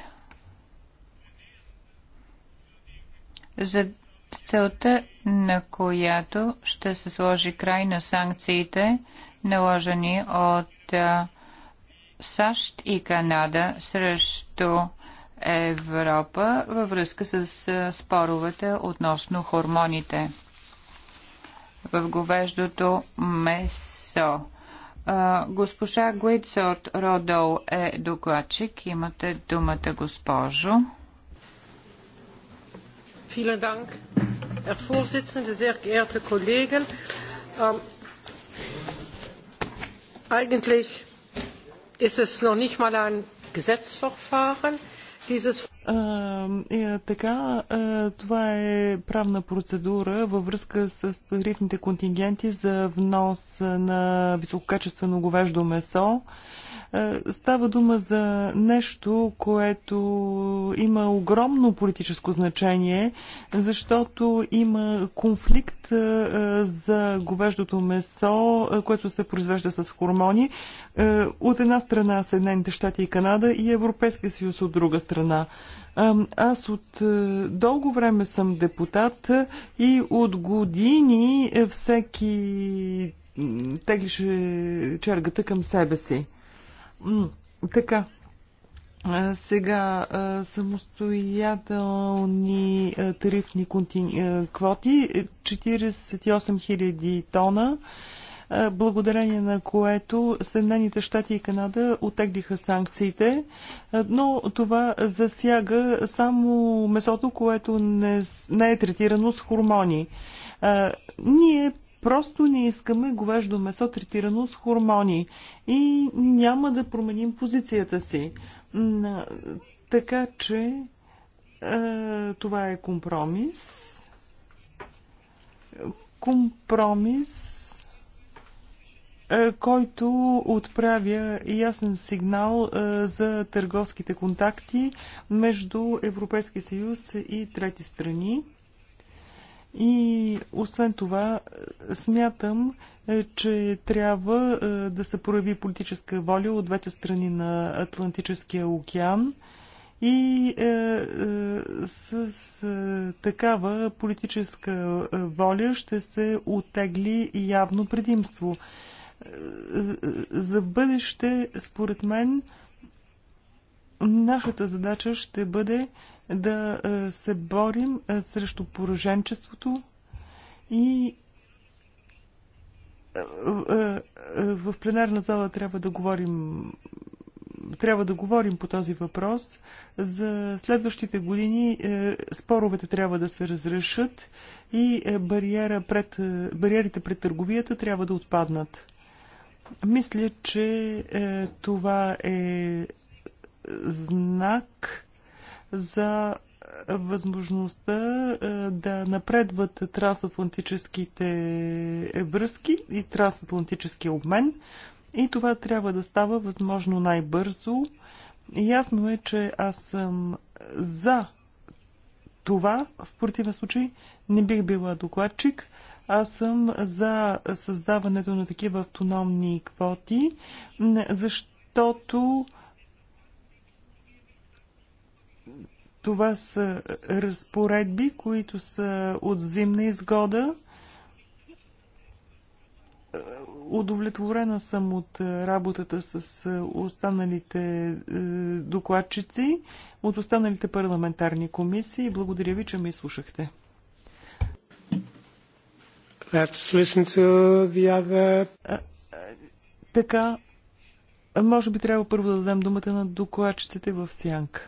за целта на която ще се сложи край на санкциите, наложени от САЩ и Канада срещу Европа във връзка с споровете относно хормоните в говеждото месо. госпожа Гуитсорт Родол е докладчик. Имате думата, госпожо. Vielen Dank, Herr Vorsitzender, sehr geehrte Kollegen. Eigentlich ist es noch nicht mal ein Gesetzverfahren. Dieses е, така, е, това е правна процедура във връзка с тарифните контингенти за внос на висококачествено говеждо месо. Е, става дума за нещо, което има огромно политическо значение, защото има конфликт е, за говеждото месо, е, което се произвежда с хормони. От една страна Съединените щати и Канада и Европейския съюз от друга страна. Аз от дълго време съм депутат и от години всеки теглише чергата към себе си. Така. Сега самостоятелни тарифни квоти 48 е, 000 тона, благодарение на което Съединените щати и Канада отеглиха санкциите, но това засяга само месото, което не, не е третирано с хормони. Ние Просто не искаме говеждо месо третирано с хормони и няма да променим позицията си. Така че това е компромис. Компромис който отправя ясен сигнал за търговските контакти между Европейския съюз и трети страни. И освен това, смятам, е, че трябва е, да се прояви политическа воля от двете страни на Атлантическия океан и е, е, с, с е, такава политическа е, воля ще се отегли явно предимство. За бъдеще, според мен, нашата задача ще бъде да е, се борим е, срещу пораженчеството и е, в пленарна зала трябва да говорим трябва да говорим по този въпрос. За следващите години споровете трябва да се разрешат и бариера пред, бариерите пред търговията трябва да отпаднат. Мисля, че това е знак за е, възможността е, да напредват трансатлантическите връзки и трансатлантически обмен. И това трябва да става възможно най-бързо. Ясно е, че аз съм за това. В противен случай не бих била докладчик. Аз съм за създаването на такива автономни квоти, защото Това са е, разпоредби, които са от взимна изгода. Е, удовлетворена съм от е, работата с останалите докладчици, от останалите парламентарни комисии. Благодаря ви, че ме изслушахте. Other... така, може би трябва първо да дадем думата на докладчиците в сянка.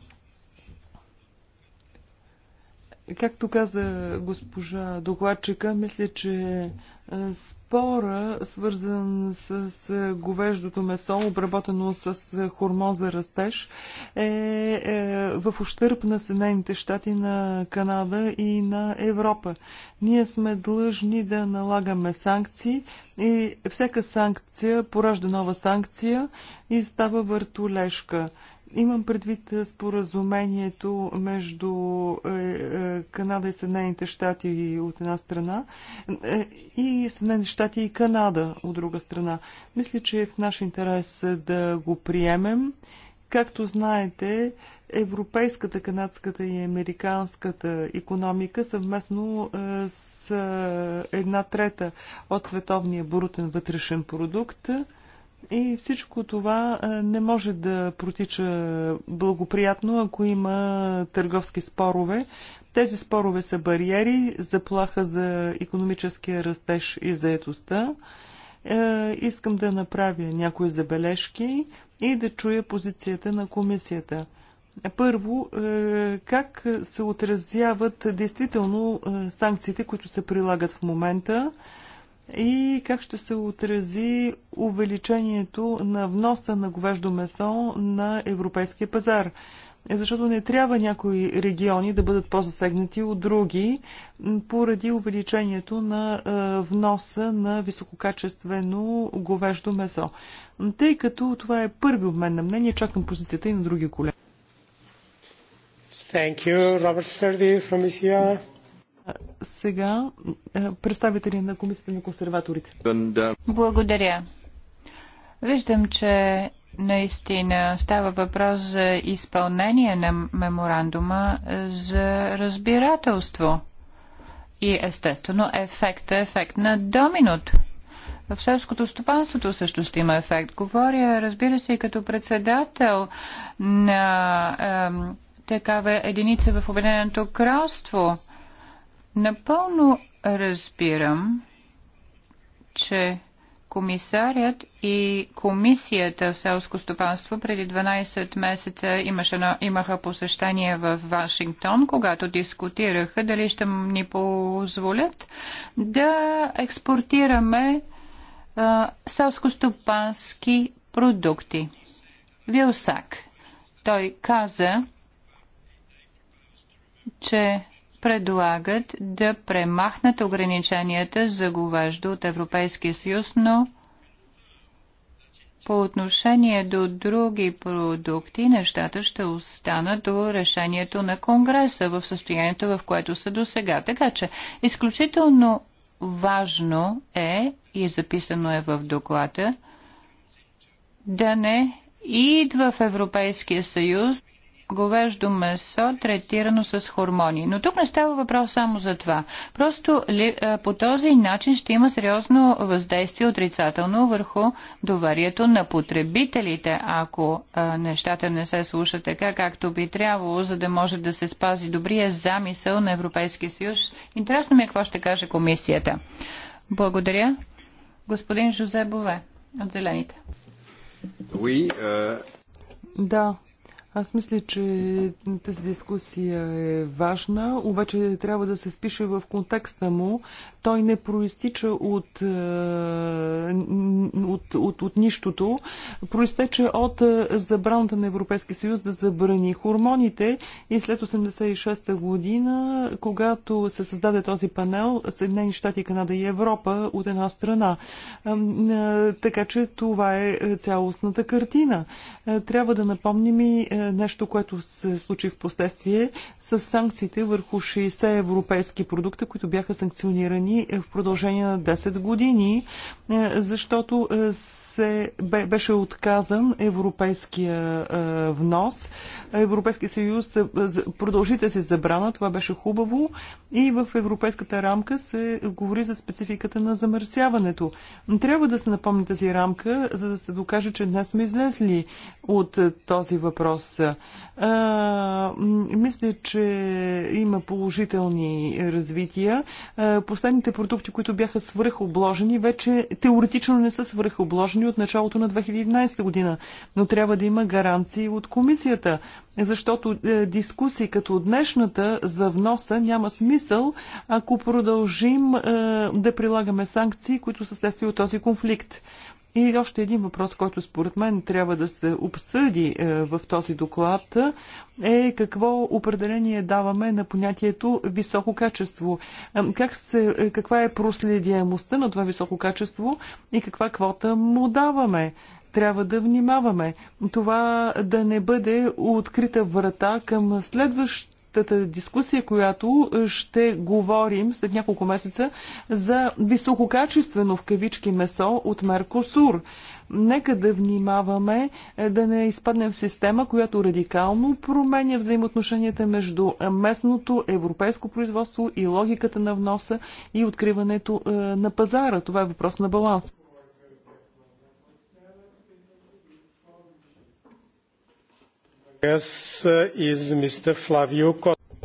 Както каза госпожа докладчика, мисля, че спора, свързан с говеждото месо, обработено с хормон за растеж, е, е в ущърп на Съединените щати, на Канада и на Европа. Ние сме длъжни да налагаме санкции и всяка санкция поражда нова санкция и става въртолежка. Имам предвид споразумението между е, е, Канада и Съединените щати от една страна е, и Съединените щати и Канада от друга страна. Мисля, че е в наш интерес да го приемем. Както знаете, европейската, канадската и американската економика съвместно с една трета от световния брутен вътрешен продукт – и всичко това не може да протича благоприятно, ако има търговски спорове. Тези спорове са бариери, заплаха за економическия растеж и заетостта. Е, искам да направя някои забележки и да чуя позицията на комисията. Първо, е, как се отразяват действително е, санкциите, които се прилагат в момента? и как ще се отрази увеличението на вноса на говеждо месо на европейския пазар. Е, защото не трябва някои региони да бъдат по-засегнати от други поради увеличението на вноса на висококачествено говеждо месо. Тъй като това е първи обмен на мнение, чакам позицията и на други колеги. Thank you, Robert Sturdy from ECR. Сега е, представители на Комисията на консерваторите. Благодаря. Виждам, че наистина става въпрос за изпълнение на меморандума за разбирателство. И естествено ефектът е ефект на доминот. В селското стопанството също ще има ефект. Говоря, разбира се, и като председател на е, такава единица в Обединеното кралство – Напълно разбирам, че комисарят и комисията в селско стопанство преди 12 месеца имаше, имаха посещение в Вашингтон, когато дискутираха дали ще ни позволят да експортираме селско-стопански продукти. Вилсак. Той каза, че предлагат да премахнат ограниченията за говеждо от Европейския съюз, но по отношение до други продукти, нещата ще останат до решението на Конгреса в състоянието, в което са до сега. Така че, изключително важно е, и записано е в доклада, да не идва в Европейския съюз говеждо месо, третирано с хормони. Но тук не става въпрос само за това. Просто ли, е, по този начин ще има сериозно въздействие отрицателно върху доварието на потребителите, ако а, е, нещата не се слушат така, както би трябвало, за да може да се спази добрия замисъл на Европейския съюз. Интересно ми е какво ще каже комисията. Благодаря. Господин Жозе Бове от Зелените. Oui, uh... Да, аз мисля, че тази дискусия е важна, обаче трябва да се впише в контекста му. Той не проистича от, е, от, от, от нищото. Проистече от е, забраната на Европейския съюз да забрани хормоните и след 86-та година, когато се създаде този панел, Съединени щати, Канада и Европа от една страна. Е, така че това е цялостната картина. Трябва да напомним и нещо, което се случи в последствие с санкциите върху 60 европейски продукта, които бяха санкционирани е, в продължение на 10 години, е, защото е, се беше отказан европейския внос. Европейския съюз продължи се забрана, това беше хубаво и в европейската рамка се говори за спецификата на замърсяването. Трябва да се напомни тази рамка, за да се докаже, че днес сме излезли от този въпрос въпрос. А, мисля, че има положителни развития. А, последните продукти, които бяха свръхобложени, вече теоретично не са свръхобложени от началото на 2011 година, но трябва да има гаранции от комисията защото е, дискусии като днешната за вноса няма смисъл, ако продължим е, да прилагаме санкции, които са следствие от този конфликт. И още един въпрос, който според мен трябва да се обсъди е, в този доклад е какво определение даваме на понятието високо качество. Е, как се, е, каква е проследяемостта на това високо качество и каква квота му даваме? трябва да внимаваме. Това да не бъде открита врата към следващ същата дискусия, която е, ще говорим след няколко месеца за висококачествено в кавички месо от Меркосур. Нека да внимаваме е, да не изпаднем в система, която радикално променя взаимоотношенията между местното европейско производство и логиката на вноса и откриването е, на пазара. Това е въпрос на баланс.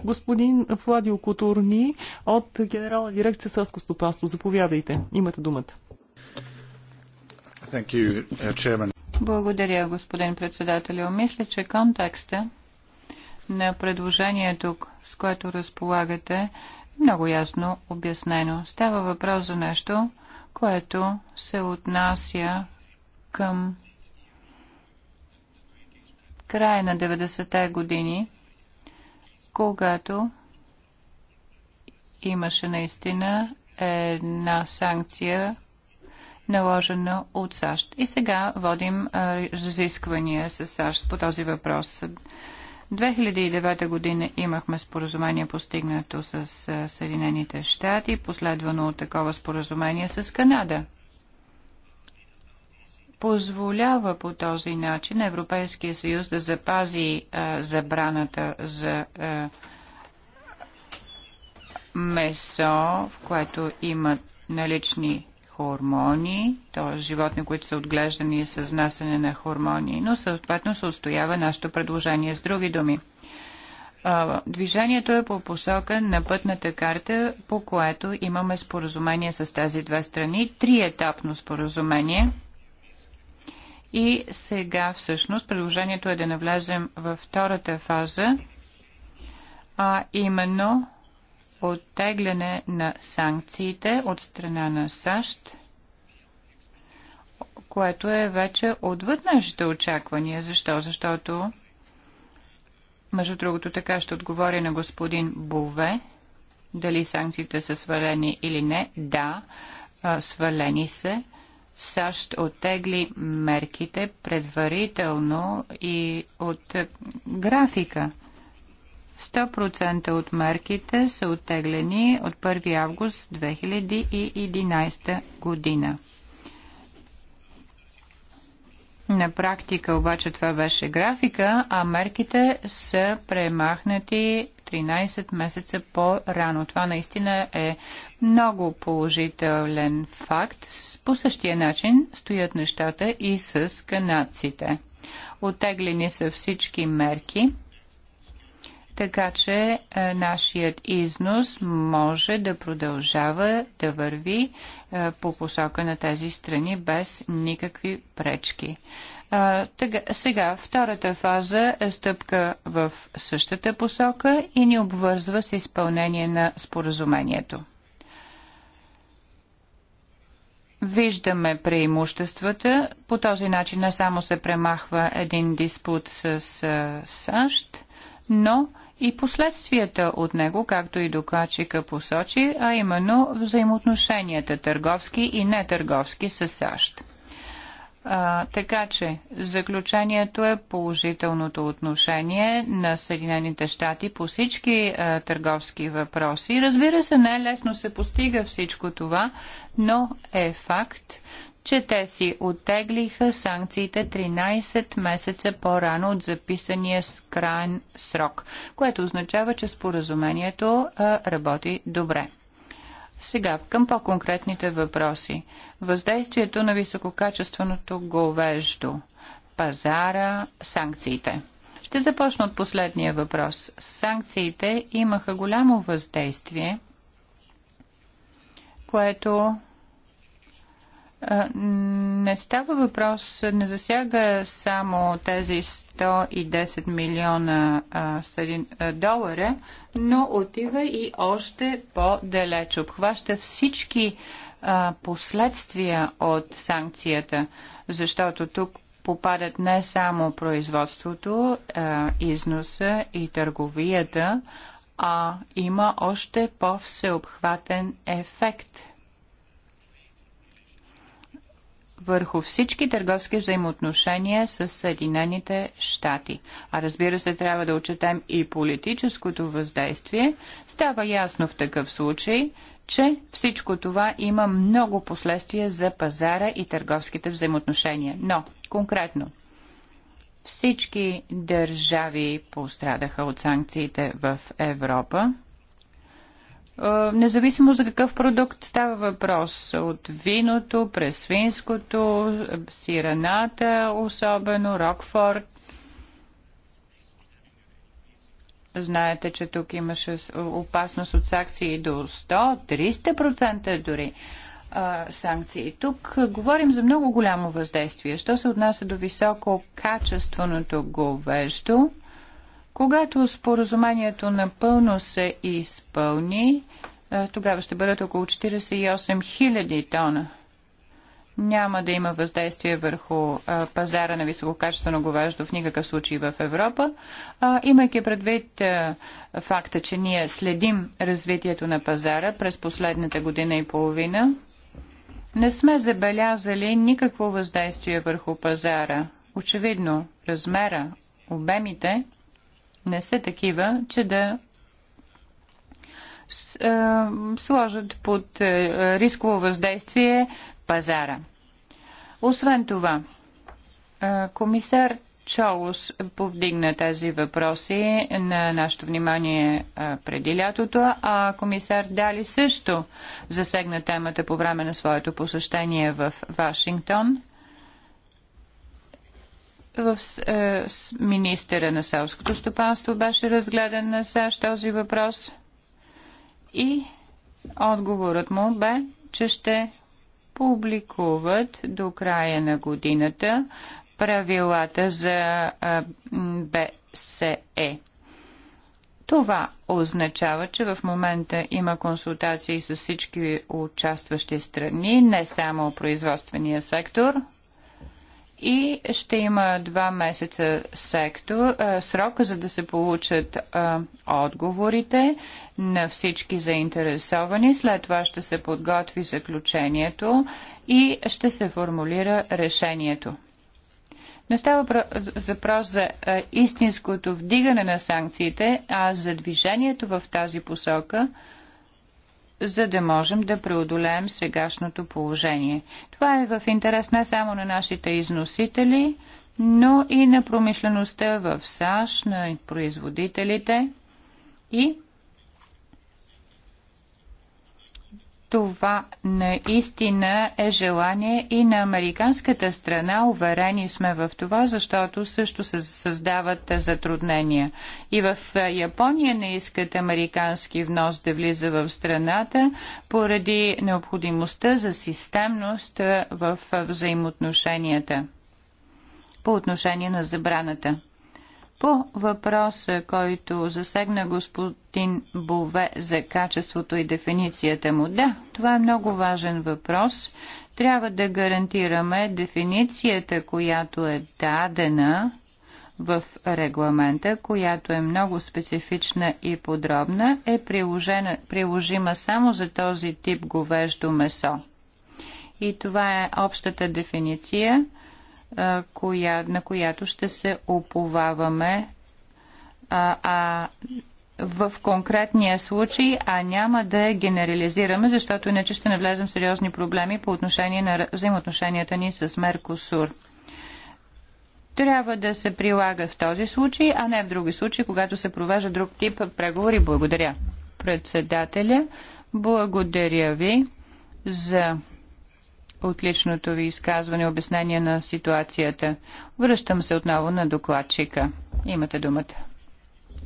Господин Фладио Котурни от Генерална дирекция Сърско стопанство. Заповядайте. Имате думата. You, uh, Благодаря, господин председател. Мисля, че контекста на предложението, с което разполагате, е много ясно обяснено. Става въпрос за нещо, което се отнася към края на 90-те години, когато имаше наистина една санкция, наложена от САЩ. И сега водим разисквания с САЩ по този въпрос. 2009 година имахме споразумение постигнато с Съединените щати, последвано от такова споразумение с Канада – позволява по този начин Европейския съюз да запази а, забраната за а, месо, в което имат налични хормони, т.е. животни, които са отглеждани с внасяне на хормони, но съответно се устоява нашето предложение с други думи. Движението е по посока на пътната карта, по което имаме споразумение с тези две страни, триетапно споразумение – и сега всъщност предложението е да навлезем във втората фаза, а именно оттегляне на санкциите от страна на САЩ, което е вече отвъд нашите очаквания. Защо? Защото, между другото, така ще отговоря на господин Бове, дали санкциите са свалени или не. Да, свалени се САЩ оттегли мерките предварително и от графика. 100% от мерките са оттеглени от 1 август 2011 година. На практика обаче това беше графика, а мерките са премахнати 13 месеца по-рано. Това наистина е много положителен факт. По същия начин стоят нещата и с канадците. Отеглени са всички мерки така че е, нашият износ може да продължава да върви е, по посока на тези страни без никакви пречки. А, е, тъга, сега, втората фаза е стъпка в същата посока и ни обвързва с изпълнение на споразумението. Виждаме преимуществата. По този начин не само се премахва един диспут с а, САЩ, но и последствията от него, както и докладчика посочи, а именно взаимоотношенията търговски и нетърговски с САЩ. А, така че заключението е положителното отношение на Съединените щати по всички а, търговски въпроси. Разбира се, не е лесно се постига всичко това, но е факт, че те си оттеглиха санкциите 13 месеца по-рано от записания с крайен срок, което означава, че споразумението работи добре. Сега към по-конкретните въпроси. Въздействието на висококачественото говеждо, пазара, санкциите. Ще започна от последния въпрос. Санкциите имаха голямо въздействие, което не става въпрос, не засяга само тези 110 милиона долара, но отива и още по-далеч. Обхваща всички последствия от санкцията, защото тук попадат не само производството, износа и търговията, а има още по-всеобхватен ефект – върху всички търговски взаимоотношения с Съединените щати. А разбира се, трябва да отчетем и политическото въздействие. Става ясно в такъв случай, че всичко това има много последствия за пазара и търговските взаимоотношения. Но, конкретно, всички държави пострадаха от санкциите в Европа независимо за какъв продукт става въпрос. От виното, през свинското, сирената, особено, Рокфорд. Знаете, че тук имаше опасност от санкции до 100-300% дори а, санкции. Тук говорим за много голямо въздействие. Що се отнася до високо качественото говещо, когато споразумението напълно се изпълни, е, тогава ще бъдат около 48 000 тона. Няма да има въздействие върху е, пазара на висококачествено говеждо в никакъв случай в Европа. имайки предвид е, факта, че ние следим развитието на пазара през последната година и половина, не сме забелязали никакво въздействие върху пазара. Очевидно, размера, обемите – не са такива, че да сложат под рисково въздействие пазара. Освен това, комисар Чолос повдигна тези въпроси на нашето внимание преди лятото, а комисар Дали също засегна темата по време на своето посещение в Вашингтон – в е, министъра на селското стопанство беше разгледан на САЩ този въпрос и отговорът му бе, че ще публикуват до края на годината правилата за БСЕ. Това означава, че в момента има консултации с всички участващи страни, не само производствения сектор – и ще има два месеца сектор, срока за да се получат а, отговорите на всички заинтересовани. След това ще се подготви заключението и ще се формулира решението. Не става въпрос за а, истинското вдигане на санкциите, а за движението в тази посока – за да можем да преодолеем сегашното положение. Това е в интерес не само на нашите износители, но и на промишлеността в САЩ, на производителите и Това наистина е желание и на американската страна. Уверени сме в това, защото също се създават затруднения. И в Япония не искат американски внос да влиза в страната поради необходимостта за системност в взаимоотношенията по отношение на забраната. По въпроса, който засегна господин Бове за качеството и дефиницията му, да, това е много важен въпрос. Трябва да гарантираме дефиницията, която е дадена в регламента, която е много специфична и подробна, е приложена, приложима само за този тип говеждо месо. И това е общата дефиниция коя, на която ще се оповаваме а, а, в конкретния случай, а няма да я генерализираме, защото иначе ще навлезем в сериозни проблеми по отношение на взаимоотношенията ни с Меркосур трябва да се прилага в този случай, а не в други случаи, когато се провежда друг тип преговори. Благодаря. Председателя, благодаря ви за отличното ви изказване, обяснение на ситуацията. Връщам се отново на докладчика. Имате думата.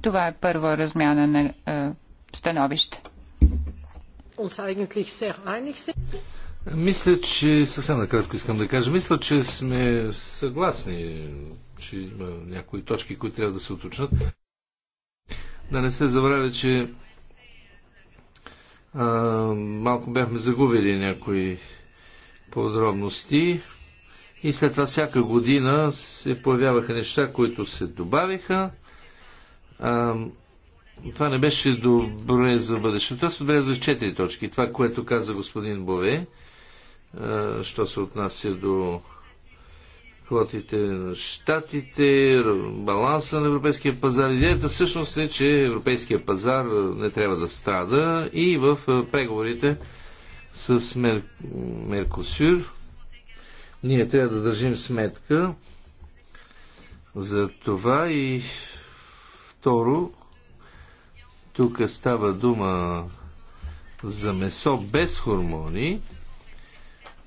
Това е първа размяна на е, становище. Мисля, че съвсем накратко искам да кажа. Мисля, че сме съгласни, че има някои точки, които трябва да се уточнат. Да не се забравя, че а, малко бяхме загубили някои подробности. И след това всяка година се появяваха неща, които се добавиха. А, това не беше добре за бъдещето. Аз отбелязах четири точки. Това, което каза господин Бове, а, що се отнася до квотите на щатите, баланса на европейския пазар. Идеята всъщност е, че европейския пазар не трябва да страда и в преговорите с Мер... Меркосюр. Ние трябва да държим сметка за това и второ, тук става дума за месо без хормони.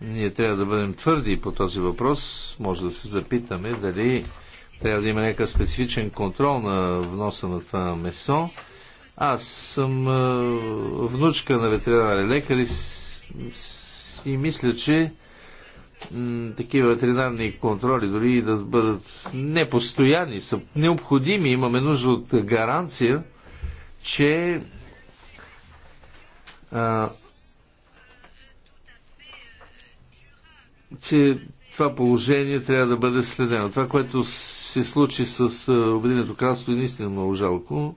Ние трябва да бъдем твърди по този въпрос. Може да се запитаме дали трябва да има някакъв специфичен контрол на вноса на това месо. Аз съм е, внучка на ветеринарен лекар и и мисля, че такива ветеринарни контроли, дори и да бъдат непостоянни, са необходими. Имаме нужда от гаранция, че а, че това положение трябва да бъде следено. Това, което се случи с Обединеното кралство е наистина много жалко.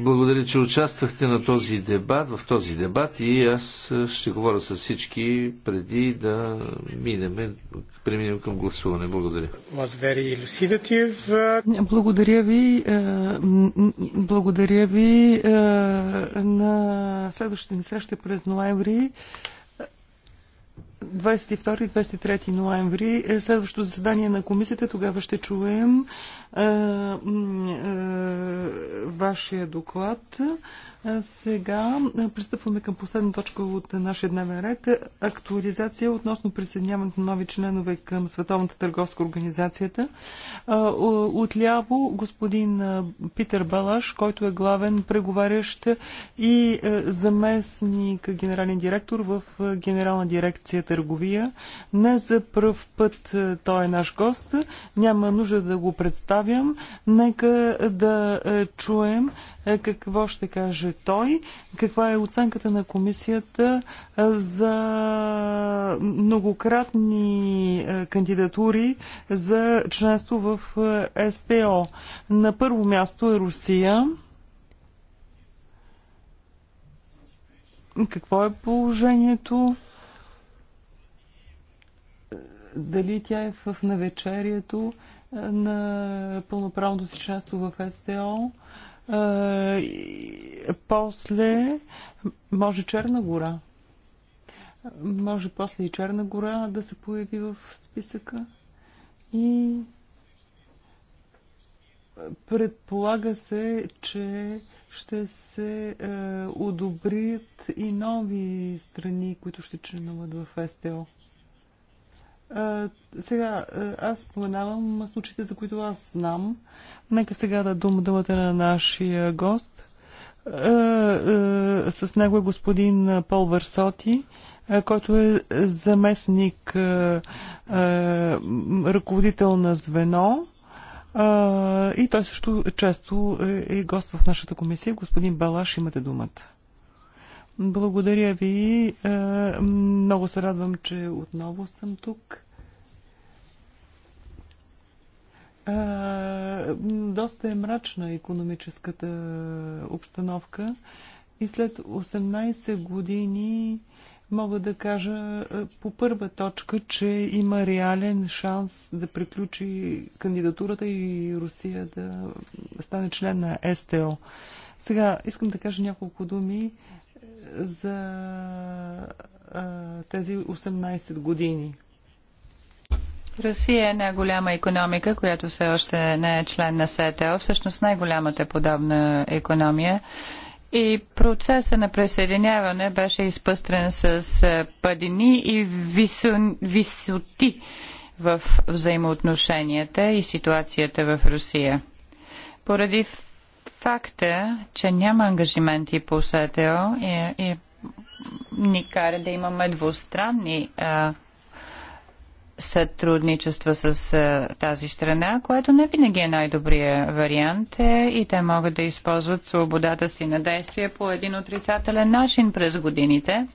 Благодаря, че участвахте на този дебат, в този дебат и аз ще говоря с всички преди да минем, преминем към гласуване. Благодаря. Благодаря ви. Благодаря ви. На следващата ни среща през ноември 22-23 ноември. Е следващото заседание на комисията, тогава ще чуем а, а, вашия доклад. Сега пристъпваме към последна точка от нашия дневен ред. Актуализация относно присъединяването на нови членове към Световната търговска организацията. Отляво господин Питер Балаш, който е главен преговарящ и заместник генерален директор в Генерална дирекция търговия. Не за пръв път той е наш гост. Няма нужда да го представям. Нека да чуем е, какво ще каже той, каква е оценката на комисията е, за многократни е, кандидатури за членство в СТО. На първо място е Русия. Какво е положението? Дали тя е в навечерието на пълноправното си членство в СТО? после може Черна гора. Може после и Черна гора да се появи в списъка. И предполага се, че ще се е, одобрят и нови страни, които ще членуват в СТО. Е, сега, аз споменавам случаите, за които аз знам. Е, Нека сега да дума думата на нашия гост. Е, е, с него е господин Пол Варсоти, е, който е заместник ръководител на звено. И той също често е гост в нашата комисия. Господин Балаш, имате думата. Благодаря ви. Много се радвам, че отново съм тук. доста е мрачна економическата обстановка и след 18 години мога да кажа по първа точка, че има реален шанс да приключи кандидатурата и Русия да стане член на СТО. Сега искам да кажа няколко думи за а, тези 18 години. Русия е най голяма економика, която все още не е член на СТО. Всъщност най-голямата подобна економия. И процеса на присъединяване беше изпъстрен с е, падини и висо... висоти в взаимоотношенията и ситуацията в Русия. Поради факта, че няма ангажименти по СТО и, е, и е, ни кара да имаме двустранни а, сътрудничество с а, е, тази страна, което не винаги е най добрият вариант е, и те могат да използват свободата си на действие по един отрицателен начин през годините,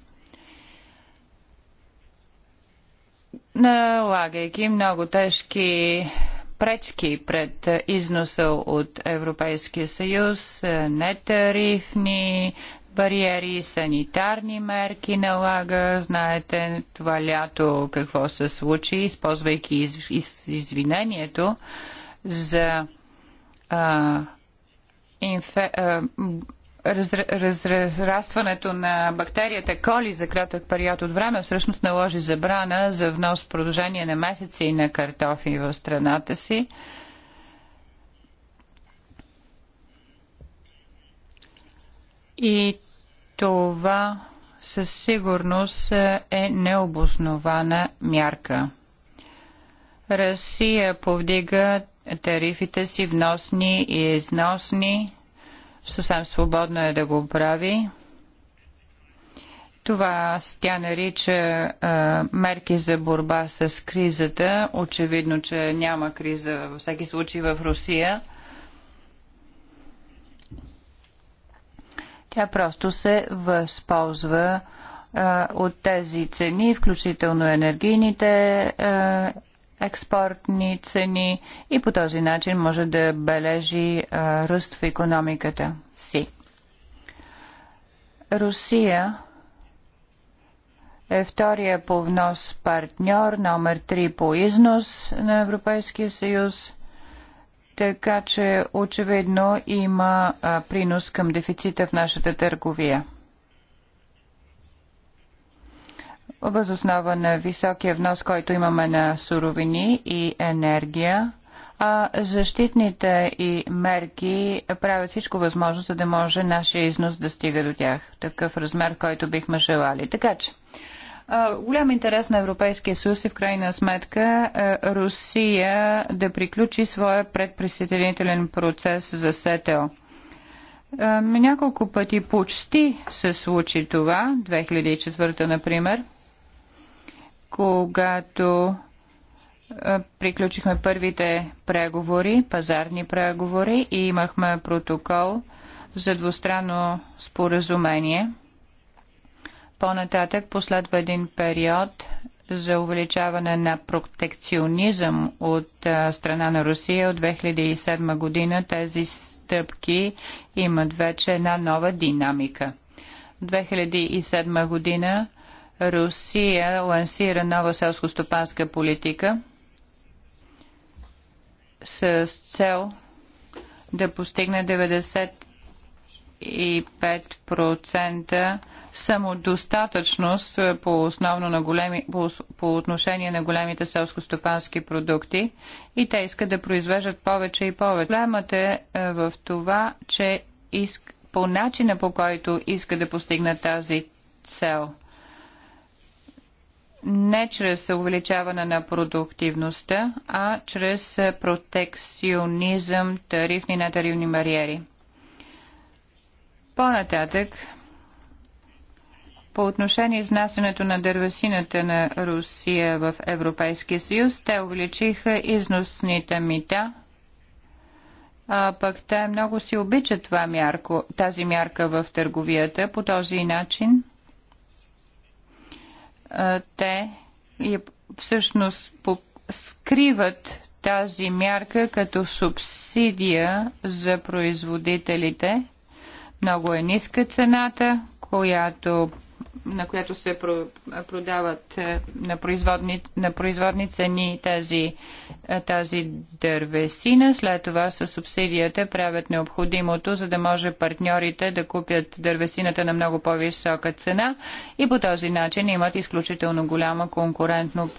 налагайки много тежки пречки пред износа от Европейския съюз, е, нетарифни бариери, санитарни мерки налага. Знаете това лято какво се случи, използвайки из, из, извинението за а, инфе, а, раз, раз, разрастването на бактерията коли за кратък период от време всъщност наложи забрана за внос в продължение на месеци на картофи в страната си. А, И това със сигурност е необоснована мярка. Русия повдига тарифите си вносни и износни. Съвсем свободно е да го прави. Това тя нарича е, мерки за борба с кризата. Очевидно, че няма криза във всеки случай в Русия – Тя просто се възползва а, от тези цени, включително енергийните а, експортни цени и по този начин може да бележи а, ръст в економиката си. Русия е втория по внос партньор, номер 3 по износ на Европейския съюз така че очевидно има принос към дефицита в нашата търговия. Възоснова на високия внос, който имаме на суровини и енергия, а защитните и мерки правят всичко възможно, за да може нашия износ да стига до тях. Такъв размер, който бихме желали. Така че, голям интерес на Европейския съюз и в крайна сметка е, Русия да приключи своя предприсъединителен процес за СТО. Няколко пъти почти се случи това, 2004 например, когато приключихме първите преговори, пазарни преговори и имахме протокол за двустранно споразумение – по-нататък последва един период за увеличаване на протекционизъм от страна на Русия от 2007 година. Тези стъпки имат вече една нова динамика. В 2007 година Русия лансира нова селско-стопанска политика с цел да постигне 90 25% самодостатъчност е, по, основно на големи, по, по отношение на големите селскостопански продукти и те искат да произвеждат повече и повече. Проблемът е, е в това, че иск, по начина по който иска да постигнат тази цел – не чрез увеличаване на продуктивността, а чрез протекционизъм, тарифни и натарифни бариери. По-нататък, по отношение изнасянето на дървесината на Русия в Европейския съюз, те увеличиха износните мита, а пък те много си обичат това мярко, тази мярка в търговията. По този начин те всъщност скриват тази мярка като субсидия за производителите много е ниска цената, която, на която се продават е, на производни, на производни цени тази, е, тази дървесина. След това с субсидията правят необходимото, за да може партньорите да купят дървесината на много по-висока цена и по този начин имат изключително голямо конкурентно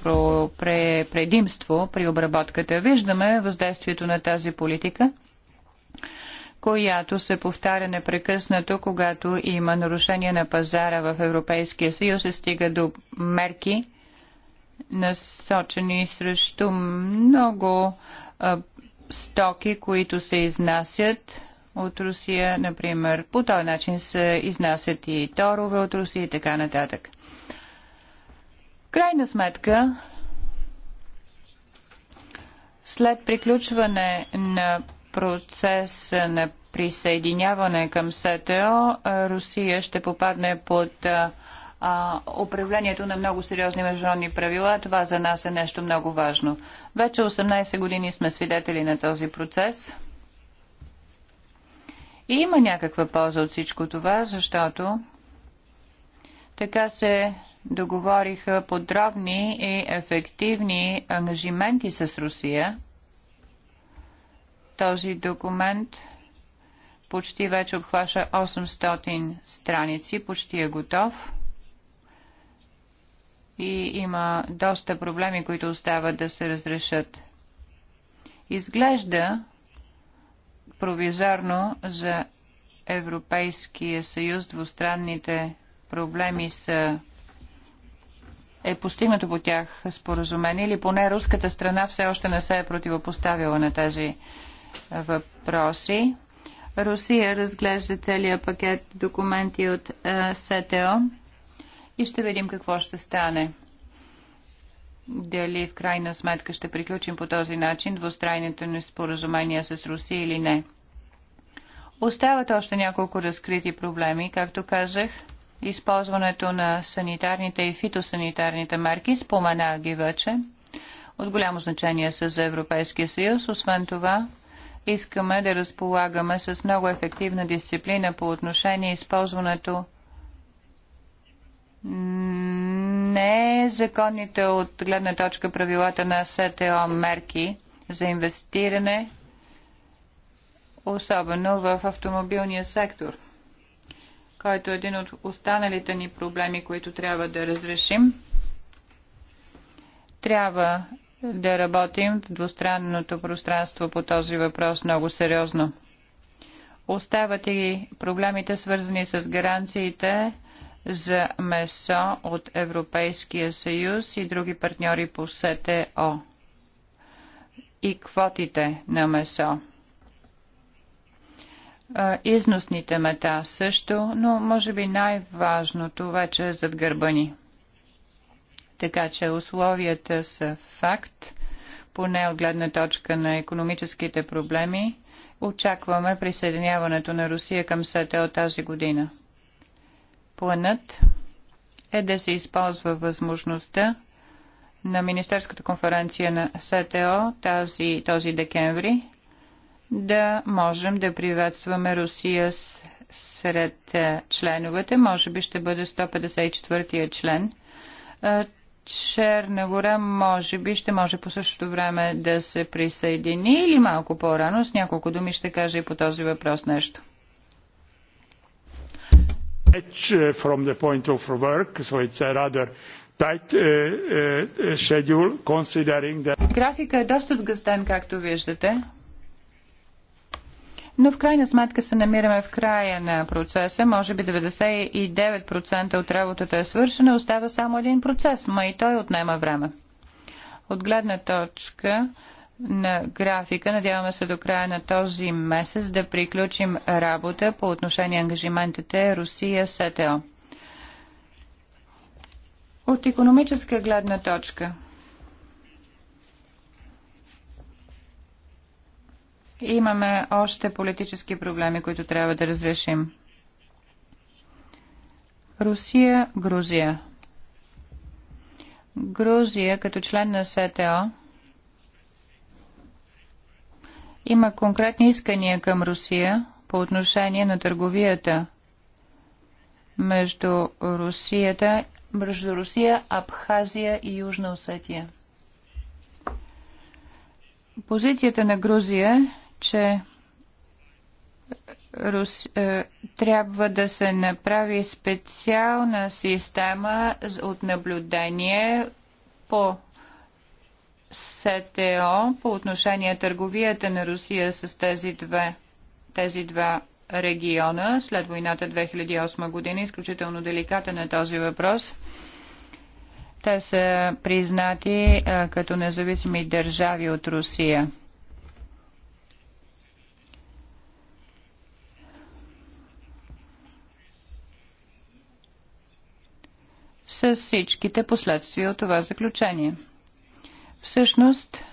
предимство при обработката. Виждаме въздействието на тази политика която се повтаря непрекъснато, когато има нарушение на пазара в Европейския съюз, се стига до мерки, насочени срещу много а, стоки, които се изнасят от Русия, например. По този начин се изнасят и торове от Русия и така нататък. Крайна сметка, след приключване на Процес на присъединяване към СТО, Русия ще попадне под а, управлението на много сериозни международни правила. Това за нас е нещо много важно. Вече 18 години сме свидетели на този процес. И има някаква полза от всичко това, защото така се договориха подробни и ефективни ангажименти с Русия този документ почти вече обхваща 800 страници, почти е готов и има доста проблеми, които остават да се разрешат. Изглежда провизорно за Европейския съюз двустранните проблеми са е постигнато по тях споразумение или поне руската страна все още не се е противопоставила на тези въпроси. Русия разглежда целият пакет документи от е, СТО и ще видим какво ще стане. Дали в крайна сметка ще приключим по този начин двустрайните ни споразумения с Русия или не. Остават още няколко разкрити проблеми, както казах. Използването на санитарните и фитосанитарните мерки, спомена ги вече, от голямо значение са за Европейския съюз. Освен това, искаме да разполагаме с много ефективна дисциплина по отношение използването не законните от гледна точка правилата на СТО мерки за инвестиране, особено в автомобилния сектор, който е един от останалите ни проблеми, които трябва да разрешим. Трябва да работим в двустранното пространство по този въпрос много сериозно. Остават и проблемите свързани с гаранциите за месо от Европейския съюз и други партньори по СТО и квотите на месо. Износните мета също, но може би най-важното вече е зад гърба ни. Така че условията са факт, поне от гледна точка на економическите проблеми. Очакваме присъединяването на Русия към СТО тази година. Планът е да се използва възможността на Министерската конференция на СТО тази, този декември да можем да приветстваме Русия с, сред е, членовете. Може би ще бъде 154-я член. Е, Черна гора може би ще може по същото време да се присъедини или малко по-рано. С няколко думи ще кажа и по този въпрос нещо. Е, from the point of work, so it's a rather tight uh, uh, schedule, considering that... Графика е доста сгъстен, както виждате. Но в крайна сметка се намираме в края на процеса. Може би 99% от работата е свършена, остава само един процес, ма и той отнема време. От гледна точка на графика. Надяваме се до края на този месец да приключим работа по отношение ангажиментите Русия-СТО. От економическа гледна точка – Имаме още политически проблеми, които трябва да разрешим. Русия, Грузия. Грузия като член на СТО има конкретни искания към Русия по отношение на търговията между Русията, между Русия, Абхазия и Южна Осетия. Позицията на Грузия че е, Рус, е, трябва да се направи специална система от наблюдение по СТО по отношение търговията на Русия с тези, две, тези два региона след войната 2008 година. Изключително деликатен е този въпрос. Те са признати е, като независими държави от Русия. с всичките последствия от това заключение. Всъщност,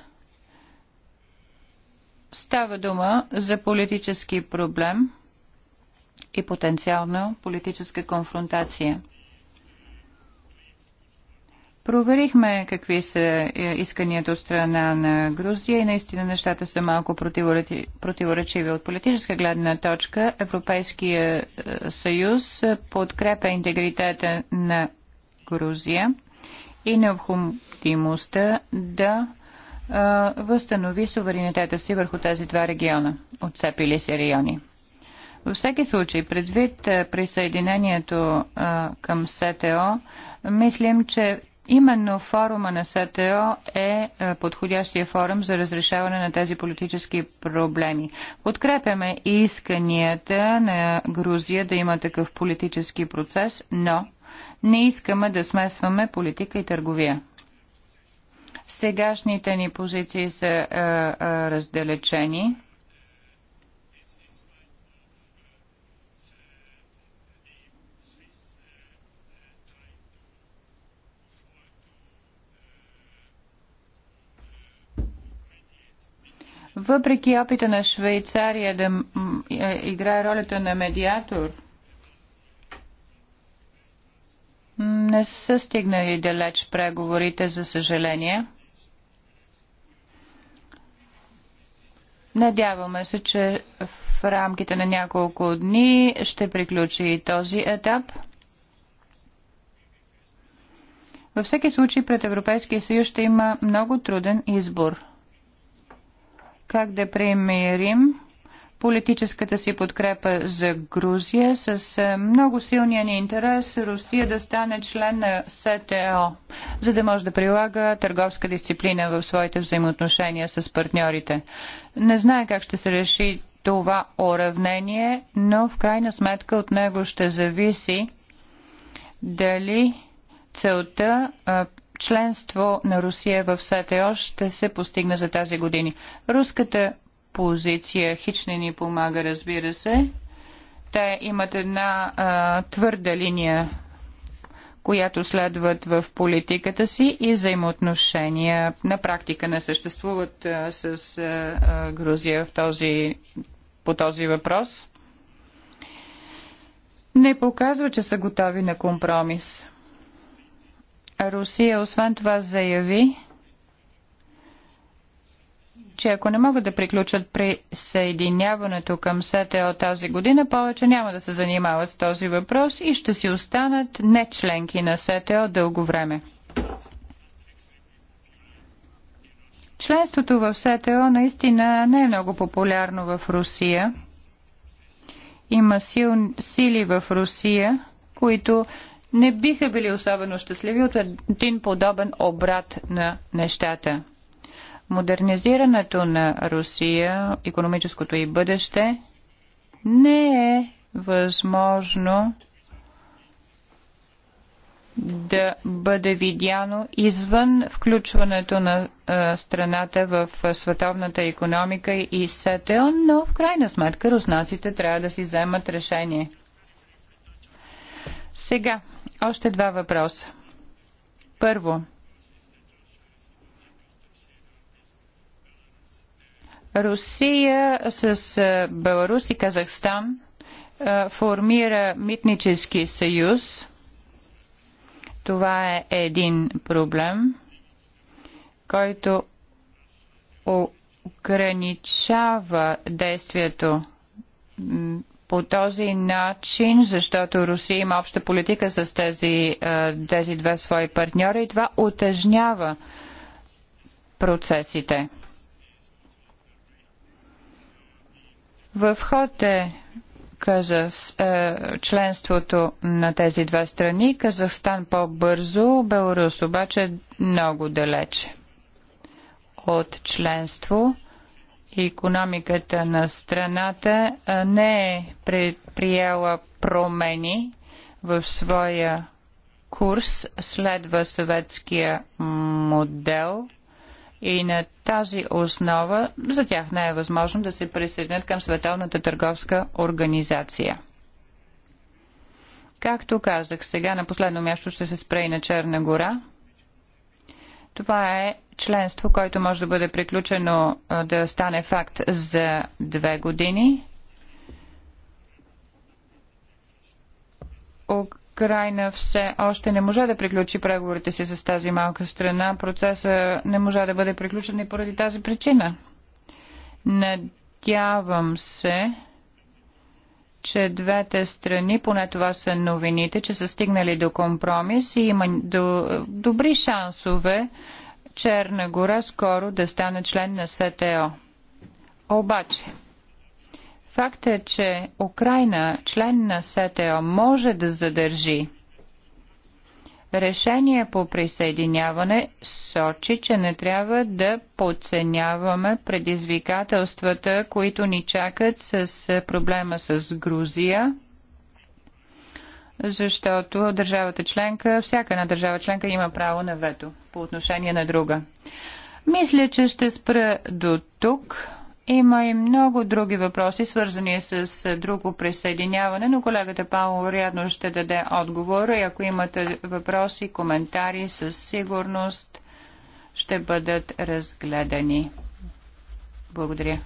става дума за политически проблем и потенциална политическа конфронтация. Проверихме какви са е, исканията от страна на Грузия и наистина нещата са малко противоречиви. От политическа гледна точка Европейския е, съюз е, подкрепя интегритета на Грузия и необходимостта да а, възстанови суверенитета си върху тези два региона, отцепили се райони. Във всеки случай, предвид присъединението а, към СТО, мислим, че именно форума на СТО е подходящия форум за разрешаване на тези политически проблеми. Подкрепяме исканията на Грузия да има такъв политически процес, но не искаме да смесваме политика и търговия. Сегашните ни позиции са а, е, а, е, разделечени. Въпреки опита на Швейцария да е, играе ролята на медиатор – не са стигнали далеч преговорите, за съжаление. Надяваме се, че в рамките на няколко дни ще приключи и този етап. Във всеки случай пред Европейския съюз ще има много труден избор. Как да примирим политическата си подкрепа за Грузия с е, много силния ни интерес Русия да стане член на СТО, за да може да прилага търговска дисциплина в своите взаимоотношения с партньорите. Не знае как ще се реши това уравнение, но в крайна сметка от него ще зависи дали целта е, членство на Русия в СТО ще се постигне за тази години. Руската позиция хич не ни помага, разбира се. Те имат една а, твърда линия, която следват в политиката си и взаимоотношения. На практика не съществуват а, с а, Грузия в този, по този въпрос. Не показва, че са готови на компромис. Русия освен това заяви, че ако не могат да приключат присъединяването към СТО тази година, повече няма да се занимават с този въпрос и ще си останат не членки на СТО дълго време. Членството в СТО наистина не е много популярно в Русия. Има сил, сили в Русия, които не биха били особено щастливи от един подобен обрат на нещата. Модернизирането на Русия, економическото и бъдеще, не е възможно да бъде видяно извън включването на а, страната в световната економика и СТО, но в крайна сметка руснаците трябва да си вземат решение. Сега, още два въпроса. Първо, Русия с Беларус и Казахстан формира митнически съюз. Това е един проблем, който ограничава действието по този начин, защото Русия има обща политика с тези, тези две свои партньори и това отъжнява процесите. В ход е каза е, членството на тези две страни. Казахстан по-бързо, Беларус обаче много далече от членство. Економиката на страната е, не е предприела промени в своя курс, следва съветския модел – и на тази основа за тях не е възможно да се присъединят към Световната търговска организация. Както казах, сега на последно място ще се спре и на Черна гора. Това е членство, което може да бъде приключено да стане факт за две години Украина все още не можа да приключи преговорите си с тази малка страна. Процесът не можа да бъде приключен и поради тази причина. Надявам се, че двете страни, поне това са новините, че са стигнали до компромис и има до, добри шансове Черна гора скоро да стане член на СТО. Обаче, Факт е, че Украина, член на СТО, може да задържи решение по присъединяване сочи, че не трябва да подценяваме предизвикателствата, които ни чакат с проблема с Грузия, защото държавата членка, всяка една държава членка има право на вето по отношение на друга. Мисля, че ще спра до тук. Има и много други въпроси, свързани с друго присъединяване, но колегата Павло рядно ще даде отговор. И ако имате въпроси, коментари, със сигурност ще бъдат разгледани. Благодаря.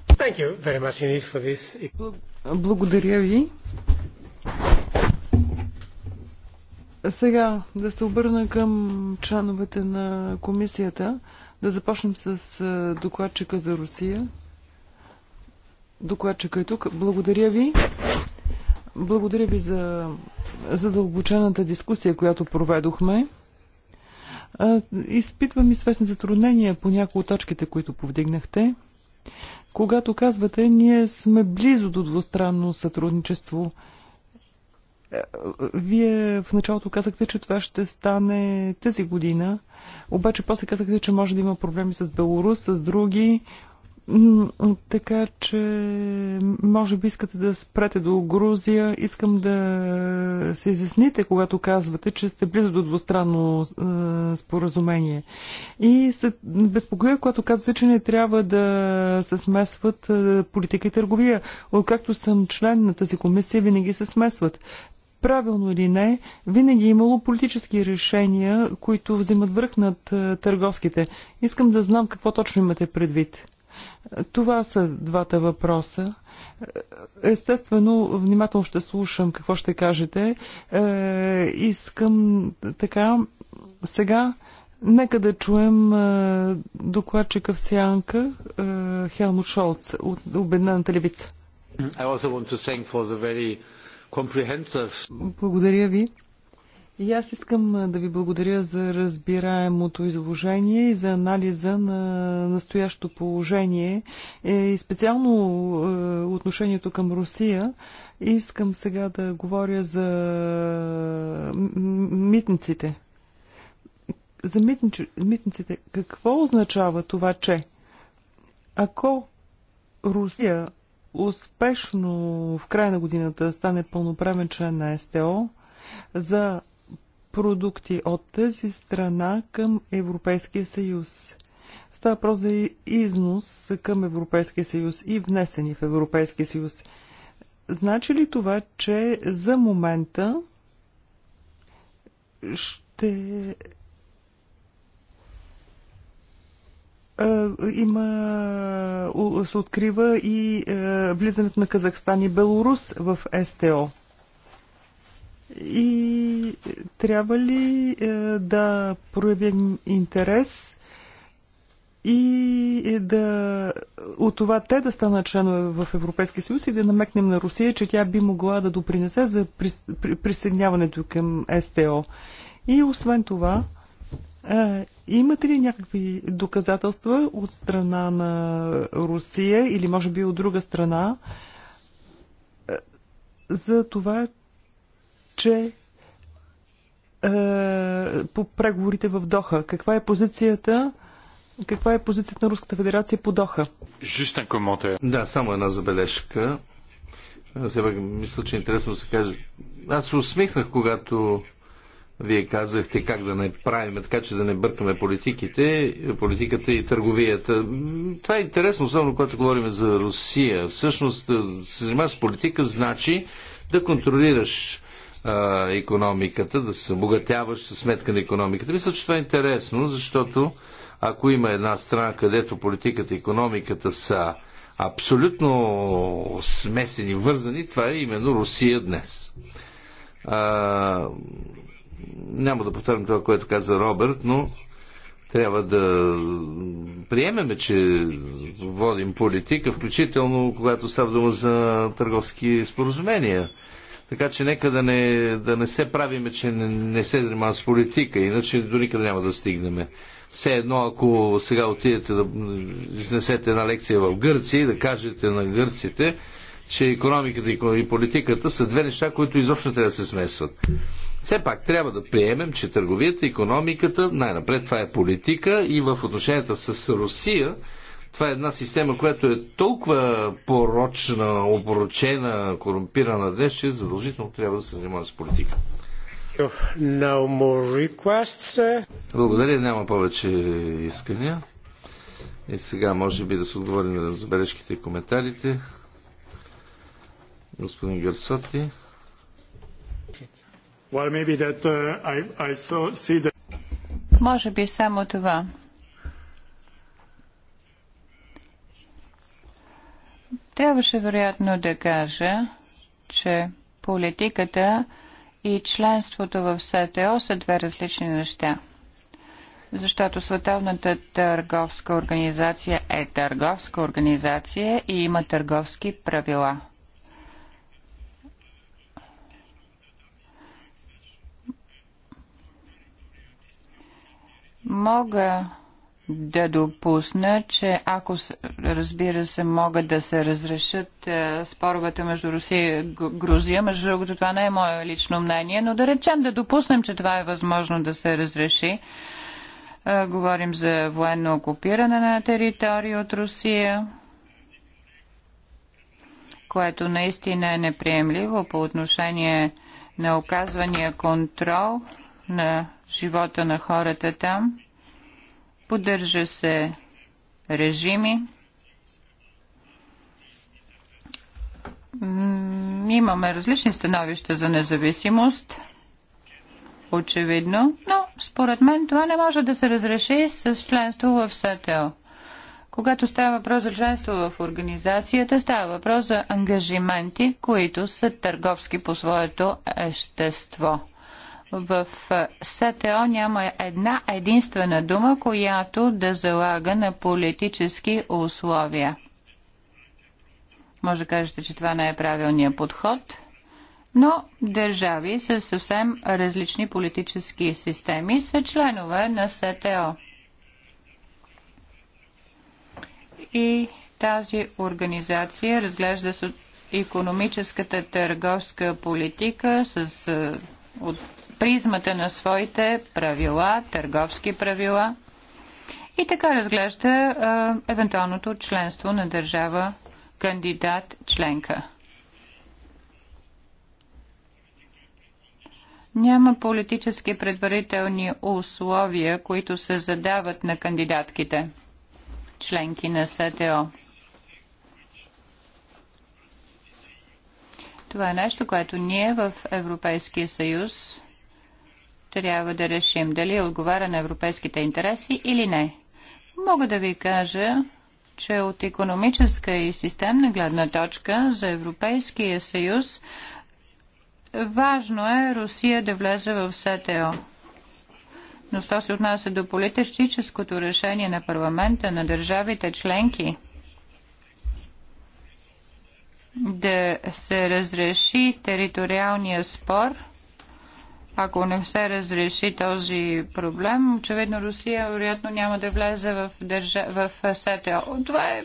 Благодаря ви. Сега да се обърна към членовете на комисията. Да започнем с докладчика за Русия. Докладчика е тук. Благодаря ви. Благодаря ви за задълбочената дискусия, която проведохме. Изпитвам известни затруднения по някои от точките, които повдигнахте. Когато казвате, ние сме близо до двустранно сътрудничество, е, вие в началото казахте, че това ще стане тази година, обаче после казахте, че може да има проблеми с Беларус, с други. Така че, може би искате да спрете до Грузия. Искам да се изясните, когато казвате, че сте близо до двустранно а, споразумение. И се безпокоя, когато казвате, че не трябва да се смесват политика и търговия. Откакто съм член на тази комисия, винаги се смесват правилно или не, винаги е имало политически решения, които взимат връх над търговските. Искам да знам какво точно имате предвид. Това са двата въпроса. Естествено, внимателно ще слушам какво ще кажете. Е, искам така. Сега нека да чуем е, докладчика в Сянка е, Хелмут Шолц от Обеднената левица. Благодаря ви. И аз искам да ви благодаря за разбираемото изложение и за анализа на настоящо положение е, и специално отношението към Русия. Искам сега да говоря за митниците. За митниците. Какво означава това, че ако Русия успешно в края на годината стане пълноправен член на СТО, за продукти от тази страна към Европейския съюз. Става въпрос за износ към Европейския съюз и внесени в Европейския съюз. Значи ли това, че за момента ще има, се открива и влизането на Казахстан и Беларус в СТО и трябва ли е, да проявим интерес и е, да от това те да станат членове в Европейския съюз и да намекнем на Русия, че тя би могла да допринесе за присъединяването към СТО. И освен това, е, имате ли някакви доказателства от страна на Русия или може би от друга страна е, за това, че е, по преговорите в Доха. Каква е позицията? Каква е позицията на Руската федерация по Доха? Да, само една забележка. Сега мисля, че е интересно да се каже. Аз се усмихнах, когато вие казахте как да не правим, така че да не бъркаме политиките, политиката и търговията. Това е интересно, особено когато говорим за Русия. Всъщност, е, се занимаваш с политика, значи да контролираш економиката, да се обогатяваш със сметка на економиката. Мисля, че това е интересно, защото ако има една страна, където политиката и економиката са абсолютно смесени, вързани, това е именно Русия днес. А, няма да повтарям това, което каза Робърт, но трябва да приемеме, че водим политика, включително когато става дума за търговски споразумения. Така че нека да не, да не се правиме, че не, не се занимава с политика, иначе до никъде няма да стигнем. Все едно, ако сега отидете да изнесете една лекция в Гърция и да кажете на гърците, че економиката и политиката са две неща, които изобщо трябва да се смесват. Все пак трябва да приемем, че търговията, економиката, най-напред това е политика и в отношенията с Русия, това е една система, която е толкова порочна, опорочена, корумпирана днес, че задължително трябва да се занимава с политика. No Благодаря, няма повече искания. И сега може би да се отговори на забележките и коментарите. Господин Герсоти. Well, that, uh, I, I that... Може би само това, Трябваше вероятно да кажа, че политиката и членството в СТО са две различни неща. Защото Световната търговска организация е търговска организация и има търговски правила. Мога да допусна, че ако, разбира се, могат да се разрешат е, споровете между Русия и Грузия, между другото това не е мое лично мнение, но да речем, да допуснем, че това е възможно да се разреши. Е, говорим за военно окупиране на територии от Русия, което наистина е неприемливо по отношение на оказвания контрол на живота на хората там поддържа се режими. Имаме различни становища за независимост, очевидно, но според мен това не може да се разреши с членство в СТО. Когато става въпрос за членство в организацията, става въпрос за ангажименти, които са търговски по своето ещество – в СТО няма една единствена дума, която да залага на политически условия. Може да кажете, че това не е правилният подход, но държави с съвсем различни политически системи са членове на СТО. И тази организация разглежда економическата търговска политика с е, от призмата на своите правила, търговски правила и така разглежда е, евентуалното членство на държава кандидат членка. Няма политически предварителни условия, които се задават на кандидатките, членки на СТО. Това е нещо, което ние в Европейския съюз трябва да решим дали е отговаря на европейските интереси или не. Мога да ви кажа, че от економическа и системна гледна точка за Европейския съюз важно е Русия да влезе в СТО. Но що се отнася до политическото решение на парламента на държавите членки да се разреши териториалния спор – ако не се разреши този проблем, очевидно Русия вероятно няма да влезе в, държа... в СТО. Това е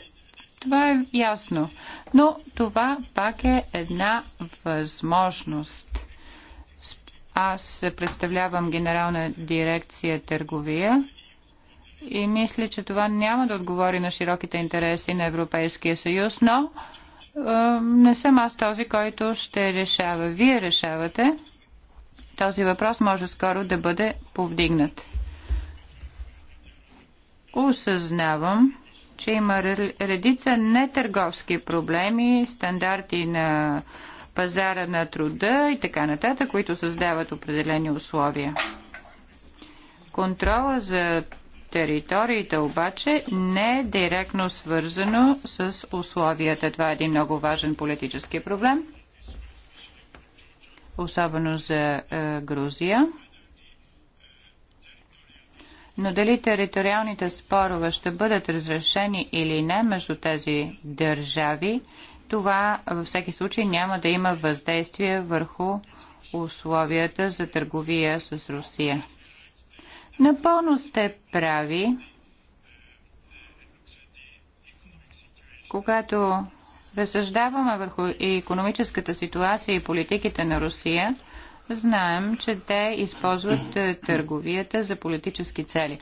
това е ясно. Но това пак е една възможност. Аз представлявам генерална дирекция търговия и мисля, че това няма да отговори на широките интереси на Европейския съюз, но е, не съм аз този, който ще решава. Вие решавате този въпрос може скоро да бъде повдигнат. Осъзнавам, че има редица нетърговски проблеми, стандарти на пазара на труда и така нататък, които създават определени условия. Контрола за териториите обаче не е директно свързано с условията. Това е един много важен политически проблем особено за е, Грузия. Но дали териториалните спорове ще бъдат разрешени или не между тези държави, това във всеки случай няма да има въздействие върху условията за търговия с Русия. Напълно сте прави, когато разсъждаваме върху и економическата ситуация и политиките на Русия, знаем, че те използват е, търговията за политически цели.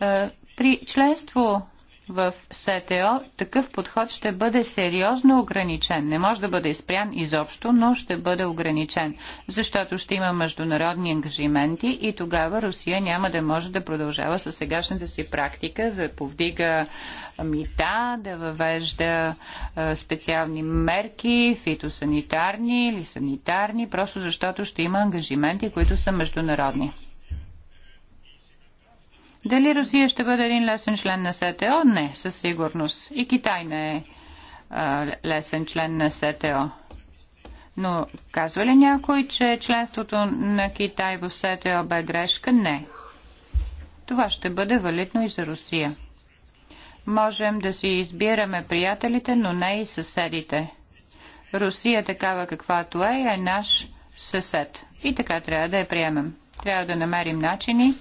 Е, при членство в СТО, такъв подход ще бъде сериозно ограничен. Не може да бъде изпрян изобщо, но ще бъде ограничен, защото ще има международни ангажименти и тогава Русия няма да може да продължава със сегашната си практика да повдига мита, да въвежда специални мерки, фитосанитарни или санитарни, просто защото ще има ангажименти, които са международни. Дали Русия ще бъде един лесен член на СТО? Не, със сигурност. И Китай не е а, лесен член на СТО. Но казва ли някой, че членството на Китай в СТО бе грешка? Не. Това ще бъде валидно и за Русия. Можем да си избираме приятелите, но не и съседите. Русия е такава каквато е, е наш съсед. И така трябва да я приемем. Трябва да намерим начини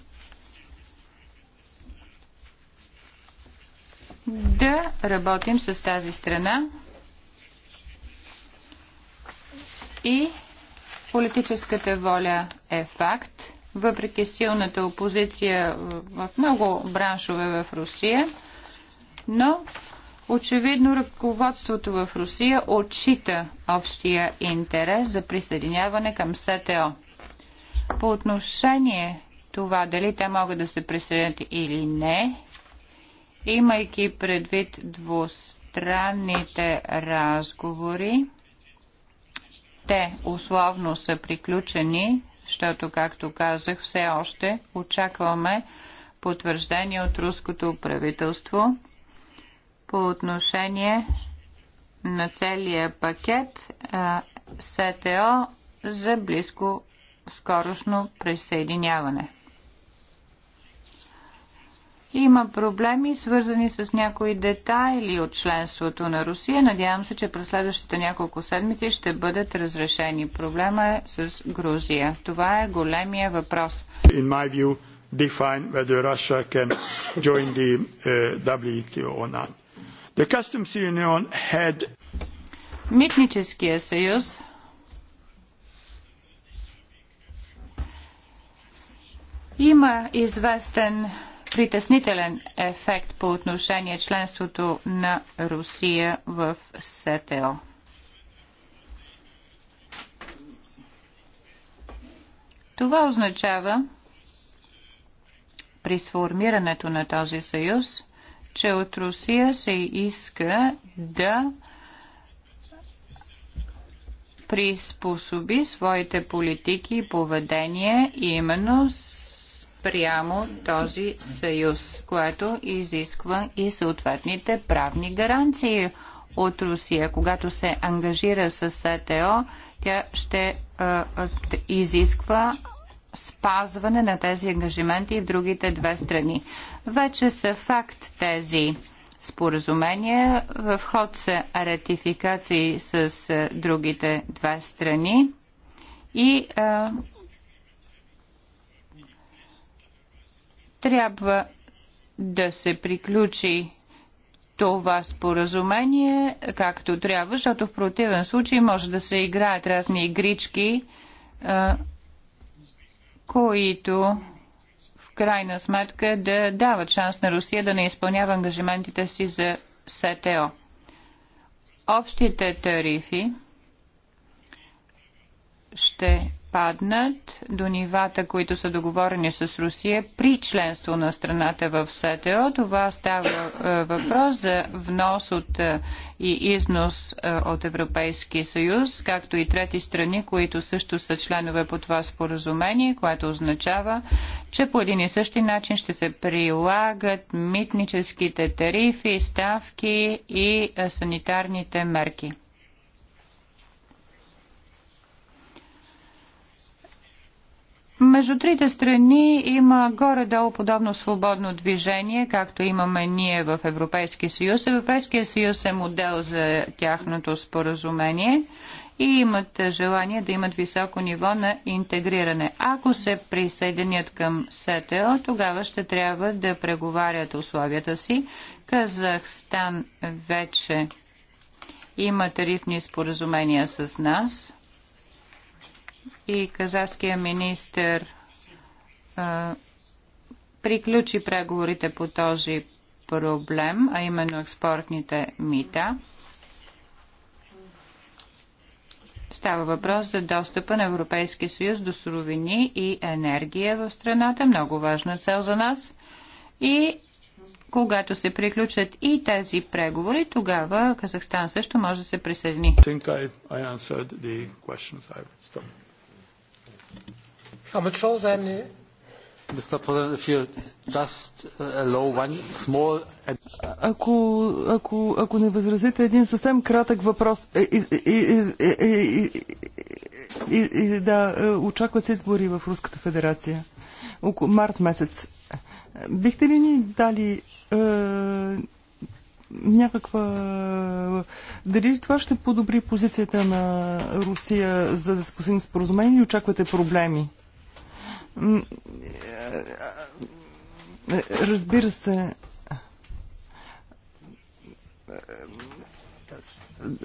да работим с тази страна и политическата воля е факт. Въпреки силната опозиция в много браншове в Русия, но очевидно ръководството в Русия отчита общия интерес за присъединяване към СТО. По отношение това дали те могат да се присъединят или не, имайки предвид двустранните разговори, те условно са приключени, защото, както казах, все още очакваме потвърждение от руското правителство по отношение на целия пакет СТО за близко скорошно присъединяване. Има проблеми, свързани с някои детайли от членството на Русия. Надявам се, че през следващите няколко седмици ще бъдат разрешени. Проблема е с Грузия. Това е големия въпрос. In my view, define whether Russia can join the uh, eh, WTO or not. The customs union had... Митническия съюз има известен притеснителен ефект по отношение членството на Русия в СТО. Това означава при сформирането на този съюз, че от Русия се иска да приспособи своите политики и поведение именно с спрямо този съюз, което изисква и съответните правни гаранции от Русия. Когато се ангажира с СТО, тя ще изисква спазване на тези ангажименти и в другите две страни. Вече са факт тези споразумения. В ход са ратификации с другите две страни и трябва да се приключи това споразумение както трябва, защото в противен случай може да се играят разни игрички, които в крайна сметка да дават шанс на Русия да не изпълнява ангажиментите си за СТО. Общите тарифи ще паднат до нивата, които са договорени с Русия при членство на страната в СТО. Това става е, въпрос за внос от е, и износ е, от Европейския съюз, както и трети страни, които също са членове по това споразумение, което означава, че по един и същи начин ще се прилагат митническите тарифи, ставки и е, санитарните мерки. Между трите страни има горе-долу подобно свободно движение, както имаме ние в Европейския съюз. Европейския съюз е модел за тяхното споразумение и имат желание да имат високо ниво на интегриране. Ако се присъединят към СТО, тогава ще трябва да преговарят условията си. Казахстан вече има тарифни споразумения с нас – и казахския министр а, приключи преговорите по този проблем, а именно експортните мита. Става въпрос за достъпа на Европейския съюз до суровини и енергия в страната. Много важна цел за нас. И когато се приключат и тези преговори, тогава Казахстан също може да се присъедини. I I Uh, ако, не възразите, един съвсем кратък въпрос. И, да, очакват се избори в Руската федерация. Около март месец. Бихте ли ни дали е, някаква... Дали това ще подобри позицията на Русия за да се постигне споразумение или очаквате проблеми? Разбира се,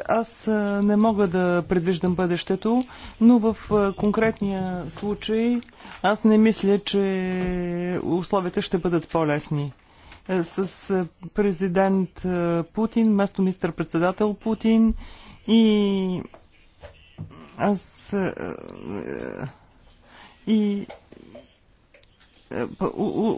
аз не мога да предвиждам бъдещето, но в конкретния случай аз не мисля, че условията ще бъдат по-лесни. С президент Путин, вместо министър-председател Путин и аз и е,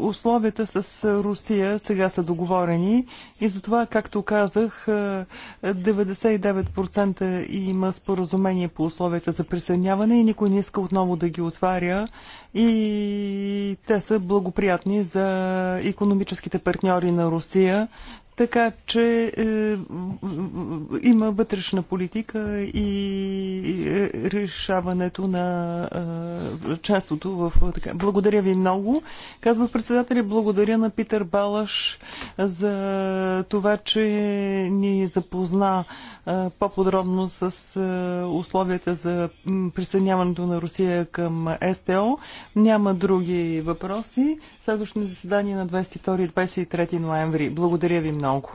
условията с е, Русия сега са договорени и затова, както казах, 99% е, има споразумение по условията за присъединяване и никой не иска отново да ги отваря и те са благоприятни за економическите партньори на Русия, така че е, има вътрешна политика и е, решаването на е, частото в е, така. Благодаря ви много. Казвах председателя, благодаря на Питър Балаш за това, че ни запозна е, по-подробно с е, условията за присъединяването на Русия към СТО. Няма други въпроси. Следващото заседание е на 22 и 23 ноември. Благодаря ви много.